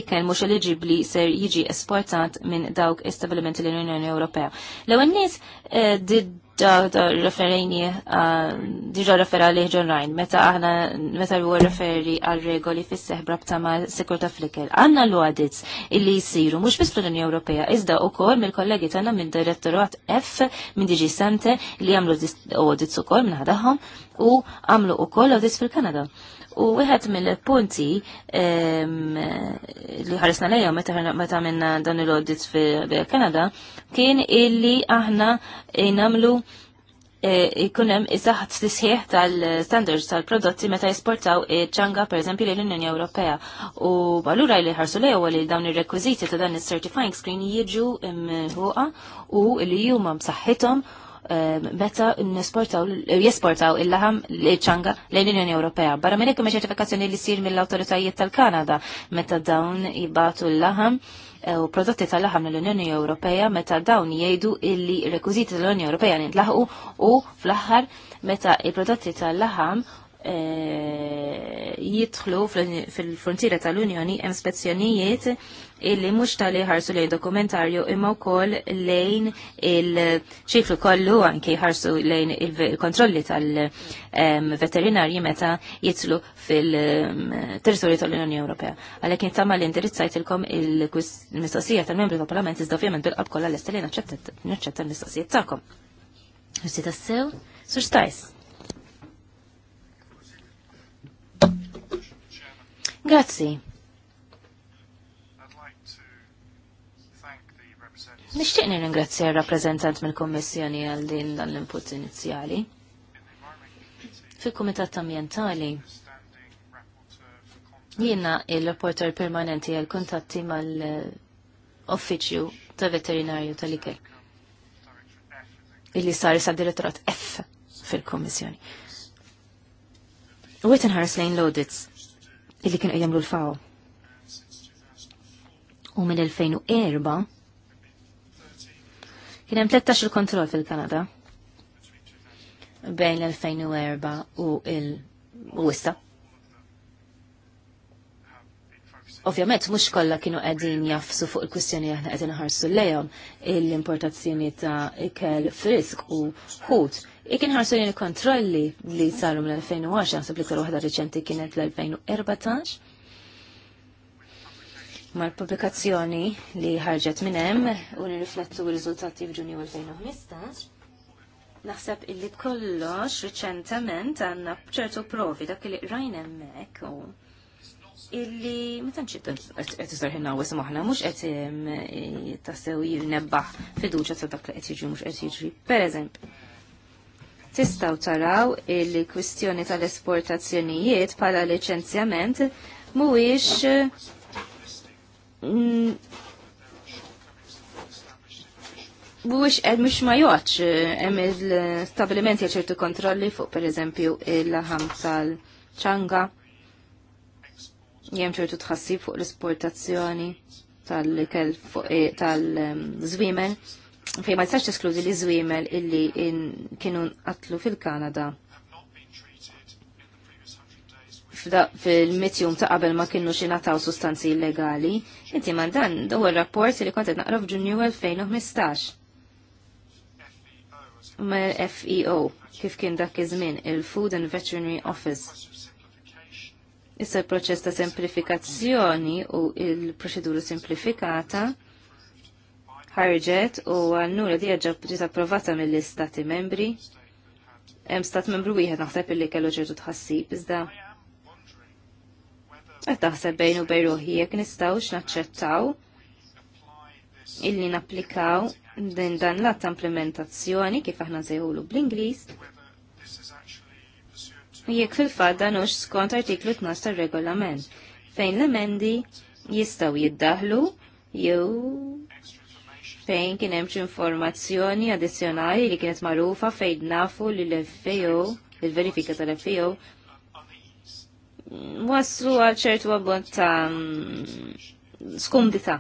ikken mhux eliġibbli ser jiġi esportat minn dawk istabilimenti l-Unjoni Ewropea. L-ewwel nies eh, da referejni uh, diġa refera li ġonrajn, meta aħna, meta l referi għal regoli fis seħbra ma sekurta flikel. Għanna l-għadits illi jisiru, mux bis fl-Unjoni Ewropea, iżda u kol mill-kollegi tanna minn direttorat F minn diġi Sante li għamlu audits u kol minn ħadaħom u għamlu u kol audits fil-Kanada. U wieħed mill-punti li ħaresna lejhom meta minna dan il-audit fil-Kanada kien illi aħna jnamlu eh, eh, ikun hemm isaħat tisħiħ tal-standards tal-prodotti meta jisportaw ċanga pereżempju l unjoni Ewropea. U allura li ħarsu lejha li dawn ir-rekwiżiti ta' dan is-certifying screen jiġu mħuqa u li huma b'saħħithom Um, meta nesportaw jesportaw il-laħam l-ċanga l-Unjoni Ewropea. Barra minn ikkum ċertifikazzjoni li sir mill-awtoritajiet tal-Kanada meta dawn jibatu l-laħam eh, u prodotti tal-laħam l-Unjoni Ewropea meta dawn jgħidu illi rekwiżiti tal-Unjoni Ewropea nintlaħu u fl-aħħar meta il-prodotti tal-laħam eh, jitħlu fil-frontiera tal-Unjoni hemm spezzjonijiet illi mhux tali ħarsu lejn dokumentarju imma wkoll lejn il-ċiklu kollu anki ħarsu lejn il-kontrolli tal-veterinarji meta jitlu fil-territorju tal-Unjoni Ewropea. Għalhekk nittama li indirizzajt ilkom il-mistoqsija tal-membri tal-Parlament iżda ovvjament bil-qalb kollha lest li naċċetta l-mistoqsijiet tagħkom. Jussi tassew, sur stajs. Grazzi. Nixtieq nirringrazzja r-rappreżentant mill-Kummissjoni għal din dan l-input inizjali. Fil-Kumitat Ambientali jiena il-rapporter permanenti għal kuntatti mal-Offiċju ta' Veterinarju tal-Ikel. Illi sar sa' direttorat F fil-Kummissjoni. U għet nħares lejn l-audits illi kien jagħmlu l-faw. U mill-2004 Kien hemm 13 il-kontroll fil-Kanada bejn l-2004 u il- wissa Ovvjament, mux kolla kienu għedin jafsu fuq il-kwistjoni aħna għedin ħarsu lejhom l-importazzjoni ta' ikel frisk u ħut. Ikin ħarsu li kontrolli li saru mill-2010, għasab li ktar wahda reċenti kienet l-2014 mal-publikazzjoni li ħarġet minn hemm u nirriflettu r-riżultati f'Ġunju 2015. Naħseb illi kollox riċentement għandna ċertu provi dak li qrajn hemmhekk u illi ma tantx qed isar ħinna wis maħna mhux qed tassew jirnebbaħ fiduċja ta' dak li qed jiġri mhux qed jiġri. Pereżempju, tistgħu taraw il-kwistjoni tal-esportazzjonijiet bħala liċenzjament mhuwiex Mux mm. ed mux ma joċ eh, hemm il stabiliment ċertu kontrolli fuq per eżempju il-ħam tal-ċanga jem ċertu tħassib fuq l-esportazzjoni tal-kel eh, tal-zwimel fej ma jistax teskludi li zwimel illi kienu għatlu fil-Kanada fil-mitjum ta' qabel ma kienu ta' sustanzi illegali, inti man dan daw il-rapport li kontet naqra f'Ġunju 2015. Mal FEO, kif kien dak iż-żmien, il-Food and Veterinary Office. Issa l-proċess ta' semplifikazzjoni u il-proċeduru simplifikata ħarġet u li di ġiet approvata mill-istati membri hemm stat membru wieħed naħseb illi kellu ċertu tħassib iżda Qed taħseb bejn u bejn ruħi jek nistgħux naċċettaw illi napplikaw din dan l ta' implementazzjoni kif aħna nsejħulu bl-Ingliż. Jek fil-fatt dan hux skont artiklu 12 tar-regolament fejn l-emendi jistgħu jiddaħlu jew fejn kien hemm informazzjoni addizzjonali li kienet magħrufa fejn nafu li l il-verifika tal-FAO waslu għal ċertu għabot ta' skumdita.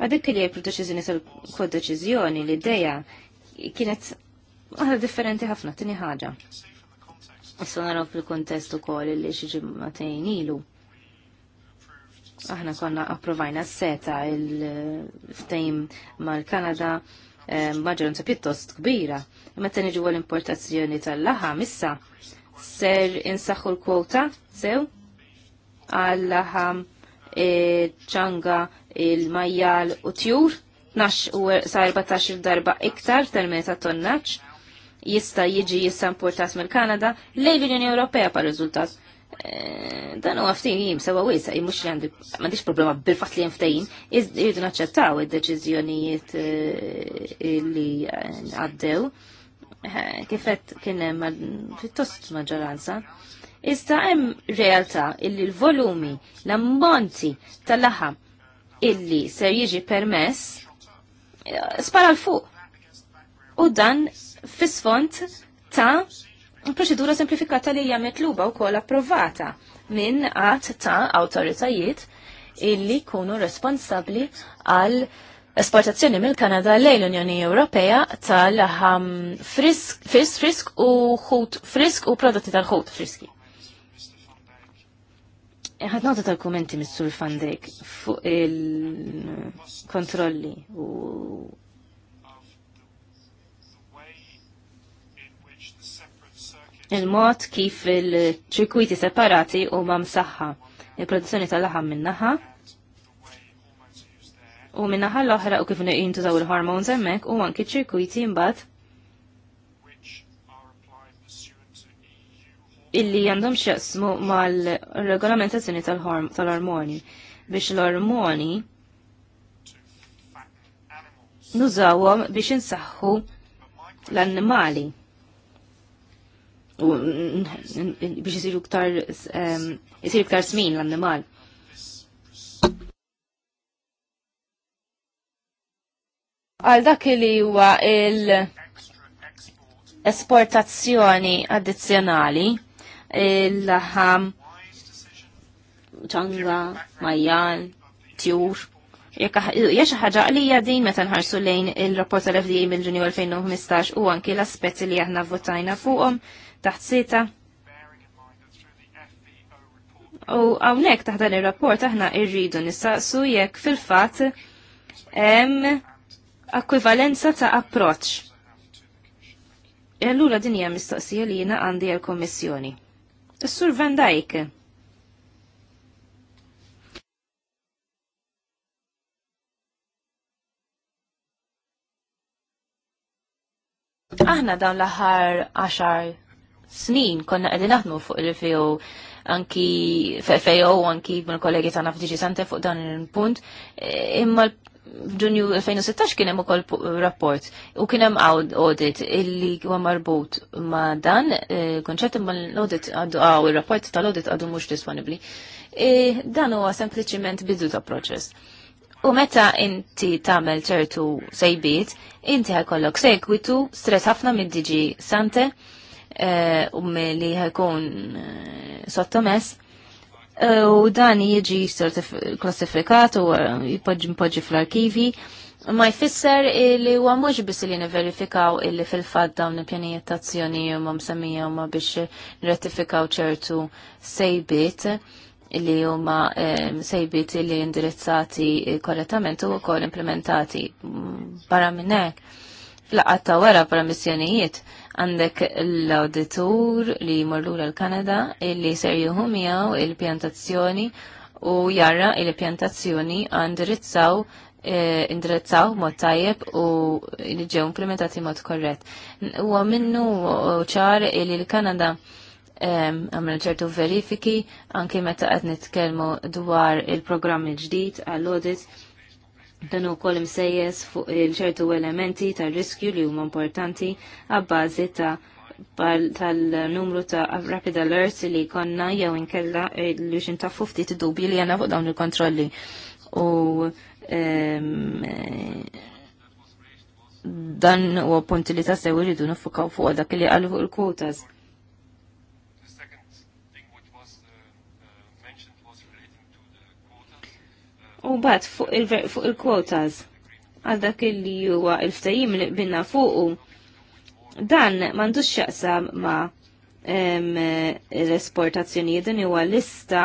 Għadik li għajpru deċizjoni tal-kod deċizjoni li d-deja kienet għal differenti ħafna tini ħaġa. Issa naraw fil-kontestu kol li xieġi matejn ilu. Aħna konna approvajna s-seta il-ftejm mal-Kanada eh, maġġoranza pjuttost kbira. Meta niġu għal-importazzjoni tal-laħam issa ser insaħħu l-kwota sew għal e, ċanga il-majjal u tjur, nax u sa' 14 darba iktar tal-meta tonnaċ, jista jiġi jista importat mill-Kanada lejn l-Unjoni Ewropea pa' riżultat. E, dan u għafti jim sewa wisa, jim mux li għandi, mandiġ problema bil-fat li jimftajin, jiridu naċċettaw id-deċizjonijiet e, li għaddew Eh, kifet kienem fit-tost maġġoranza. Iżda hemm realtà illi l-volumi, l-ammonti tal laħa illi ser jiġi permess eh, spara l-fuq. U dan fis-sfond ta' proċedura semplifikata li hija mitluba wkoll approvata minn qatt ta' awtoritajiet illi kunu responsabli għal esportazzjoni mill-Kanada lejn l-Unjoni Ewropea tal-ħam frisk, frisk, frisk u ħut frisk u prodotti tal-ħut friski. Ħad nota tal kumenti mis-Sur Fandek fuq il-kontrolli u il-mod kif il-ċirkwiti separati u saħħa il-produzzjoni tal-ħam minnaħħa u minna l ħra u kif jintużaw il-hormones emmek u anki ċirkwiti mbagħad illi għandhom xjaqsmu mal-regolamentazzjoni tal-ormoni biex l-ormoni nużawhom biex insaħħu l-annimali biex jisiru ktar smin l annimali għal dak li huwa il- esportazzjoni addizzjonali il-ħam ċanga, majjan, tjur. Jaxa ħaġa li din meta nħarsu lejn il-rapport tal-FDA mill-ġunju 2015 u anki l-aspetti li aħna votajna fuqhom taħt sita. U hawnhekk taħt dan ir-rapport aħna rridu nistaqsu jekk fil-fatt hemm akkwivalenza ta' approċ. E allura din hija mistoqsija li jiena għandi għall-Kommissjoni. Is-Sur Van Dijk. Aħna dawn l-aħħar 10 snin konna qegħdin naħdmu fuq il-review anki fejjew anki bil kollegi tagħna f'Diġi Sante fuq dan il-punt, e, imma f'Ġunju 2016 kien hemm ukoll rapport u kien hemm audit illi huwa marbut ma' dan eh, konċett imma l-audit għadu għaw ah, ir-rapport tal-audit għadu mhux disponibbli. Eh, dan huwa sempliċiment bidu ta' proċess. U meta inti tagħmel ċertu sejbiet, inti ħajkollok segwitu stress ħafna mid-diġi sante eh, u li ħajkun sottomess u dan jiġi sort klassifikat u eh, mpoġi fl-arkivi ma jfisser li huwa mhux biss li niverifikaw illi fil-fatt dawn il-pjanijiet ta' azzjoni huma msemmija huma biex nirettifikaw ċertu sejbiet li huma eh, sejbiet li indirizzati korrettament u wkoll implementati barra minn hekk. Flaqat ta' wara bħala missjonijiet Għandek l-auditur li morlu l-Kanada illi ser juhu miegħu il-pjantazzjoni u jarra il-pjantazzjoni għandirizzaw eh, indirizzaw mod tajjeb u li ġew implementati mod korrett. Huwa minnu ċar li l-Kanada eh, għamil ċertu verifiki anki meta qed nitkellmu dwar il programmi ġdijt ġdid għall-audit dan u kol msejjes fuq il-ċertu elementi ta' riskju li huma importanti għabbażi ta' tal-numru ta' rapid alerts li konna jew inkella li xin ta' fufti t-dubi li għanna fuq dawn il-kontrolli. U dan u appunti li ta' sewi rridu nifukaw fuq dak li għallu fuq il-kwotas. U bat fuq il-quotas għal dak li huwa il-ftajim li binna fuqu. Dan mandux xaqsam ma l-esportazzjoni din l lista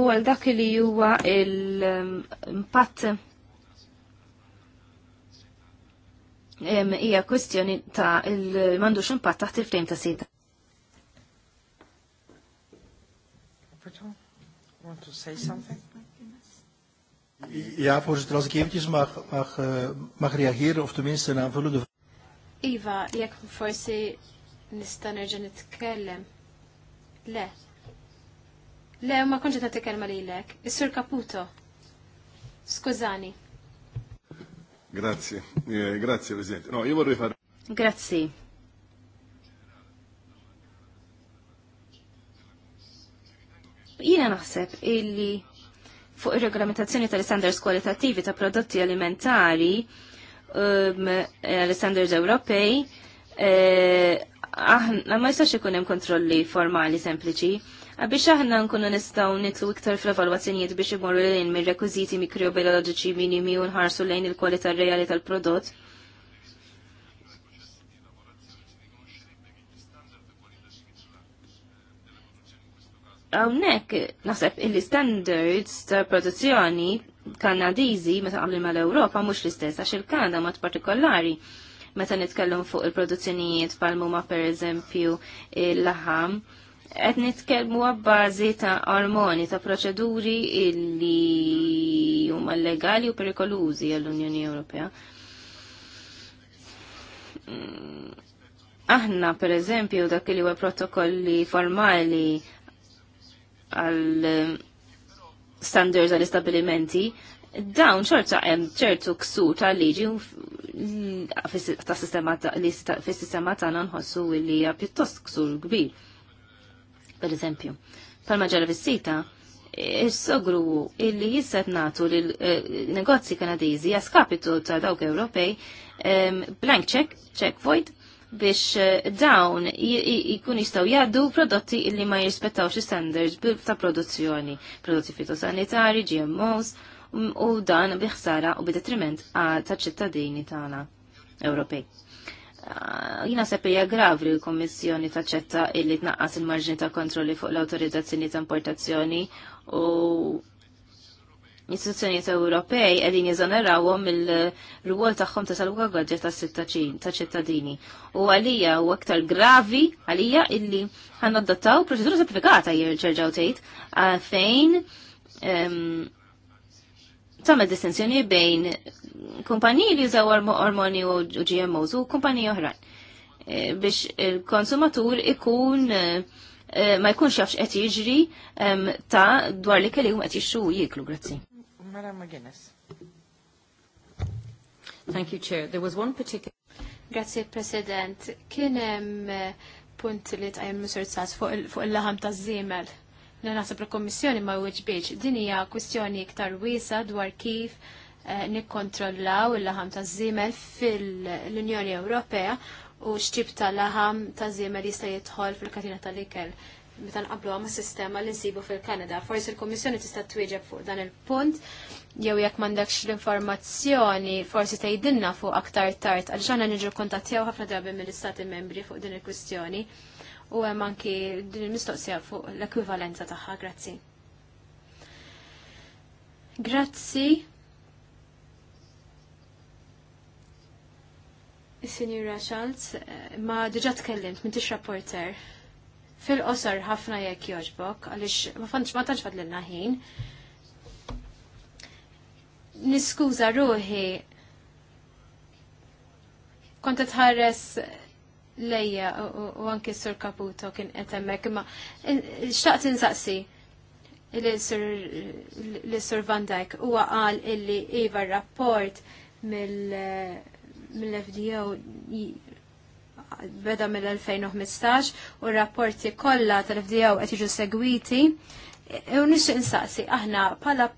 u għal dak li huwa il impatt hija kwestjoni ta' il-mandux impatt taħt il-frame ta' sita. want to say something? Ja, voorzitter, als ik eventjes mag, mag, eh, mag reageren, of tenminste een aanvullende vraag. Iva, jekk forsi nista nerġa' nitkellem. Le. Le, ma konċi ta' t-kelma li lek. Is-sur Caputo. Skużani. Grazie, eh, grazie Presidente. No, io vorrei fare... Grazie. Jiena naħseb illi fuq ir-regolamentazzjoni tal-standards kwalitattivi ta' prodotti alimentari um, eh, għal standards Ewropej, eh, aħna ma jistax ikun hemm kontrolli formali sempliċi. Għabiex aħna nkunu nistgħu nitlu iktar fl-evalwazzjonijiet biex imorru lejn mir-rekwiżiti mikrobioloġiċi minimi u nħarsu lejn il-kwalità reali tal-prodott, Hawnhekk naħseb il-standards ta' produzzjoni Kanadiżi meta ma mal-Ewropa mhux l-istess għax il-Kanada mod partikolari meta nitkellum fuq il-produzzjonijiet palmuma per pereżempju il-laħam qed nitkellmu għabbażi ta' ormoni ta' proċeduri illi huma legali u perikolużi għall-Unjoni Ewropea. Mm, aħna per eżempju dak li huwa protokolli formali għal eh, standards għal istabilimenti, dawn xorta hemm ċertu ksur ta' liġi ta' sistema li fis sistema tagħna nħossu li hija pjuttost ksur kbir. Per eżempju, palma ġara fis-sita, il-sogru illi jisset natu li eh, negozji kanadizi jaskapitu ta' dawk Ewropej blank check, check void, biex eh, dawn ikun jistaw jaddu prodotti illi ma jirrispettawx standards ta' produzzjoni, prodotti fitosanitari, GMOs, um, u dan biħsara u bidetriment ta' ċittadini tagħna Ewropej. Ah, jina sepp hija gravi l-Kommissjoni taċċetta illi tnaqqas il-marġni ta' kontrolli fuq l-autorizzazzjoni ta' importazzjoni u l-istituzzjonijiet Ewropej qegħdin jeżonerawhom mill-rwol tagħhom ta' salwa gwaġġa ta' ċittadini. U għalija u aktar gravi għalija illi ħanna adottaw proċedura simplifikata jirġerġaw tgħid fejn tagħmel distinzjoni bejn kumpaniji li jużaw ormoni u GMOs u kumpaniji oħrajn e, biex il-konsumatur ikun e, e, ma jkunx jafx qed jiġri ta' dwar li kellihom qed jixxu jiklu, grazzi. Madam McGuinness. Thank you, Chair. There was one particular... Grazie, President. Kien hemm eh, punt li tajem Mr. Sas fuq il-laħam ta' żiemel li naħseb il-Kommissjoni ma wieġbiex. Din hija kwistjoni iktar wiesa dwar kif eh, nikkontrollaw il-laħam ta' żiemel fil-Unjoni Ewropea u xtib ta' laħam ta' żiemel jista' jitħol fil-katina tal-ikel meta nqablu ma' sistema li nsibu fil-Kanada. Forsi il-Kommissjoni tista' twieġeb fuq dan il-punt jew jekk m'għandekx l-informazzjoni forsi tgħidilna fuq aktar tard għal xana niġu tiegħu ħafna drabi mill-Istati membri fuq din il-kwistjoni u hemm anki din il-mistoqsija fuq l-ekwivalenza tagħha. Grazzi. Grazzi. Signora Schultz, eh, ma diġa tkellimt, m'intix rapporter fil-qosor ħafna jekk joġbok, għaliex ma fantx ma tantx fadlilna ħin. Niskuża ruħi kont tħares lejja u anki sur Caputo kien qed hemmhekk imma eh, xtaqt insaqsi li sur Van Dijk huwa qal illi iva rapport mill-FDO eh, beda mill-2015 u r-rapporti kollha tal-FDO qed jiġu segwiti. E, u nixtieq insaqsi aħna bħala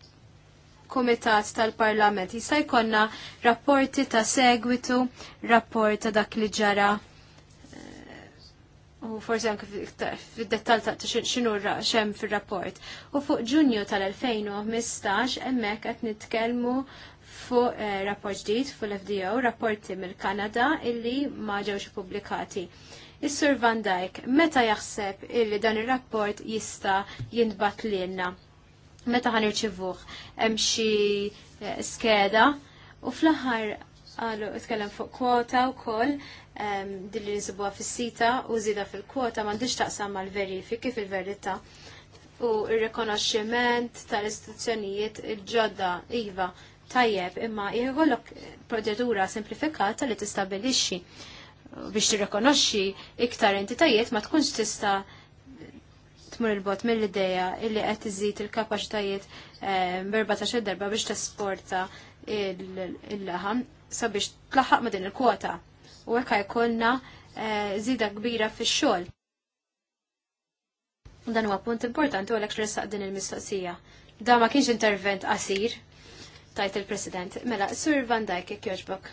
Kumitat tal-Parlament jista' jkollna rapporti ta' segwitu, rapport ta' dak li ġara e, u forse anke fid-dettal ta' xinu xem fil-rapport. U fuq ġunju tal-2015 emmek qed nitkellmu fuq eh, rapport ġdid l fdo rapporti mill-Kanada illi ma ġewx pubblikati. Is-Sur Van Dijk, meta jaħseb illi dan ir-rapport jista jista' li jenna? Meta ħan irċivuh? Hemm xi eh, skeda u fl-aħħar għalu itkellem fuq kwota wkoll um, ehm, din li nsibuha fis-sita u zida fil-kwota m'għandix taqsam mal-verifiki fil-verità u r-rikonoxximent tal-istituzzjonijiet il-ġodda iva tajjeb imma jħollok proċedura simplifikata li tistabilixxi biex tirrikonoxxi iktar entitajiet ma tkunx tista' tmur il-bot mill-ideja illi qed iżid il-kapaċitajiet eh, ta' darba biex tesporta il-laħam sabiex tlaħħaq ma' din il-kwota. U hekk jkollna eh, żida kbira fix-xogħol. Dan huwa punt importanti u għalhekk din il-mistoqsija. Da ma kienx intervent qasir, tajt il-President. Mela, Sur Van Dijk, jogħġbok.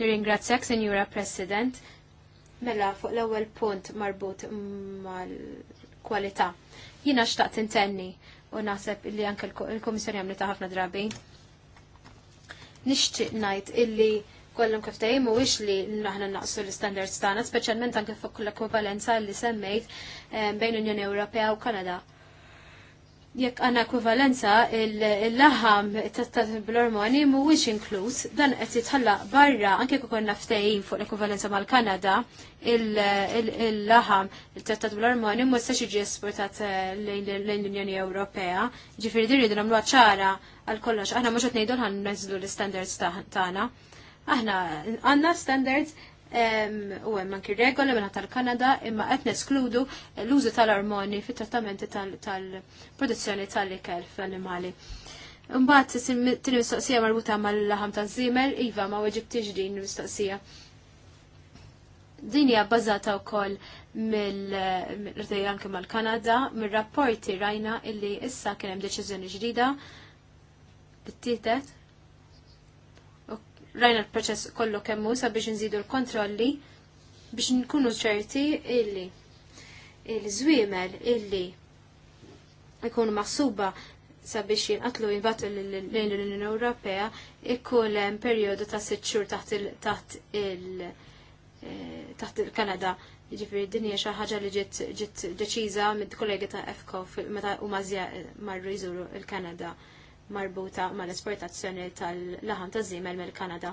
Nirringrazzjak, Senjura President. Mela, fuq l ewwel punt marbut mal-kwalità. Jina xtaqt intenni u naħseb li anke l-Komissjoni għamlet ħafna drabi. Nixtieq ngħid illi kollum kif tajmu mhuwiex li naħna naqsu l-standards tagħna, speċjalment anke fuq l-ekwivalenza li semmejt eh, bejn Unjoni Ewropea u Kanada jekk għanna ekvivalenza il-laħam tat bl-ormoni mhuwiex inkluż dan qed jitħalla barra anke kif konna ftehim fuq l-ekwivalenza mal-Kanada il-laħam il tat bl-ormoni s-sax jiġi esportat eh, lejn l-Unjoni Ewropea. Ġifieri din għamlu ċara għal kollox aħna mhux qed ngħidu ħan l-standards tagħna. Aħna għandna standards u hemm anki regola minna tal-Kanada imma qed neskludu l-użu tal-armoni fit-trattamenti tal-produzzjoni tal-ikel fl-animali. Mbagħad tieni mistoqsija marbuta mal-laħam taż-żiemel, iva ma weġibtix din mistoqsija. Din hija bbażata wkoll mill-rdej anke mal-Kanada, mir-rapporti rajna illi issa kien hemm deċiżjoni ġdida li ttieħdet rajna l-proċess kollu kemmu sabiex nżidu l-kontrolli biex nkunu ċerti illi il-żwiemel illi ikunu maħsuba sabiex jinqatlu jinbatu lejn l-Unjoni Ewropea ikun hemm perjodu ta' sitt xhur taħt il- taħt eh, il-Kanada. jiġifier din hija xi ħaġa li ġiet deċiża mid-kollegi ta' EFCO meta huma marru jżuru l-Kanada marbuta mal-esportazzjoni tal-laħan ta' zimel mill-Kanada.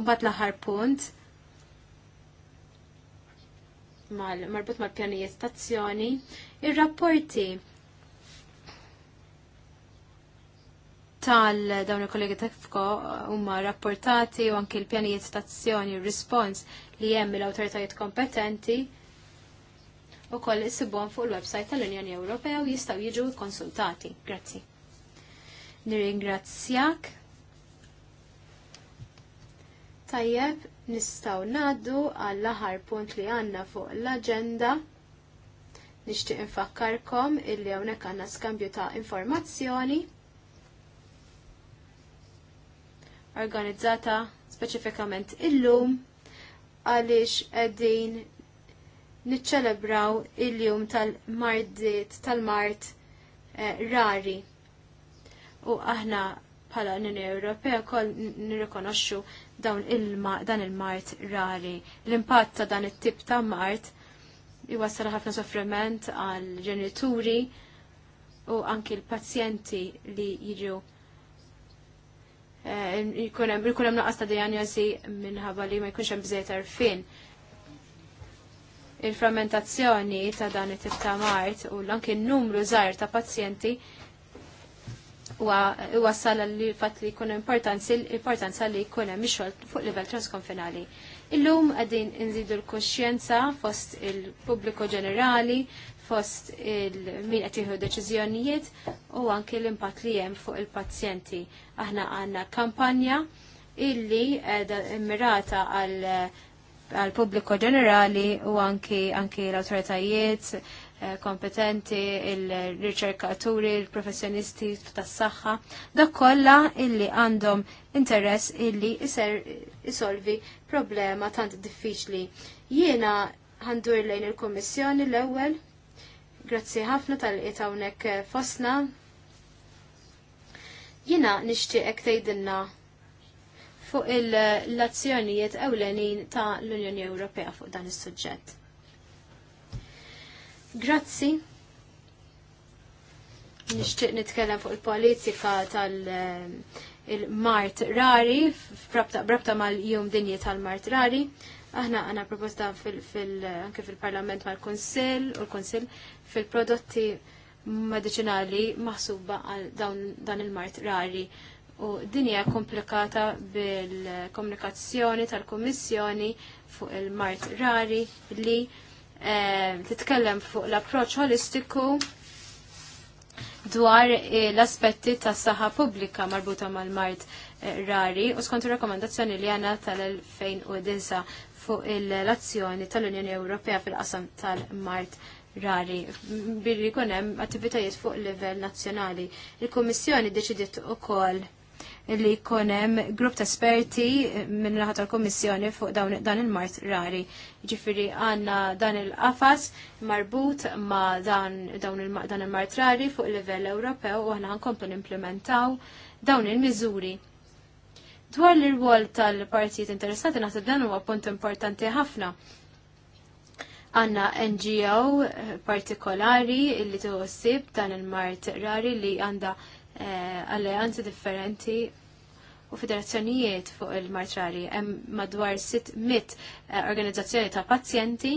Umbat l-aħħar punt mal marbut mal-pjanijiet tazzjoni, ir-rapporti tal dawn il-kollegi tefko uh, huma rapportati u anki l-pjanijiet stazzjoni r-rispons li hemm l-awtoritajiet kompetenti u koll fuq il-website tal-Unjoni Ewropea u jistgħu jiġu konsultati. Grazzi nirringrazzjak. Tajjeb, nistaw naddu għall-aħar punt li għanna fuq l-agenda. Nishtiq infakkarkom illi hawnhekk għandna skambju ta' informazzjoni organizzata speċifikament illum għaliex qegħdin niċċelebraw il-jum tal-mardiet tal-mart eh, rari u aħna bħala n unjoni Ewropea kol nirrikonoxxu dan il-mart rari. L-impatt ta' dan it-tip ta' mart iwassal ħafna soffriment għal ġenituri u anki l-pazjenti li jiġu eh, jkun hemm naqas ta' dijanjosi minħabba li ma jkunx hemm bżejt arfin. Il-frammentazzjoni ta' dan it-tip ta' mart u l-anki n-numru żgħar ta' pazjenti u għassala li fatt li l importanza li jkun hemm fuq livell transkonfinali. Illum qegħdin inżidu l kosċienza fost il-pubbliku ġenerali, fost il-min qed jieħu deċiżjonijiet u anki l-impatt li hemm fuq il-pazjenti. Aħna għandna kampanja illi mirata immirata għal pubbliku ġenerali u anki anki l-autoritajiet kompetenti, il-riċerkaturi, il-professjonisti tas-saħħa, dak kollha illi għandhom interess illi isolvi problema tant diffiċli. Jiena ħandur lejn il-Kummissjoni l-ewwel. Grazzi ħafna tal itawnek hawnhekk fosna. Jiena nixtieqek tgħidilna fuq il-azzjonijiet ewlenin ta' l-Unjoni Ewropea fuq dan is-suġġett. Grazzi. Nixtieq nitkellem fuq il-politika tal-Mart eh, Rari, brabta mal-jum dinji tal-Mart Rari. Aħna għana proposta anke fil-Parlament mal-Konsil u l-Konsil fil-prodotti medicinali maħsuba għal dan il-Mart Rari. U dinja komplikata bil-komunikazzjoni tal komissjoni fuq il-Mart Rari li Eh, titkellem fuq l-approċ holistiku dwar eh, l-aspetti tas saħħa pubblika marbuta mal-mart eh, rari u skont ir-rakkomandazzjoni li għana tal-2009 fuq l-azzjoni tal-Unjoni Ewropea fil-qasam tal-mart rari Birri jkun hemm attivitajiet fuq livell nazzjonali. Il-Kummissjoni deċidiet ukoll li jkun hemm grupp ta' esperti minn naħa tal-Kummissjoni fuq dan il-mart rari. Ġifiri għandna dan il-qafas marbut ma' dan, dan il-mart rari fuq il-livell Ewropew u aħna ħankomplu nimplementaw dawn il-miżuri. Dwar l-irwol tal-partijiet interessati naħseb dan huwa punt importanti ħafna għanna NGO partikolari illi tuħossib dan il-mart rari li għanda eh, alleanzi differenti u federazzjonijiet fuq il-martrari. Hemm madwar 600 eh, organizzazzjoni ta' pazjenti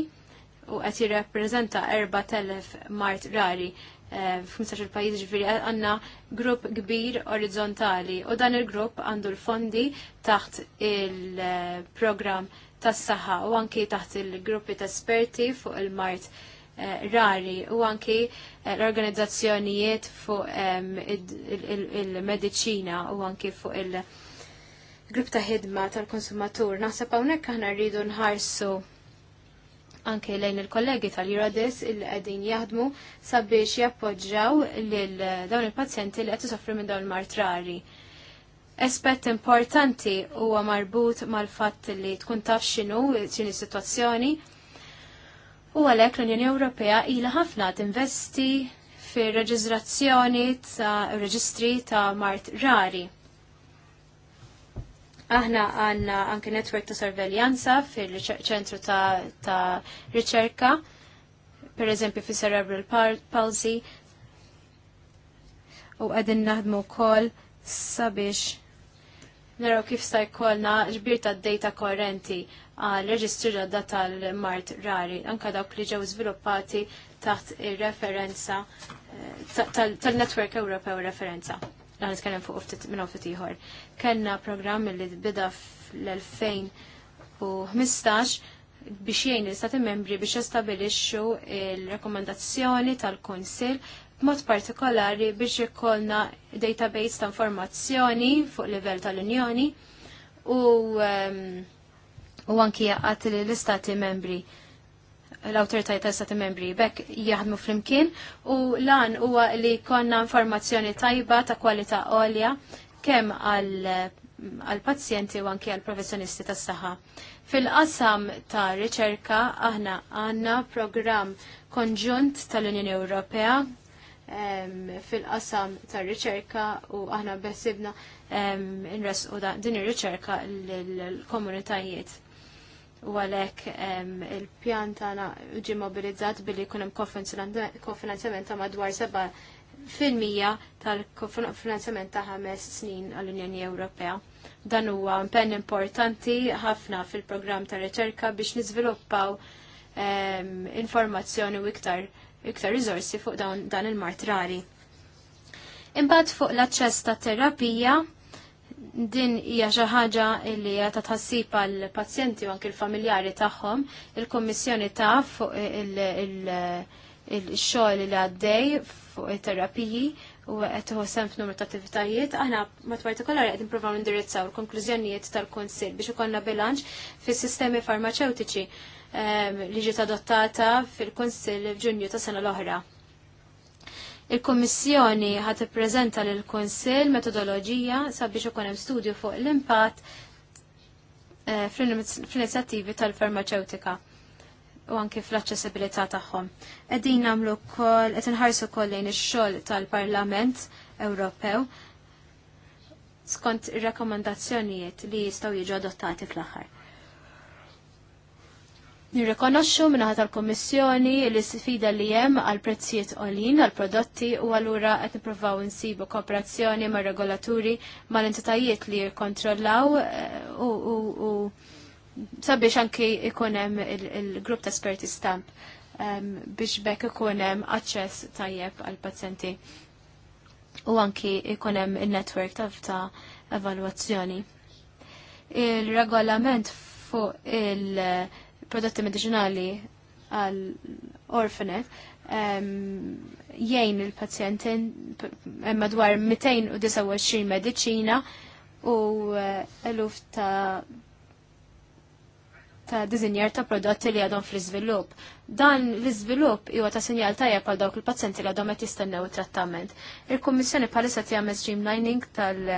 u qed jirrappreżenta 4000 mart rari f'15 il-pajjiż ġifieri għandna grupp kbir orizzontali u dan il-grupp għandu l-fondi taħt il-programm eh, tas-saħħa u anki taħt il-gruppi ta' esperti fuq il-mart Eh, rari u anki eh, l-organizzazzjonijiet fuq il-medicina u anki fuq il-grupp ta' ħidma tal-konsumatur. Naħseb hawnhekk aħna rridu nħarsu anke lejn il-kollegi tal-Iradis illi qegħdin jaħdmu sabiex jappoġġaw lil dawn il-pazjenti li qed isofru minn dawn il rari. Aspett importanti huwa marbut mal-fatt li tkun taf x'inhu x'inhi situazzjoni U għalhekk l-Unjoni Ewropea ilha ħafna tinvesti fir-reġistrazzjoni ta' reġistri ta' mart rari. Aħna għanna anke netwerk ta' sorveljanza fil-ċentru ta', ta riċerka, per eżempju fi cerebral palsy, u għedin naħdmu kol sabiex naraw kif sta jkollna ġbir ta' data korrenti għal reġistru data tal-mart rari, anka dawk li ġew żviluppati taħt ir-referenza eh, tal-Network Ewropew referenza. Dan nitkellem fuq ftit minn uftit ieħor. Kellna programm li bida fl-2015 biex jgħin l-Stati membri biex jistabilixxu il-rekomendazzjoni tal-Kunsill mod partikolari biex ikollna database ta' informazzjoni fuq livell tal-Unjoni u um, anki għat l-istati membri l-autoritajt ta' stati membri bekk jaħdmu flimkien u lan huwa li konna informazzjoni tajba ta' kwalità għolja kemm għal pazjenti u anki għal professjonisti tas saħħa Fil-qasam ta' riċerka aħna għanna program konġunt tal-Unjoni Ewropea fil-qasam tar riċerka u aħna besibna inres u din ir-riċerka l-komunitajiet. U għalek il-pjan tagħna ġie mobilizzat billi jkun hemm kofinanzjament ta' madwar seba' fil-mija tal kofinanzjament ta' ħames snin għall-Unjoni Ewropea. Dan huwa impenn importanti ħafna fil-programm ta' riċerka biex niżviluppaw informazzjoni u iktar iktar rizorsi fuq dawn dan il-mart rari. Imbagħad fuq l-aċċess ta' terapija din hija xi ħaġa li hija ta' tħassib għal pazjenti u anke l-familjari tagħhom, il-Kummissjoni taf fuq il-xogħol li għaddej fuq it-terapiji u qed iħu sem f'numru ta' attivitajiet, aħna mat partikolari qed nippruvaw indirizzaw il-konklużjonijiet tal-Kunsill biex ikollna bilanċ fis-sistemi farmaceutiċi li ġiet adottata fil-Kunsill f'Ġunju ta' sena l-oħra. Il-Kommissjoni ħat ippreżenta lil kunsill metodoloġija sabiex ikun hemm studju fuq l-impatt eh, fl-inizjattivi tal-farmaceutika u anki fl-aċċessibilità tagħhom. Qegħdin nagħmlu wkoll qed inħarsu wkoll lejn ix-xogħol tal-Parlament Ewropew skont ir-rakkomandazzjonijiet li jistgħu jiġu adottati fl-aħħar. Nirrikonoxxu minnaħat tal-Kommissjoni li sfida li hemm għal prezzijiet għolin għal prodotti u allura qed nippruvaw insibu kooperazzjoni ma' regolaturi mal-entitajiet li jikkontrollaw eh, u sabiex anki ikun hemm il-grupp ta' esperti stamp ehm, biex bekk ikun hemm aċċess tajjeb għal pazjenti u anki ikun hemm in-netwerk ta' evalwazzjoni. Il-regolament fuq il-, -regolament fu il prodotti medicinali għal orfanet jgħin il-pazjenti madwar 229 medicina u eh, eluf ta' ta' dizinjar ta' prodotti li għadhom fl-iżvilupp. Dan l-iżvilupp huwa ta' sinjal tajjeb għal dawk il-pazjenti li għadhom qed jistennew it-trattament. Il-Kummissjoni bħalissa tagħmel streamlining tal-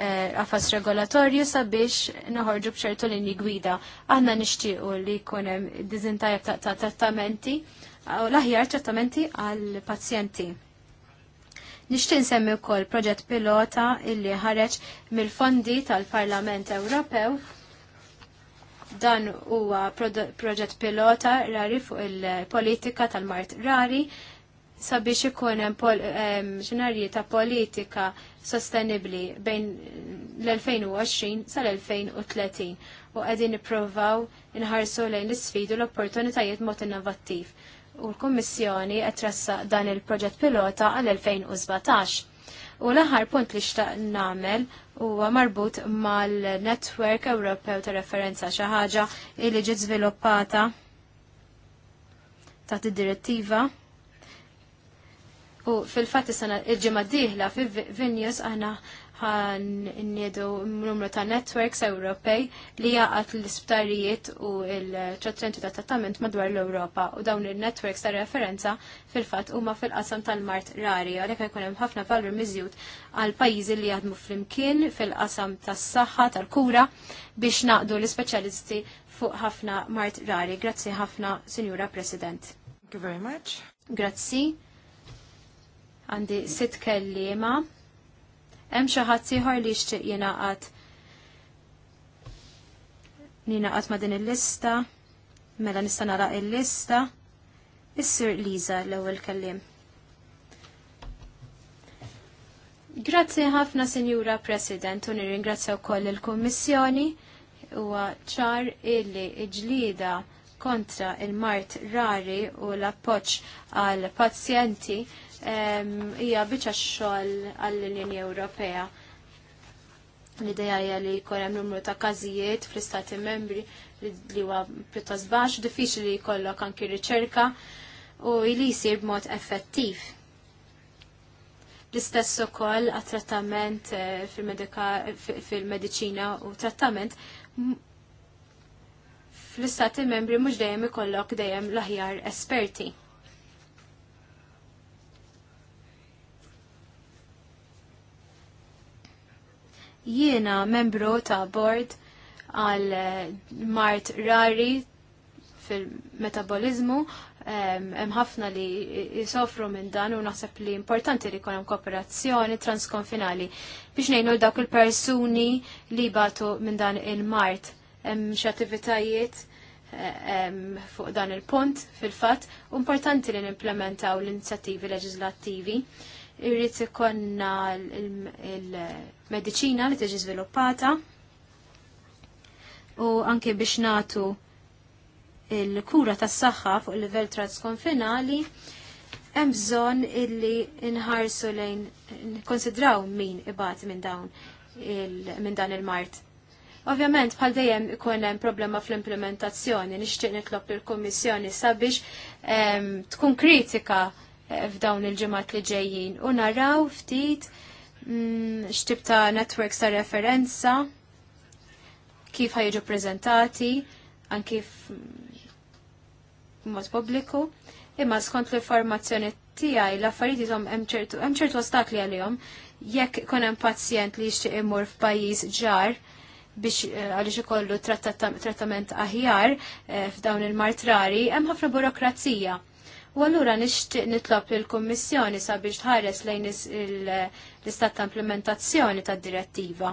Eh, għafas regolatorju sabiex noħorġu bċertu l-inni gwida. Aħna nixtiequ li kunem dizintajab ta' trattamenti u l-aħjar trattamenti għal pazjenti. Nixtieq nsemmi wkoll proġett pilota illi ħareġ mill-fondi tal-Parlament Ewropew dan huwa proġett pilota rari fuq il-politika tal-mart rari sabiex ikun hemm xinarji ta' politika sostenibbli bejn l-2020 sal-2030 u qegħdin nippruvaw inħarsu lejn l-isfidu l-opportunitajiet mod innovattiv. U l-Kummissjoni qed trassaq dan il-proġett pilota għal-2017. U l-aħħar punt li xtaq nagħmel huwa marbut mal-Network Ewropew ta' referenza xi ħaġa li ġiet żviluppata taħt id-direttiva U fil-fat is-sena il-ġimgħa d-dieħla fi Vilnius aħna ħan nniedu numru ta' networks Ewropej li jaqat l-isptarijiet u il ċentrenti ta' trattament madwar l-Ewropa u dawn il-networks ta' referenza fil-fatt huma fil-qasam tal-mart rari għalhekk jkun hemm ħafna valru miżjud għal pajjiżi li jaħdmu flimkien fil-qasam tas-saħħa tal-kura biex naqdu l-ispeċjalisti fuq ħafna mart rari. Grazzi ħafna, Signora President. Thank you very much. Grazzi. Għandi sitt kellima. Hemm xi ħadd ieħor li jixtieq jingħaqad ninaqat ma din il-lista. Mela nista' nara il-lista. Is-sir Liza l-ewwel kellim. Grazzi ħafna Sinjura President u nirringrazzja wkoll il-Kummissjoni huwa ċar illi ġlida kontra il-mart rari u l-appoċ għal pazjenti hija biċċa xogħol għall-Unjoni Ewropea. L-idea hija li jkun hemm numru ta' każijiet fl-istati membri li huwa pjuttost baxx, diffiċli li jkollok anki riċerka u li jsir b'mod effettiv. L-istess ukoll għat-trattament eh, fil medicina u trattament fl-istati membri mhux dejjem ikollok dejjem l-aħjar esperti. Jiena membru ta' board għal eh, mart rari fil-metabolizmu hemm ħafna li jisofru minn dan u naħseb li importanti li jkun hemm kooperazzjoni transkonfinali biex ngħinu dak il-persuni li batu minn dan il-mart hemm xi attivitajiet eh, fuq dan il-punt fil-fatt importanti li nimplementaw l-inizjattivi leġislattivi irrid ikonna il-medicina li tiġi żviluppata u anke biex natu il-kura tas saħħa fuq il-livell transkonfinali hemm bżonn illi nħarsu lejn konsidraw min ibat minn dawn minn dan il-mart. Ovvjament bħal dejjem ikun hemm problema fl-implementazzjoni, nixtieq nitlob lill-Kummissjoni sabiex ehm, tkun kritika f'dawn il-ġemat li ġejjin u naraw ftit mm, x'tib ta' networks ta' referenza kif ħajġu prezentati kif mod pubbliku imma skont l-informazzjoni tiegħi l-affarijiet hemm ċertu hemm ċertu ostakli għalihom jekk ikun hemm pazjent li jixtieq imur f'pajjiż ġar biex eh, għaliex ikollu trattament aħjar eh, f'dawn il-martrari, hemm ħafna burokrazija. U allura nixtieq nitlob il-Kummissjoni sabiex tħares lejn l-istat ta' implementazzjoni tad-direttiva.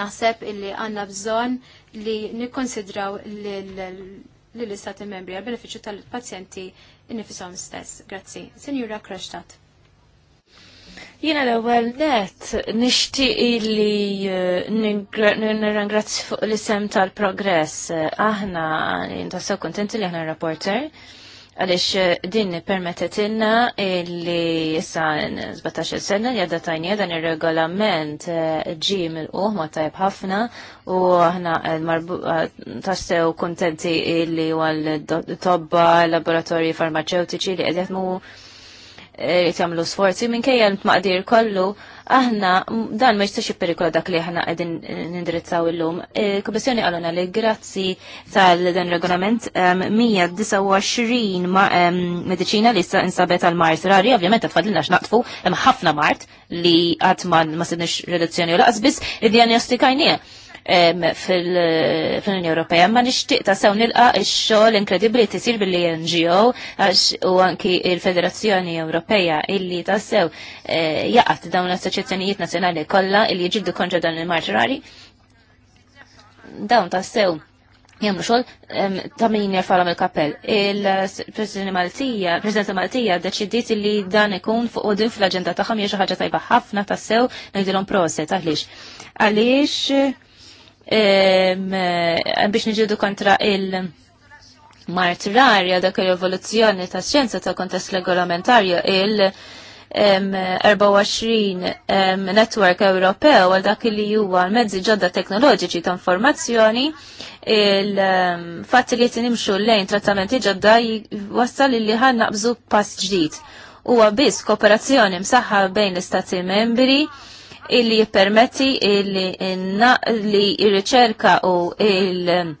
Naħseb illi għandna bżonn li nikkonsidraw lill-istati membri għal benefiċċju tal-pazjenti innifisom stess. Grazzi. Sinjura Krashtat. Jina l-ewel net, nishti li eh, nirangrazzi fuq l-isem tal-progress. Eh, aħna, jintassaw eh, kontenti li aħna rapporter għalix eh, din permettet inna li jissa 17 sena jadda għadda tajnija dan il-regolament eh, ġim il uħ ma tajb ħafna u ħna eh, tassew kontenti li għal tobba laboratori farmaceutiċi li għedet mu jrid eh, jagħmlu sforzi minkejja l maqdir kollu aħna dan ma jistax perikola dak li aħna qegħdin eh, nindirizzaw illum. lum eh, kummissjoni għaluna li grazzi tal-dan regolament 129 mediċina li issa insabet għal mart rari, ovvjament tfadilna x'naqtfu hemm ħafna mart li qatt ma sidniex reduzzjoni u laqsbis biss id-diagnostikajnija fil-Unjoni Ewropea. Ma nixtieq ta' sew nilqa' x-xogħol inkredibbli tisir billi NGO għax u anki il-Federazzjoni Ewropea illi ta' sew eh, jaqgħet dawn l-assoċjazzjonijiet nazzjonali kollha illi jġibdu kontra dan il marġrari Dawn ta' sew jemlu xol ta' min jarfalam il-kapel. Il-Presidenta Maltija, Presidenta Maltija deċidiet li dan ikun fuq din fl-agenda tagħhom hija xi ħaġa tajba ħafna tassew ngħidilhom proset għaliex. Għaliex biex niġidu kontra il- martirarja dak l-evoluzzjoni ta' xjenza ta' kontest regolamentarju il- 24 network Ewropew għal dak li huwa mezzi ġodda teknoloġiċi ta' informazzjoni il-fatt li l lejn trattamenti ġodda wassal li ħan naqbżu pass ġdid. Huwa biss kooperazzjoni msaħħa bejn l-istati membri illi jippermetti illi, li il riċerka u il-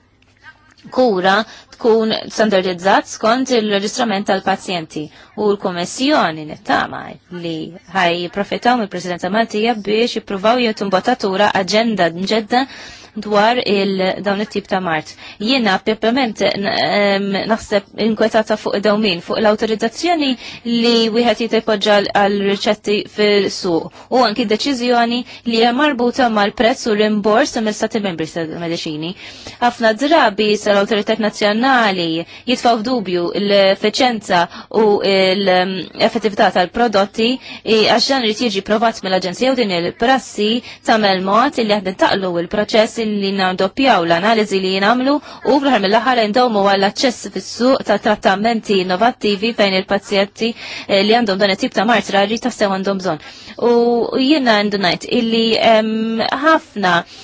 kura tkun standardizzat skont il-reġistrament tal-pazjenti u l-Komissjoni nittama li ħaj profetaw mill-Presidenza Maltija biex jippruvaw jgħatu botatura agenda mġedda dwar il-dawn it-tip ta' mart. Jiena pepperment naħseb inkwetata fuq dawmin, fuq l-autorizzazzjoni li wieħed jitpoġġa għal riċetti fil-suq u anki deċiżjoni li hija marbuta mal-prezz u rimbors mill-Stati Membri tal-Mediċini. Ħafna drabi sal-Awtoritet Nazzjonali nazzjonali jitfaw f'dubju l-efficienza u l-effettività tal-prodotti għax dan irid jiġi provat mill-Aġenzija u din il-prassi tagħmel mod li qed taqlu il-proċess li nandoppjaw l-analiżi li jingħamlu u fl-aħħar mill-aħħar indawmu għall-aċċess fis-suq ta' trattamenti innovattivi fejn il-pazjenti eh, li għandhom dan it-tip ta' mart rari ta' sew għandhom bżonn. U jiena għandu ngħid illi ħafna um,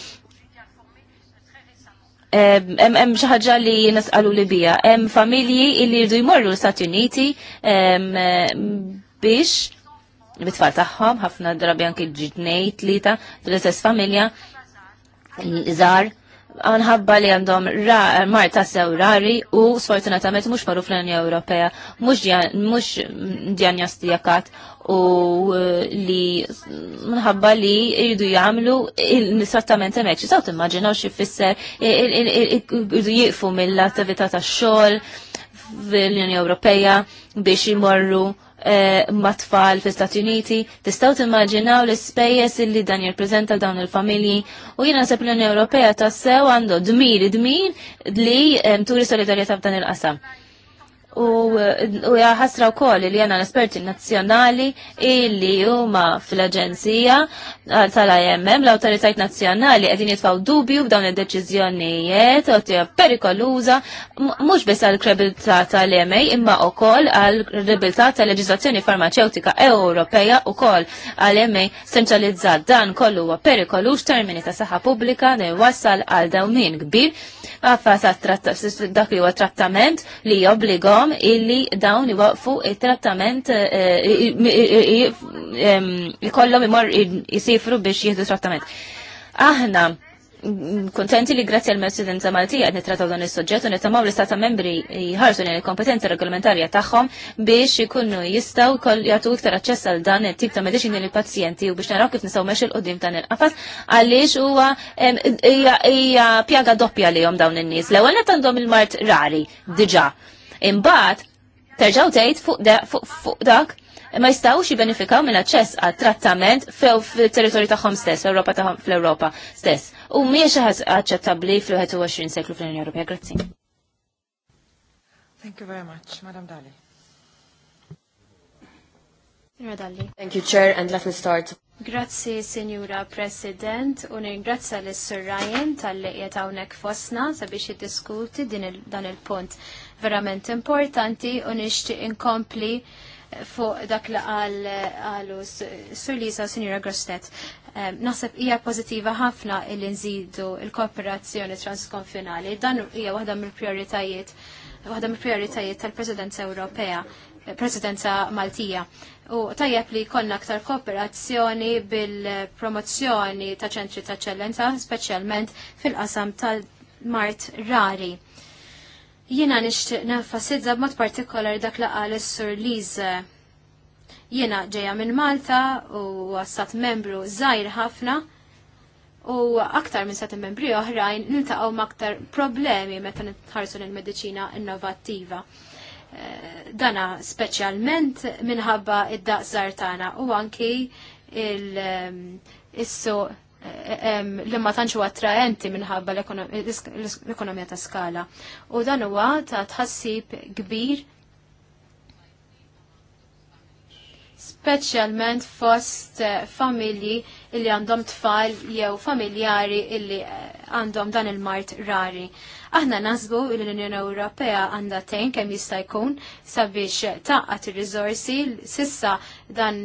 hemm xi ħaġa li nisqalu li bija. Hemm familji li jridu jmorru l-Stati Uniti biex bit-tfal tagħhom ħafna drabi anke ġidnej tlieta fl-istess familja żgħar għanħabba li għandhom marta sew rari u sfortunatament mhux magħruf l-Unja Ewropea, mhux djanjastijakat u e, li minħabba li jridu jgħamlu il-trattament hemmhekk. X'taw timmaġinaw xi fisser jridu jieqfu mill-attività tax-xogħol fl-Unjoni Ewropea biex imorru e, matfall tfal fi Stati Uniti, tistaw timmaġinaw l-ispejjeż illi dan jirpreżenta dawn il-familji u jiena sepp l-Unjoni Ewropea tassew għandu dmir dmir li e, turi solidarieta f'dan il-qasam u ħasra u koll li għana l-esperti nazjonali illi huma fil-Aġenzija tal-IMM l-autoritajt nazjonali għedin jitfaw dubju b'dawn id-deċizjonijiet u tija perikoluza mux bis għal-kredibilità tal-EMA imma u koll għal-kredibilità tal leġizazzjoni farmaceutika Ewropeja u koll għal-EMA centralizzat dan kollu huwa perikolux termini ta' saħħa pubblika ne wassal għal dawnin kbir għafa ta' dak li huwa trattament li jobbligom tagħhom illi dawn iwaqfu it-trattament ikollhom eh, eh, eh, imor jisifru biex jieħdu trattament. Aħna kontenti li grazzi għal mersidenza Maltija qed nittrattaw dan is sogġet u nittamaw l stata membri jħarsu lejn il-kompetenza regolamentarja tagħhom biex ikunu jistgħu jkoll jagħtu iktar aċċess għal dan it-tip ta' li lill-pazjenti u biex naraw kif nisaw mexi l-qudiem ta' nil qafas għaliex huwa hija pjaga doppja lihom dawn in-nies. l għalna għandhom il-mart rari diġà Imbagħad terġgħu tgħid fuq dak ma jistgħux jibbenifikaw minn aċċess għat trattament fil-territorju tagħhom stess, fl-Ewropa tagħhom fl-Ewropa stess. U mhijiex aċċettabbli fl-21 seklu fl-Unjoni Ewropea. Grazzi. Thank you very much, Madam Dali. Thank you, Chair, and let me start. Grazzi, Signora President, u ringrazza l-Sir Ryan tal-li jetawnek hawnhekk fosna sabiex jiddiskuti dan il-punt. il punt verament importanti u nixtieq inkompli fuq dak li qal qalu Surliza u Sinjura Grostet. Naħseb hija pożittiva ħafna il nżidu il-kooperazzjoni transkonfinali. Dan hija waħda mill prioritajiet waħda mill-prijoritajiet tal-Presidenza Ewropea, Presidenza Maltija. U tajjeb li jkollna aktar kooperazzjoni bil-promozzjoni ta' ċentri ta' ċellenza, speċjalment fil-qasam tal-mart rari. Jiena nixtieq nenfasizza b'mod partikolar dak li qal sur Lize. Jiena ġejja minn Malta u għassat membru żgħir ħafna u aktar minn sat membri oħrajn niltaqgħu m'aktar problemi meta nitħarsu l mediċina innovattiva. Eh, dana speċjalment minħabba id daqsar tagħna u anki il-suq eh, li ma tantxu attraenti minħabba l-ekonomija ta' skala. U dan huwa ta' tħassib kbir speċjalment fost eh, familji illi għandhom tfal jew familjari illi eh, għandhom dan il-mart rari. Aħna nasbu li l-Unjoni Ewropea għandha tejn kemm jista' jkun sabiex taqgħat ir-riżorsi sissa dan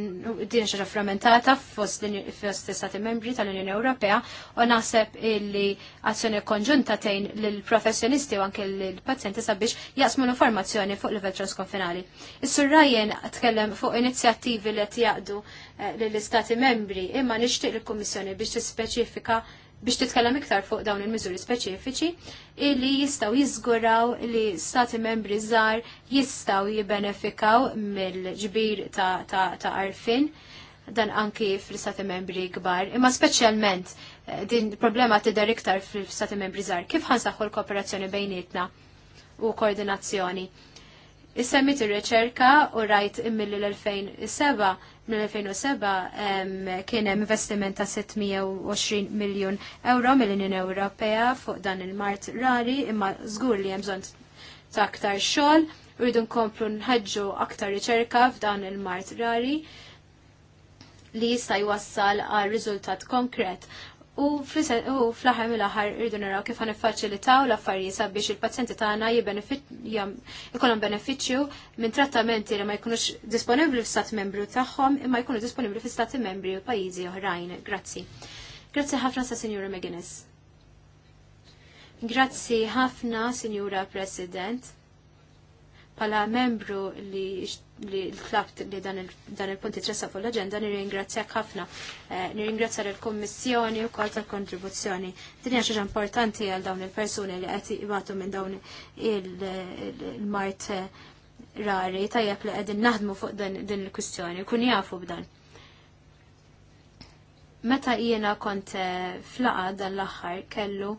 din xi frammentata fost l-istati membri tal-Unjoni Ewropea u naħseb illi azzjoni konġunta tejn lill-professjonisti u anke lill-pazjenti sabiex jaqsmu l-informazzjoni fuq livell transkonfinali. Is-Sur Ryan tkellem fuq inizjattivi li qed jaqdu eh, lill-istati membri imma nixtieq il-Kummissjoni biex tispeċifika biex titkellem iktar fuq dawn il-miżuri speċifiċi illi jistaw jiżguraw li stati membri żgħar jistaw jibbenefikaw mill-ġbir ta', ta, ta arfin dan anki fl-istati membri kbar, imma speċjalment eh, din problema tidher iktar fl-istati membri żgħar. Kif ħansaħħu l-kooperazzjoni bejnietna u koordinazzjoni? Is-semmit ir-riċerka u rajt immill l-2007 mill-2007 kien hemm investiment ta' 620 miljun euro mill-Unjoni Ewropea fuq dan il-Mart Rari imma żgur li hemm bżonn ta' aktar xogħol rridu nkomplu nħeġġu aktar riċerka f'dan il-Mart Rari li jista' jwassal għal riżultat konkret U fl-aħħar mill-aħħar irridu naraw kif ħanifaċilitaw l-affarijiet sabiex il-pazjenti tagħna ikollhom benefiċċju minn trattamenti li ma jkunux disponibbli f'stat membru tagħhom imma jkunu disponibbli fl-istati membri u pajjiżi oħrajn. Grazzi. Grazzi ħafna sa Sinjura McGuinness. Grazzi ħafna, Sinjura President. Pala membru li li l-klabt li dan il-punti tressa fuq l-agenda nirringrazzjak ħafna. Eh, Nirringrazzjar il-Kommissjoni u kol tal-kontribuzzjoni. Din hija xaġa importanti għal dawn il-persuni li qed jibgħatu minn dawn il-mart eh, rari tajjeb li qegħdin naħdmu fuq din il-kwistjoni, kun jafu b'dan. Meta jiena kont eh, flaqa dan l-aħħar kellu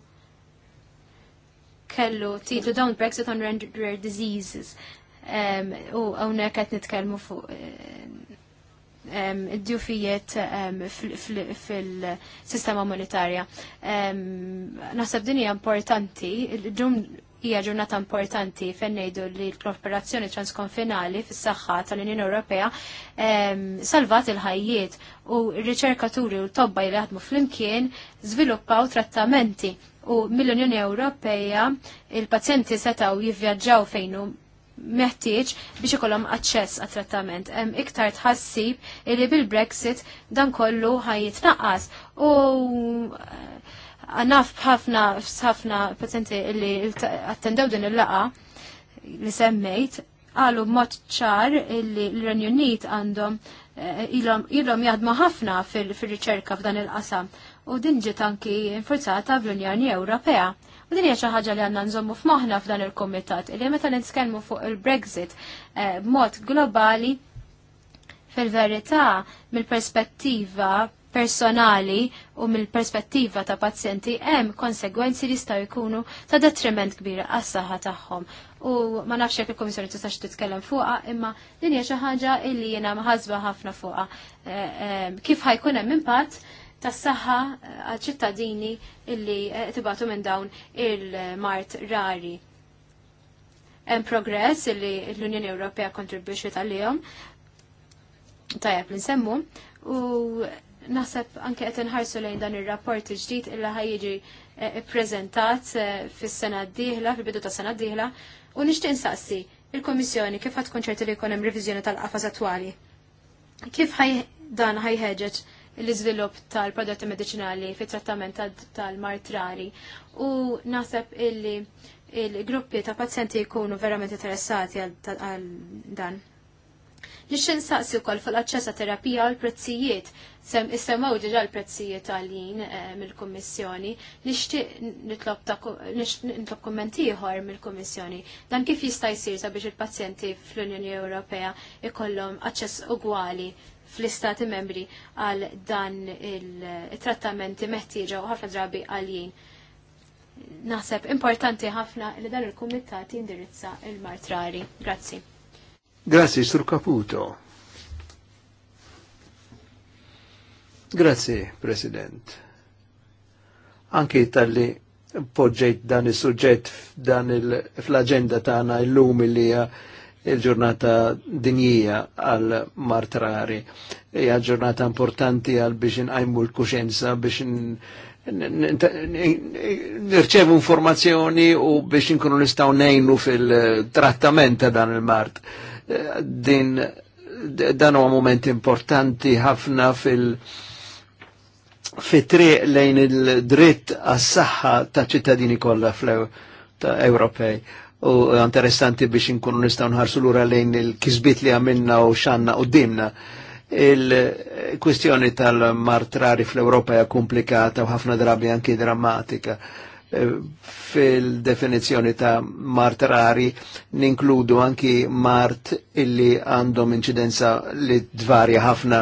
kellu titlu dawn Brexit on Rare Diseases u għawnek għet nitkelmu fuq id-djufijiet fil-sistema monetarja. Naħseb din hija importanti, ġum hija ġurnata importanti fejn ngħidu li l-korporazzjoni transkonfinali fis-saħħa tal-Unjoni Ewropea salvat il-ħajjiet u r-riċerkaturi u tobba li fl flimkien żviluppaw trattamenti u mill-Unjoni Ewropea il-pazjenti setaw jivvjaġġaw fejn meħtieġ biex ikollhom aċċess għat trattament. Hemm iktar tħassib li bil-Brexit dan kollu ħajjitnaqqas u eh, naf ħafna ħafna pazjenti li attendew din il-laqa li semmejt qalu mod ċar li l-Renju Unit għandhom eh, ilhom jaħdmu ħafna fil-riċerka f'dan il-qasam u din ġiet anki infurzata fl-Unjoni Ewropea U din hija xi ħaġa li għandna nżommu f'moħħna f'dan il-kumitat li meta nitkellmu fuq il-Brexit eh, b'mod globali fil-verità mill-perspettiva personali u mill-perspettiva ta' pazjenti hemm konsegwenzi li jistgħu jkunu ta' detriment kbir għas-saħħa tagħhom. U ma nafx jekk il-Komissjoni tistax titkellem fuqha, imma din hija xi ħaġa li jiena mħasba ħafna fuqha. Eh, eh, kif ħajkun hemm impatt tas-saħħa eh, għal-ċittadini illi eh, tibatu minn dawn il-mart rari. Hemm progress illi l-Unjoni Ewropea kontribwixxi tal-lihom tajjeb li nsemmu u naħseb anke qed inħarsu lejn dan ir-rapport ġdid illi ħajjiġi eh, ippreżentat fis-sena d-dieħla, fil-bidu tas sena d-dieħla, u nixtieq insaqsi il kummissjoni kif ħadd ċerti li jkun hemm reviżjoni tal-qafas attwali? Kif ħaj dan ħajħeġeġ l-iżvilupp tal-prodotti medicinali fit trattament tal martrari u naħseb illi il-gruppi ta' pazjenti jkunu verament interessati għal dan. Nixin saqsi wkoll fuq l-aċċess terapija u l-prezzijiet. Sem issemgħu diġà l-prezzijiet għalin eh, mill-Kummissjoni. Nixtieq nitlob kommentiħor ieħor mill-Kummissjoni. Dan kif jista' jsir sabiex il-pazjenti fl-Unjoni Ewropea ikollhom aċċess ugwali fl-istati membri għal dan il-trattamenti meħtieġa u ħafna drabi għaljien. Naħseb importanti ħafna li dan il-kumitat jindirizza il-martrari. Grazzi. Grazzi, Sur Caputo. Grazzi, President. Anki tal-li poġġejt dan il-sujġet fl-agenda tagħna illum li il-ġurnata dinjija għal martrari. Hija ġurnata importanti għal biex nqajmu l-kuxenza biex nirċevu informazzjoni u biex nkunu nistgħu nejnu fil-trattament ta' dan il-mart. Din dan huwa moment importanti ħafna fil- fitriq lejn il-dritt għas-saħħa ta' ċittadini kollha fl-Ewropej u interessanti biex nkunu nistaw nħarsu l-ura lejn il-kizbit li għamilna u xanna u dimna. Il-kwistjoni tal-martrari fl-Europa hija komplikata u ħafna drabi anki drammatika. E, Fil-definizjoni ta' martrari ninkludu anki mart illi għandhom incidenza li dvarja ħafna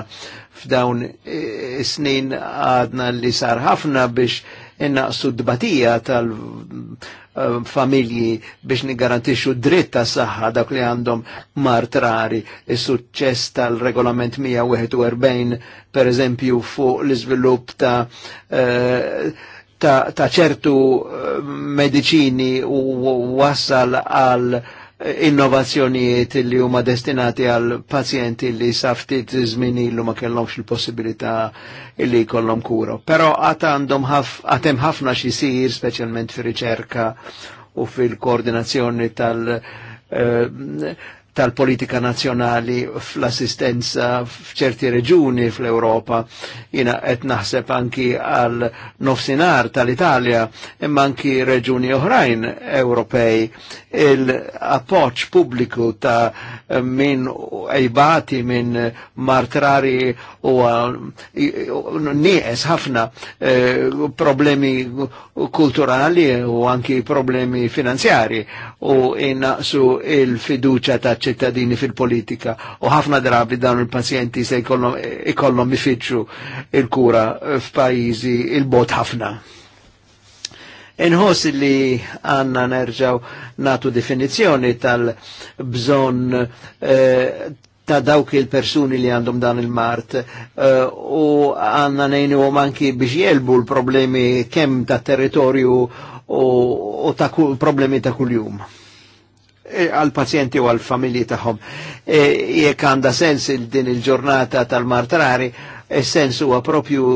f'dawn e, snin għadna li sar ħafna biex innaqsu d-batija tal Eh, familji biex nigarantixxu dritt ta' saħħa dak li għandhom mart rari. Is-suċċess tal-regolament 141 per eżempju fuq l-iżvilupp ta' eh, ta' ċertu eh, medicini u wassal għal innovazzjonijiet li huma destinati għal pazjenti li saftit żmien ilu ma kellhomx il-possibilità li jkollhom kuro. Però għad għandhom għatem ħafna xisir, speċjalment fir-riċerka u fil-koordinazzjoni tal- uh, tal-politika nazjonali fl-assistenza f'ċerti reġuni fl-Europa, jina et naħseb anki għal nofsinar tal-Italja, imma anki reġuni oħrajn Ewropej, il-appoċ pubbliku ta' minn ejbati minn martrari u nieqes ħafna eh, problemi kulturali u anki problemi finanzjari u innaqsu il-fiduċa ta' ċittadini fil-politika u ħafna drabi dawn il-pazjenti se ikollhom ifittxu il-kura f'pajjiżi il-bot ħafna. Inħoss li għanna nerġaw natu definizjoni tal-bżon eh, ta' dawk il-persuni li għandhom dan il-mart eh, u għanna nejni u manki biex jelbu l-problemi kem ta' territorju u, u ta' problemi ta' kuljum. Eh, għal-pazjenti u għal-familji tagħhom. E, Jek għanda sens il din il-ġurnata tal-martrari, e, sens huwa propju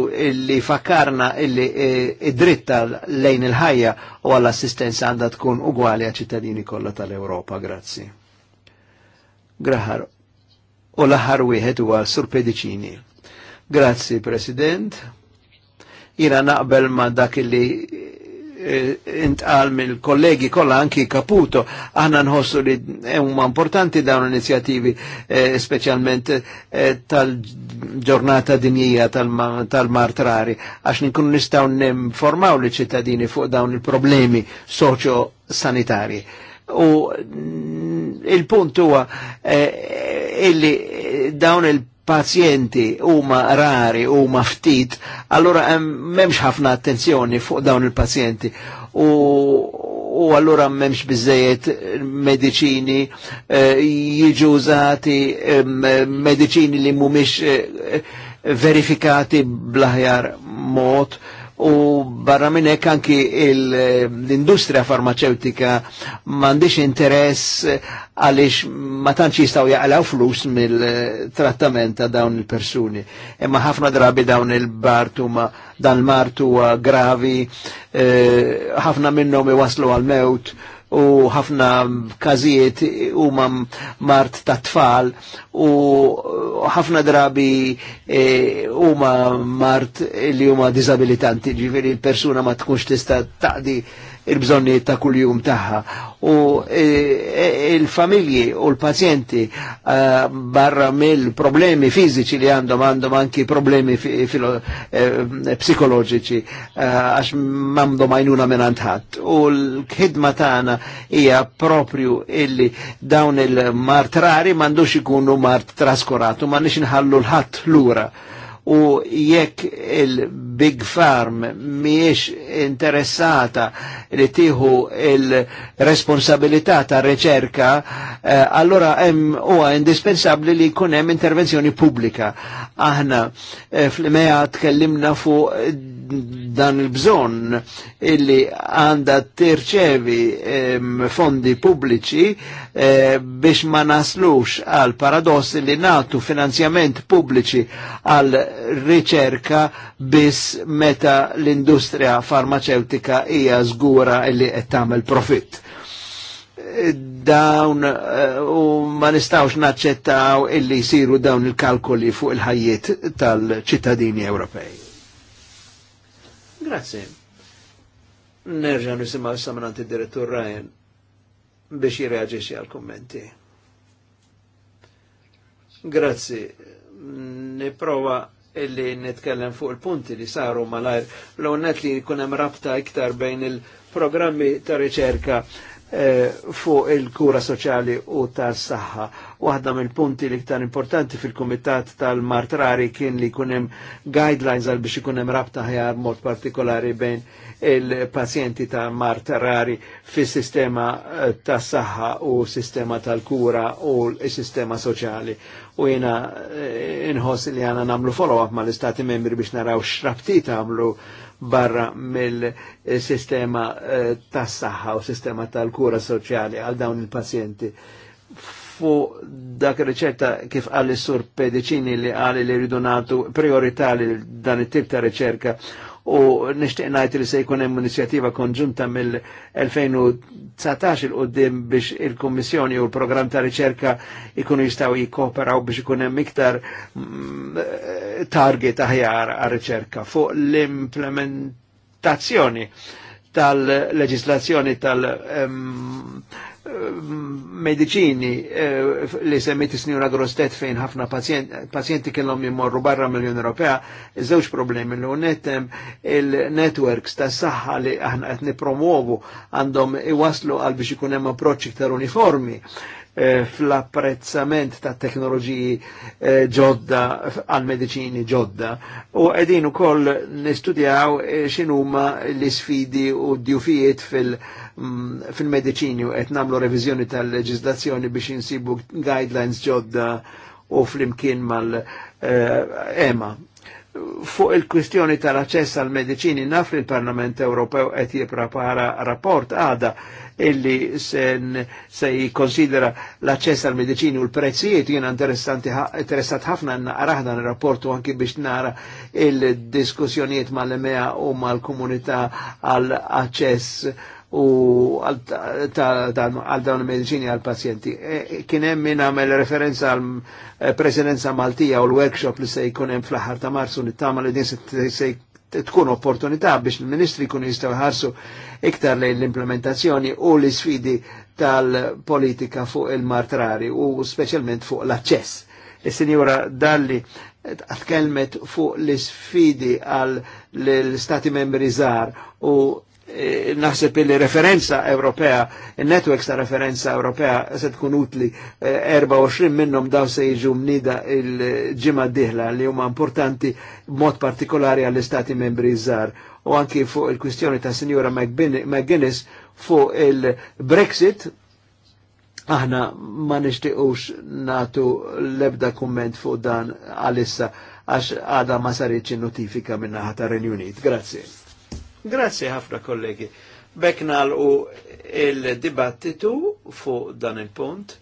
li fakkarna il-li e, id-dritta lejn il-ħajja u għall-assistenza għanda tkun ugwali għal ċittadini kollha tal europa Grazzi. Graħar. U laħar aħħar wieħed huwa Sur Pedicini. Grazzi, President. Jina naqbel ma dak li Eh, intqal mill-kollegi kollha anki Caputo, aħna nħossu li huma importanti dawn inizjattivi eh, speċjalment eh, tal-ġurnata dinjija tal-martrari, tal għax nkunu nistgħu ninformaw li ċittadini fuq dawn il-problemi soċjo-sanitarji. U mm, il-punt huwa illi dawn il- pazjenti huma rari, huma ftit, allora memx ħafna attenzjoni fuq dawn il-pazjenti u, u allora memx bizzejiet eh, medicini eh, jiġu użati medicini li mumiex eh, verifikati blaħjar mod u barra minn hekk anki l-industrija farmaceutika m'għandix interess għaliex ma tantx jistgħu jaqlaw flus mill-trattament ta' dawn il-persuni. Imma ħafna drabi dawn il-bart huma dan il-mart huwa gravi, eh, ħafna eh, minnhom iwaslu għal-mewt u ħafna kazijiet u huma mart ta' tfal u ħafna drabi u e, huma mart li huma disabilitanti, ġifiri persuna ma tkunx tista' taqdi il-bżonni ta' kuljum tagħha. U e, e, il-familji u l-pazjenti e, barra mill-problemi fiżiċi li għandhom għandhom anki problemi psikoloġiċi għax m'għandhom għajnuna minn ħadd. U l-ħidma tagħna hija propju illi dawn il-mart rari m'għandux ikunu mart traskuratu, ma nix nħallu l-ħadd lura u jekk il-Big Farm miex interessata li tiħu il-responsabilità ta' reċerka eh, allora hemm huwa indispensabbli li jkun hemm intervenzjoni pubblika. Aħna eh, fl-mea tkellimna fuq dan il-bżon illi għanda tirċevi fondi pubbliċi eh, biex ma naslux għal paradoss li natu finanzjament pubbliċi għal riċerka biss meta l-industrija farmaceutika hija żgura illi qed tagħmel profitt dawn eh, u ma nistawx naċċettaw illi jisiru dawn il-kalkoli fuq il-ħajjiet tal-ċittadini Ewropej. Grazzi. Nerġa' nisimaw s-samnanti direttur Ryan biex jirreaġixxi għal kommenti. Grazzi. Niprova illi nitkellem fuq il-punti li saru malajr l-għonet li kunem rabta iktar bejn il-programmi ta' riċerka Eh, fuq il-kura soċjali u tas-saħħa. Waħda mill-punti l-iktar importanti fil-Kumitat tal-Martrari kien li kunem guidelines għal biex ikun hemm rabta ħjar mod partikolari bejn il-pazjenti ta' martrari fis sistema eh, tas-saħħa u sistema tal-kura u l-sistema soċjali. U jena eh, inħoss li għana namlu follow-up ma l-istati membri biex naraw xrabtit għamlu barra mill-sistema eh, tas saħħa u sistema tal-kura soċjali għal dawn il-pazjenti. Fu dak riċerta kif għalli sur pedicini li għalli li ridu prioritali dan it-tip ta' riċerka u nishtiq ngħid li se jkun hemm inizjattiva konġunta mill-2019 il qoddim biex il-Kummissjoni u l-programm ta' riċerka ikunu jistgħu jikkooperaw biex ikun hemm iktar mm, eh, target aħjar għar-riċerka fuq l-implementazzjoni tal-leġislazzjoni tal-, -leġislazzjoni tal medicini eh, li semmit snjura grostet fejn ħafna pazjenti kellhom jimmorru barra mill-Unjoni Ewropea, żewġ problemi li netem il-networks ta' saħħa li aħna qed nipromuovu għandhom iwaslu għal biex ikun hemm approċċ iktar uniformi Eh, fl-apprezzament ta' teknoloġiji eh, ġodda għal-medicini ġodda u għedin u koll nistudjaw eh, xinuma l-sfidi u djufijiet mm, fil-medicini u għet namlu revizjoni tal-leġizlazzjoni biex insibu guidelines ġodda u fl-imkien mal-EMA. Fuq il-kwistjoni tal access għal medicini naf li l-Parlament Ewropew qed jiprapara rapport għada illi se jikonsidera l-aċċess għal medicini u l-prezzijiet jiena interessat ħafna naqraħna n-rapportu anki biex nara il-diskussjonijiet mal-EMEA u mal-komunità għal aċċess u għal dawn medicini għal pazjenti. E, e, kien hemm min għamel referenza għal e, presidenza Maltija u l-workshop li se jkun hemm fl-aħħar ta' Marzu nittama li din se tkun opportunità biex il-ministri kun jistaw ħarsu iktar lejn l-implementazzjoni u l-sfidi tal-politika fuq il-martrari u specialment fuq l acċess Il-Sinjura Dalli għatkelmet fuq l-sfidi għal l-Stati membri zar u Eh, naħseb li referenza Ewropea, il ta' referenza Ewropea se tkun utli 24 eh, minnhom daw se jiġu mnida il-ġimgħa diħla li huma importanti b'mod partikolari għall-istati membri żgħar u anki fuq il-kwistjoni ta' Sinjora McGuinness fuq il-Brexit aħna ma nixtiqux natu lebda komment fuq dan għalissa għax għada ma saritx notifika minna ħata Renju Unit. Grazie. Grazzi ħafna kollegi. Beknal u il-dibattitu fuq dan il-punt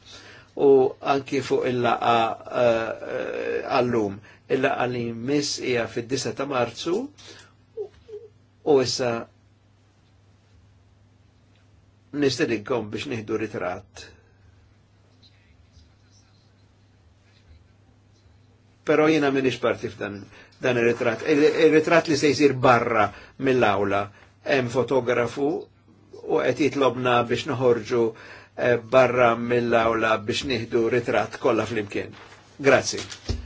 u anki fuq il-laqa eh, għallum. Il-laqa li miss hija fid 10 ta' Marzu u issa nistedinkom biex nieħdu ritratt. Pero jina minix parti f'dan dan ir-ritratt. Ir-ritratt li se jsir barra mill-awla hemm fotografu u qed jitlobna biex noħorġu eh, barra mill-awla biex nieħdu ritratt kollha flimkien. Grazzi.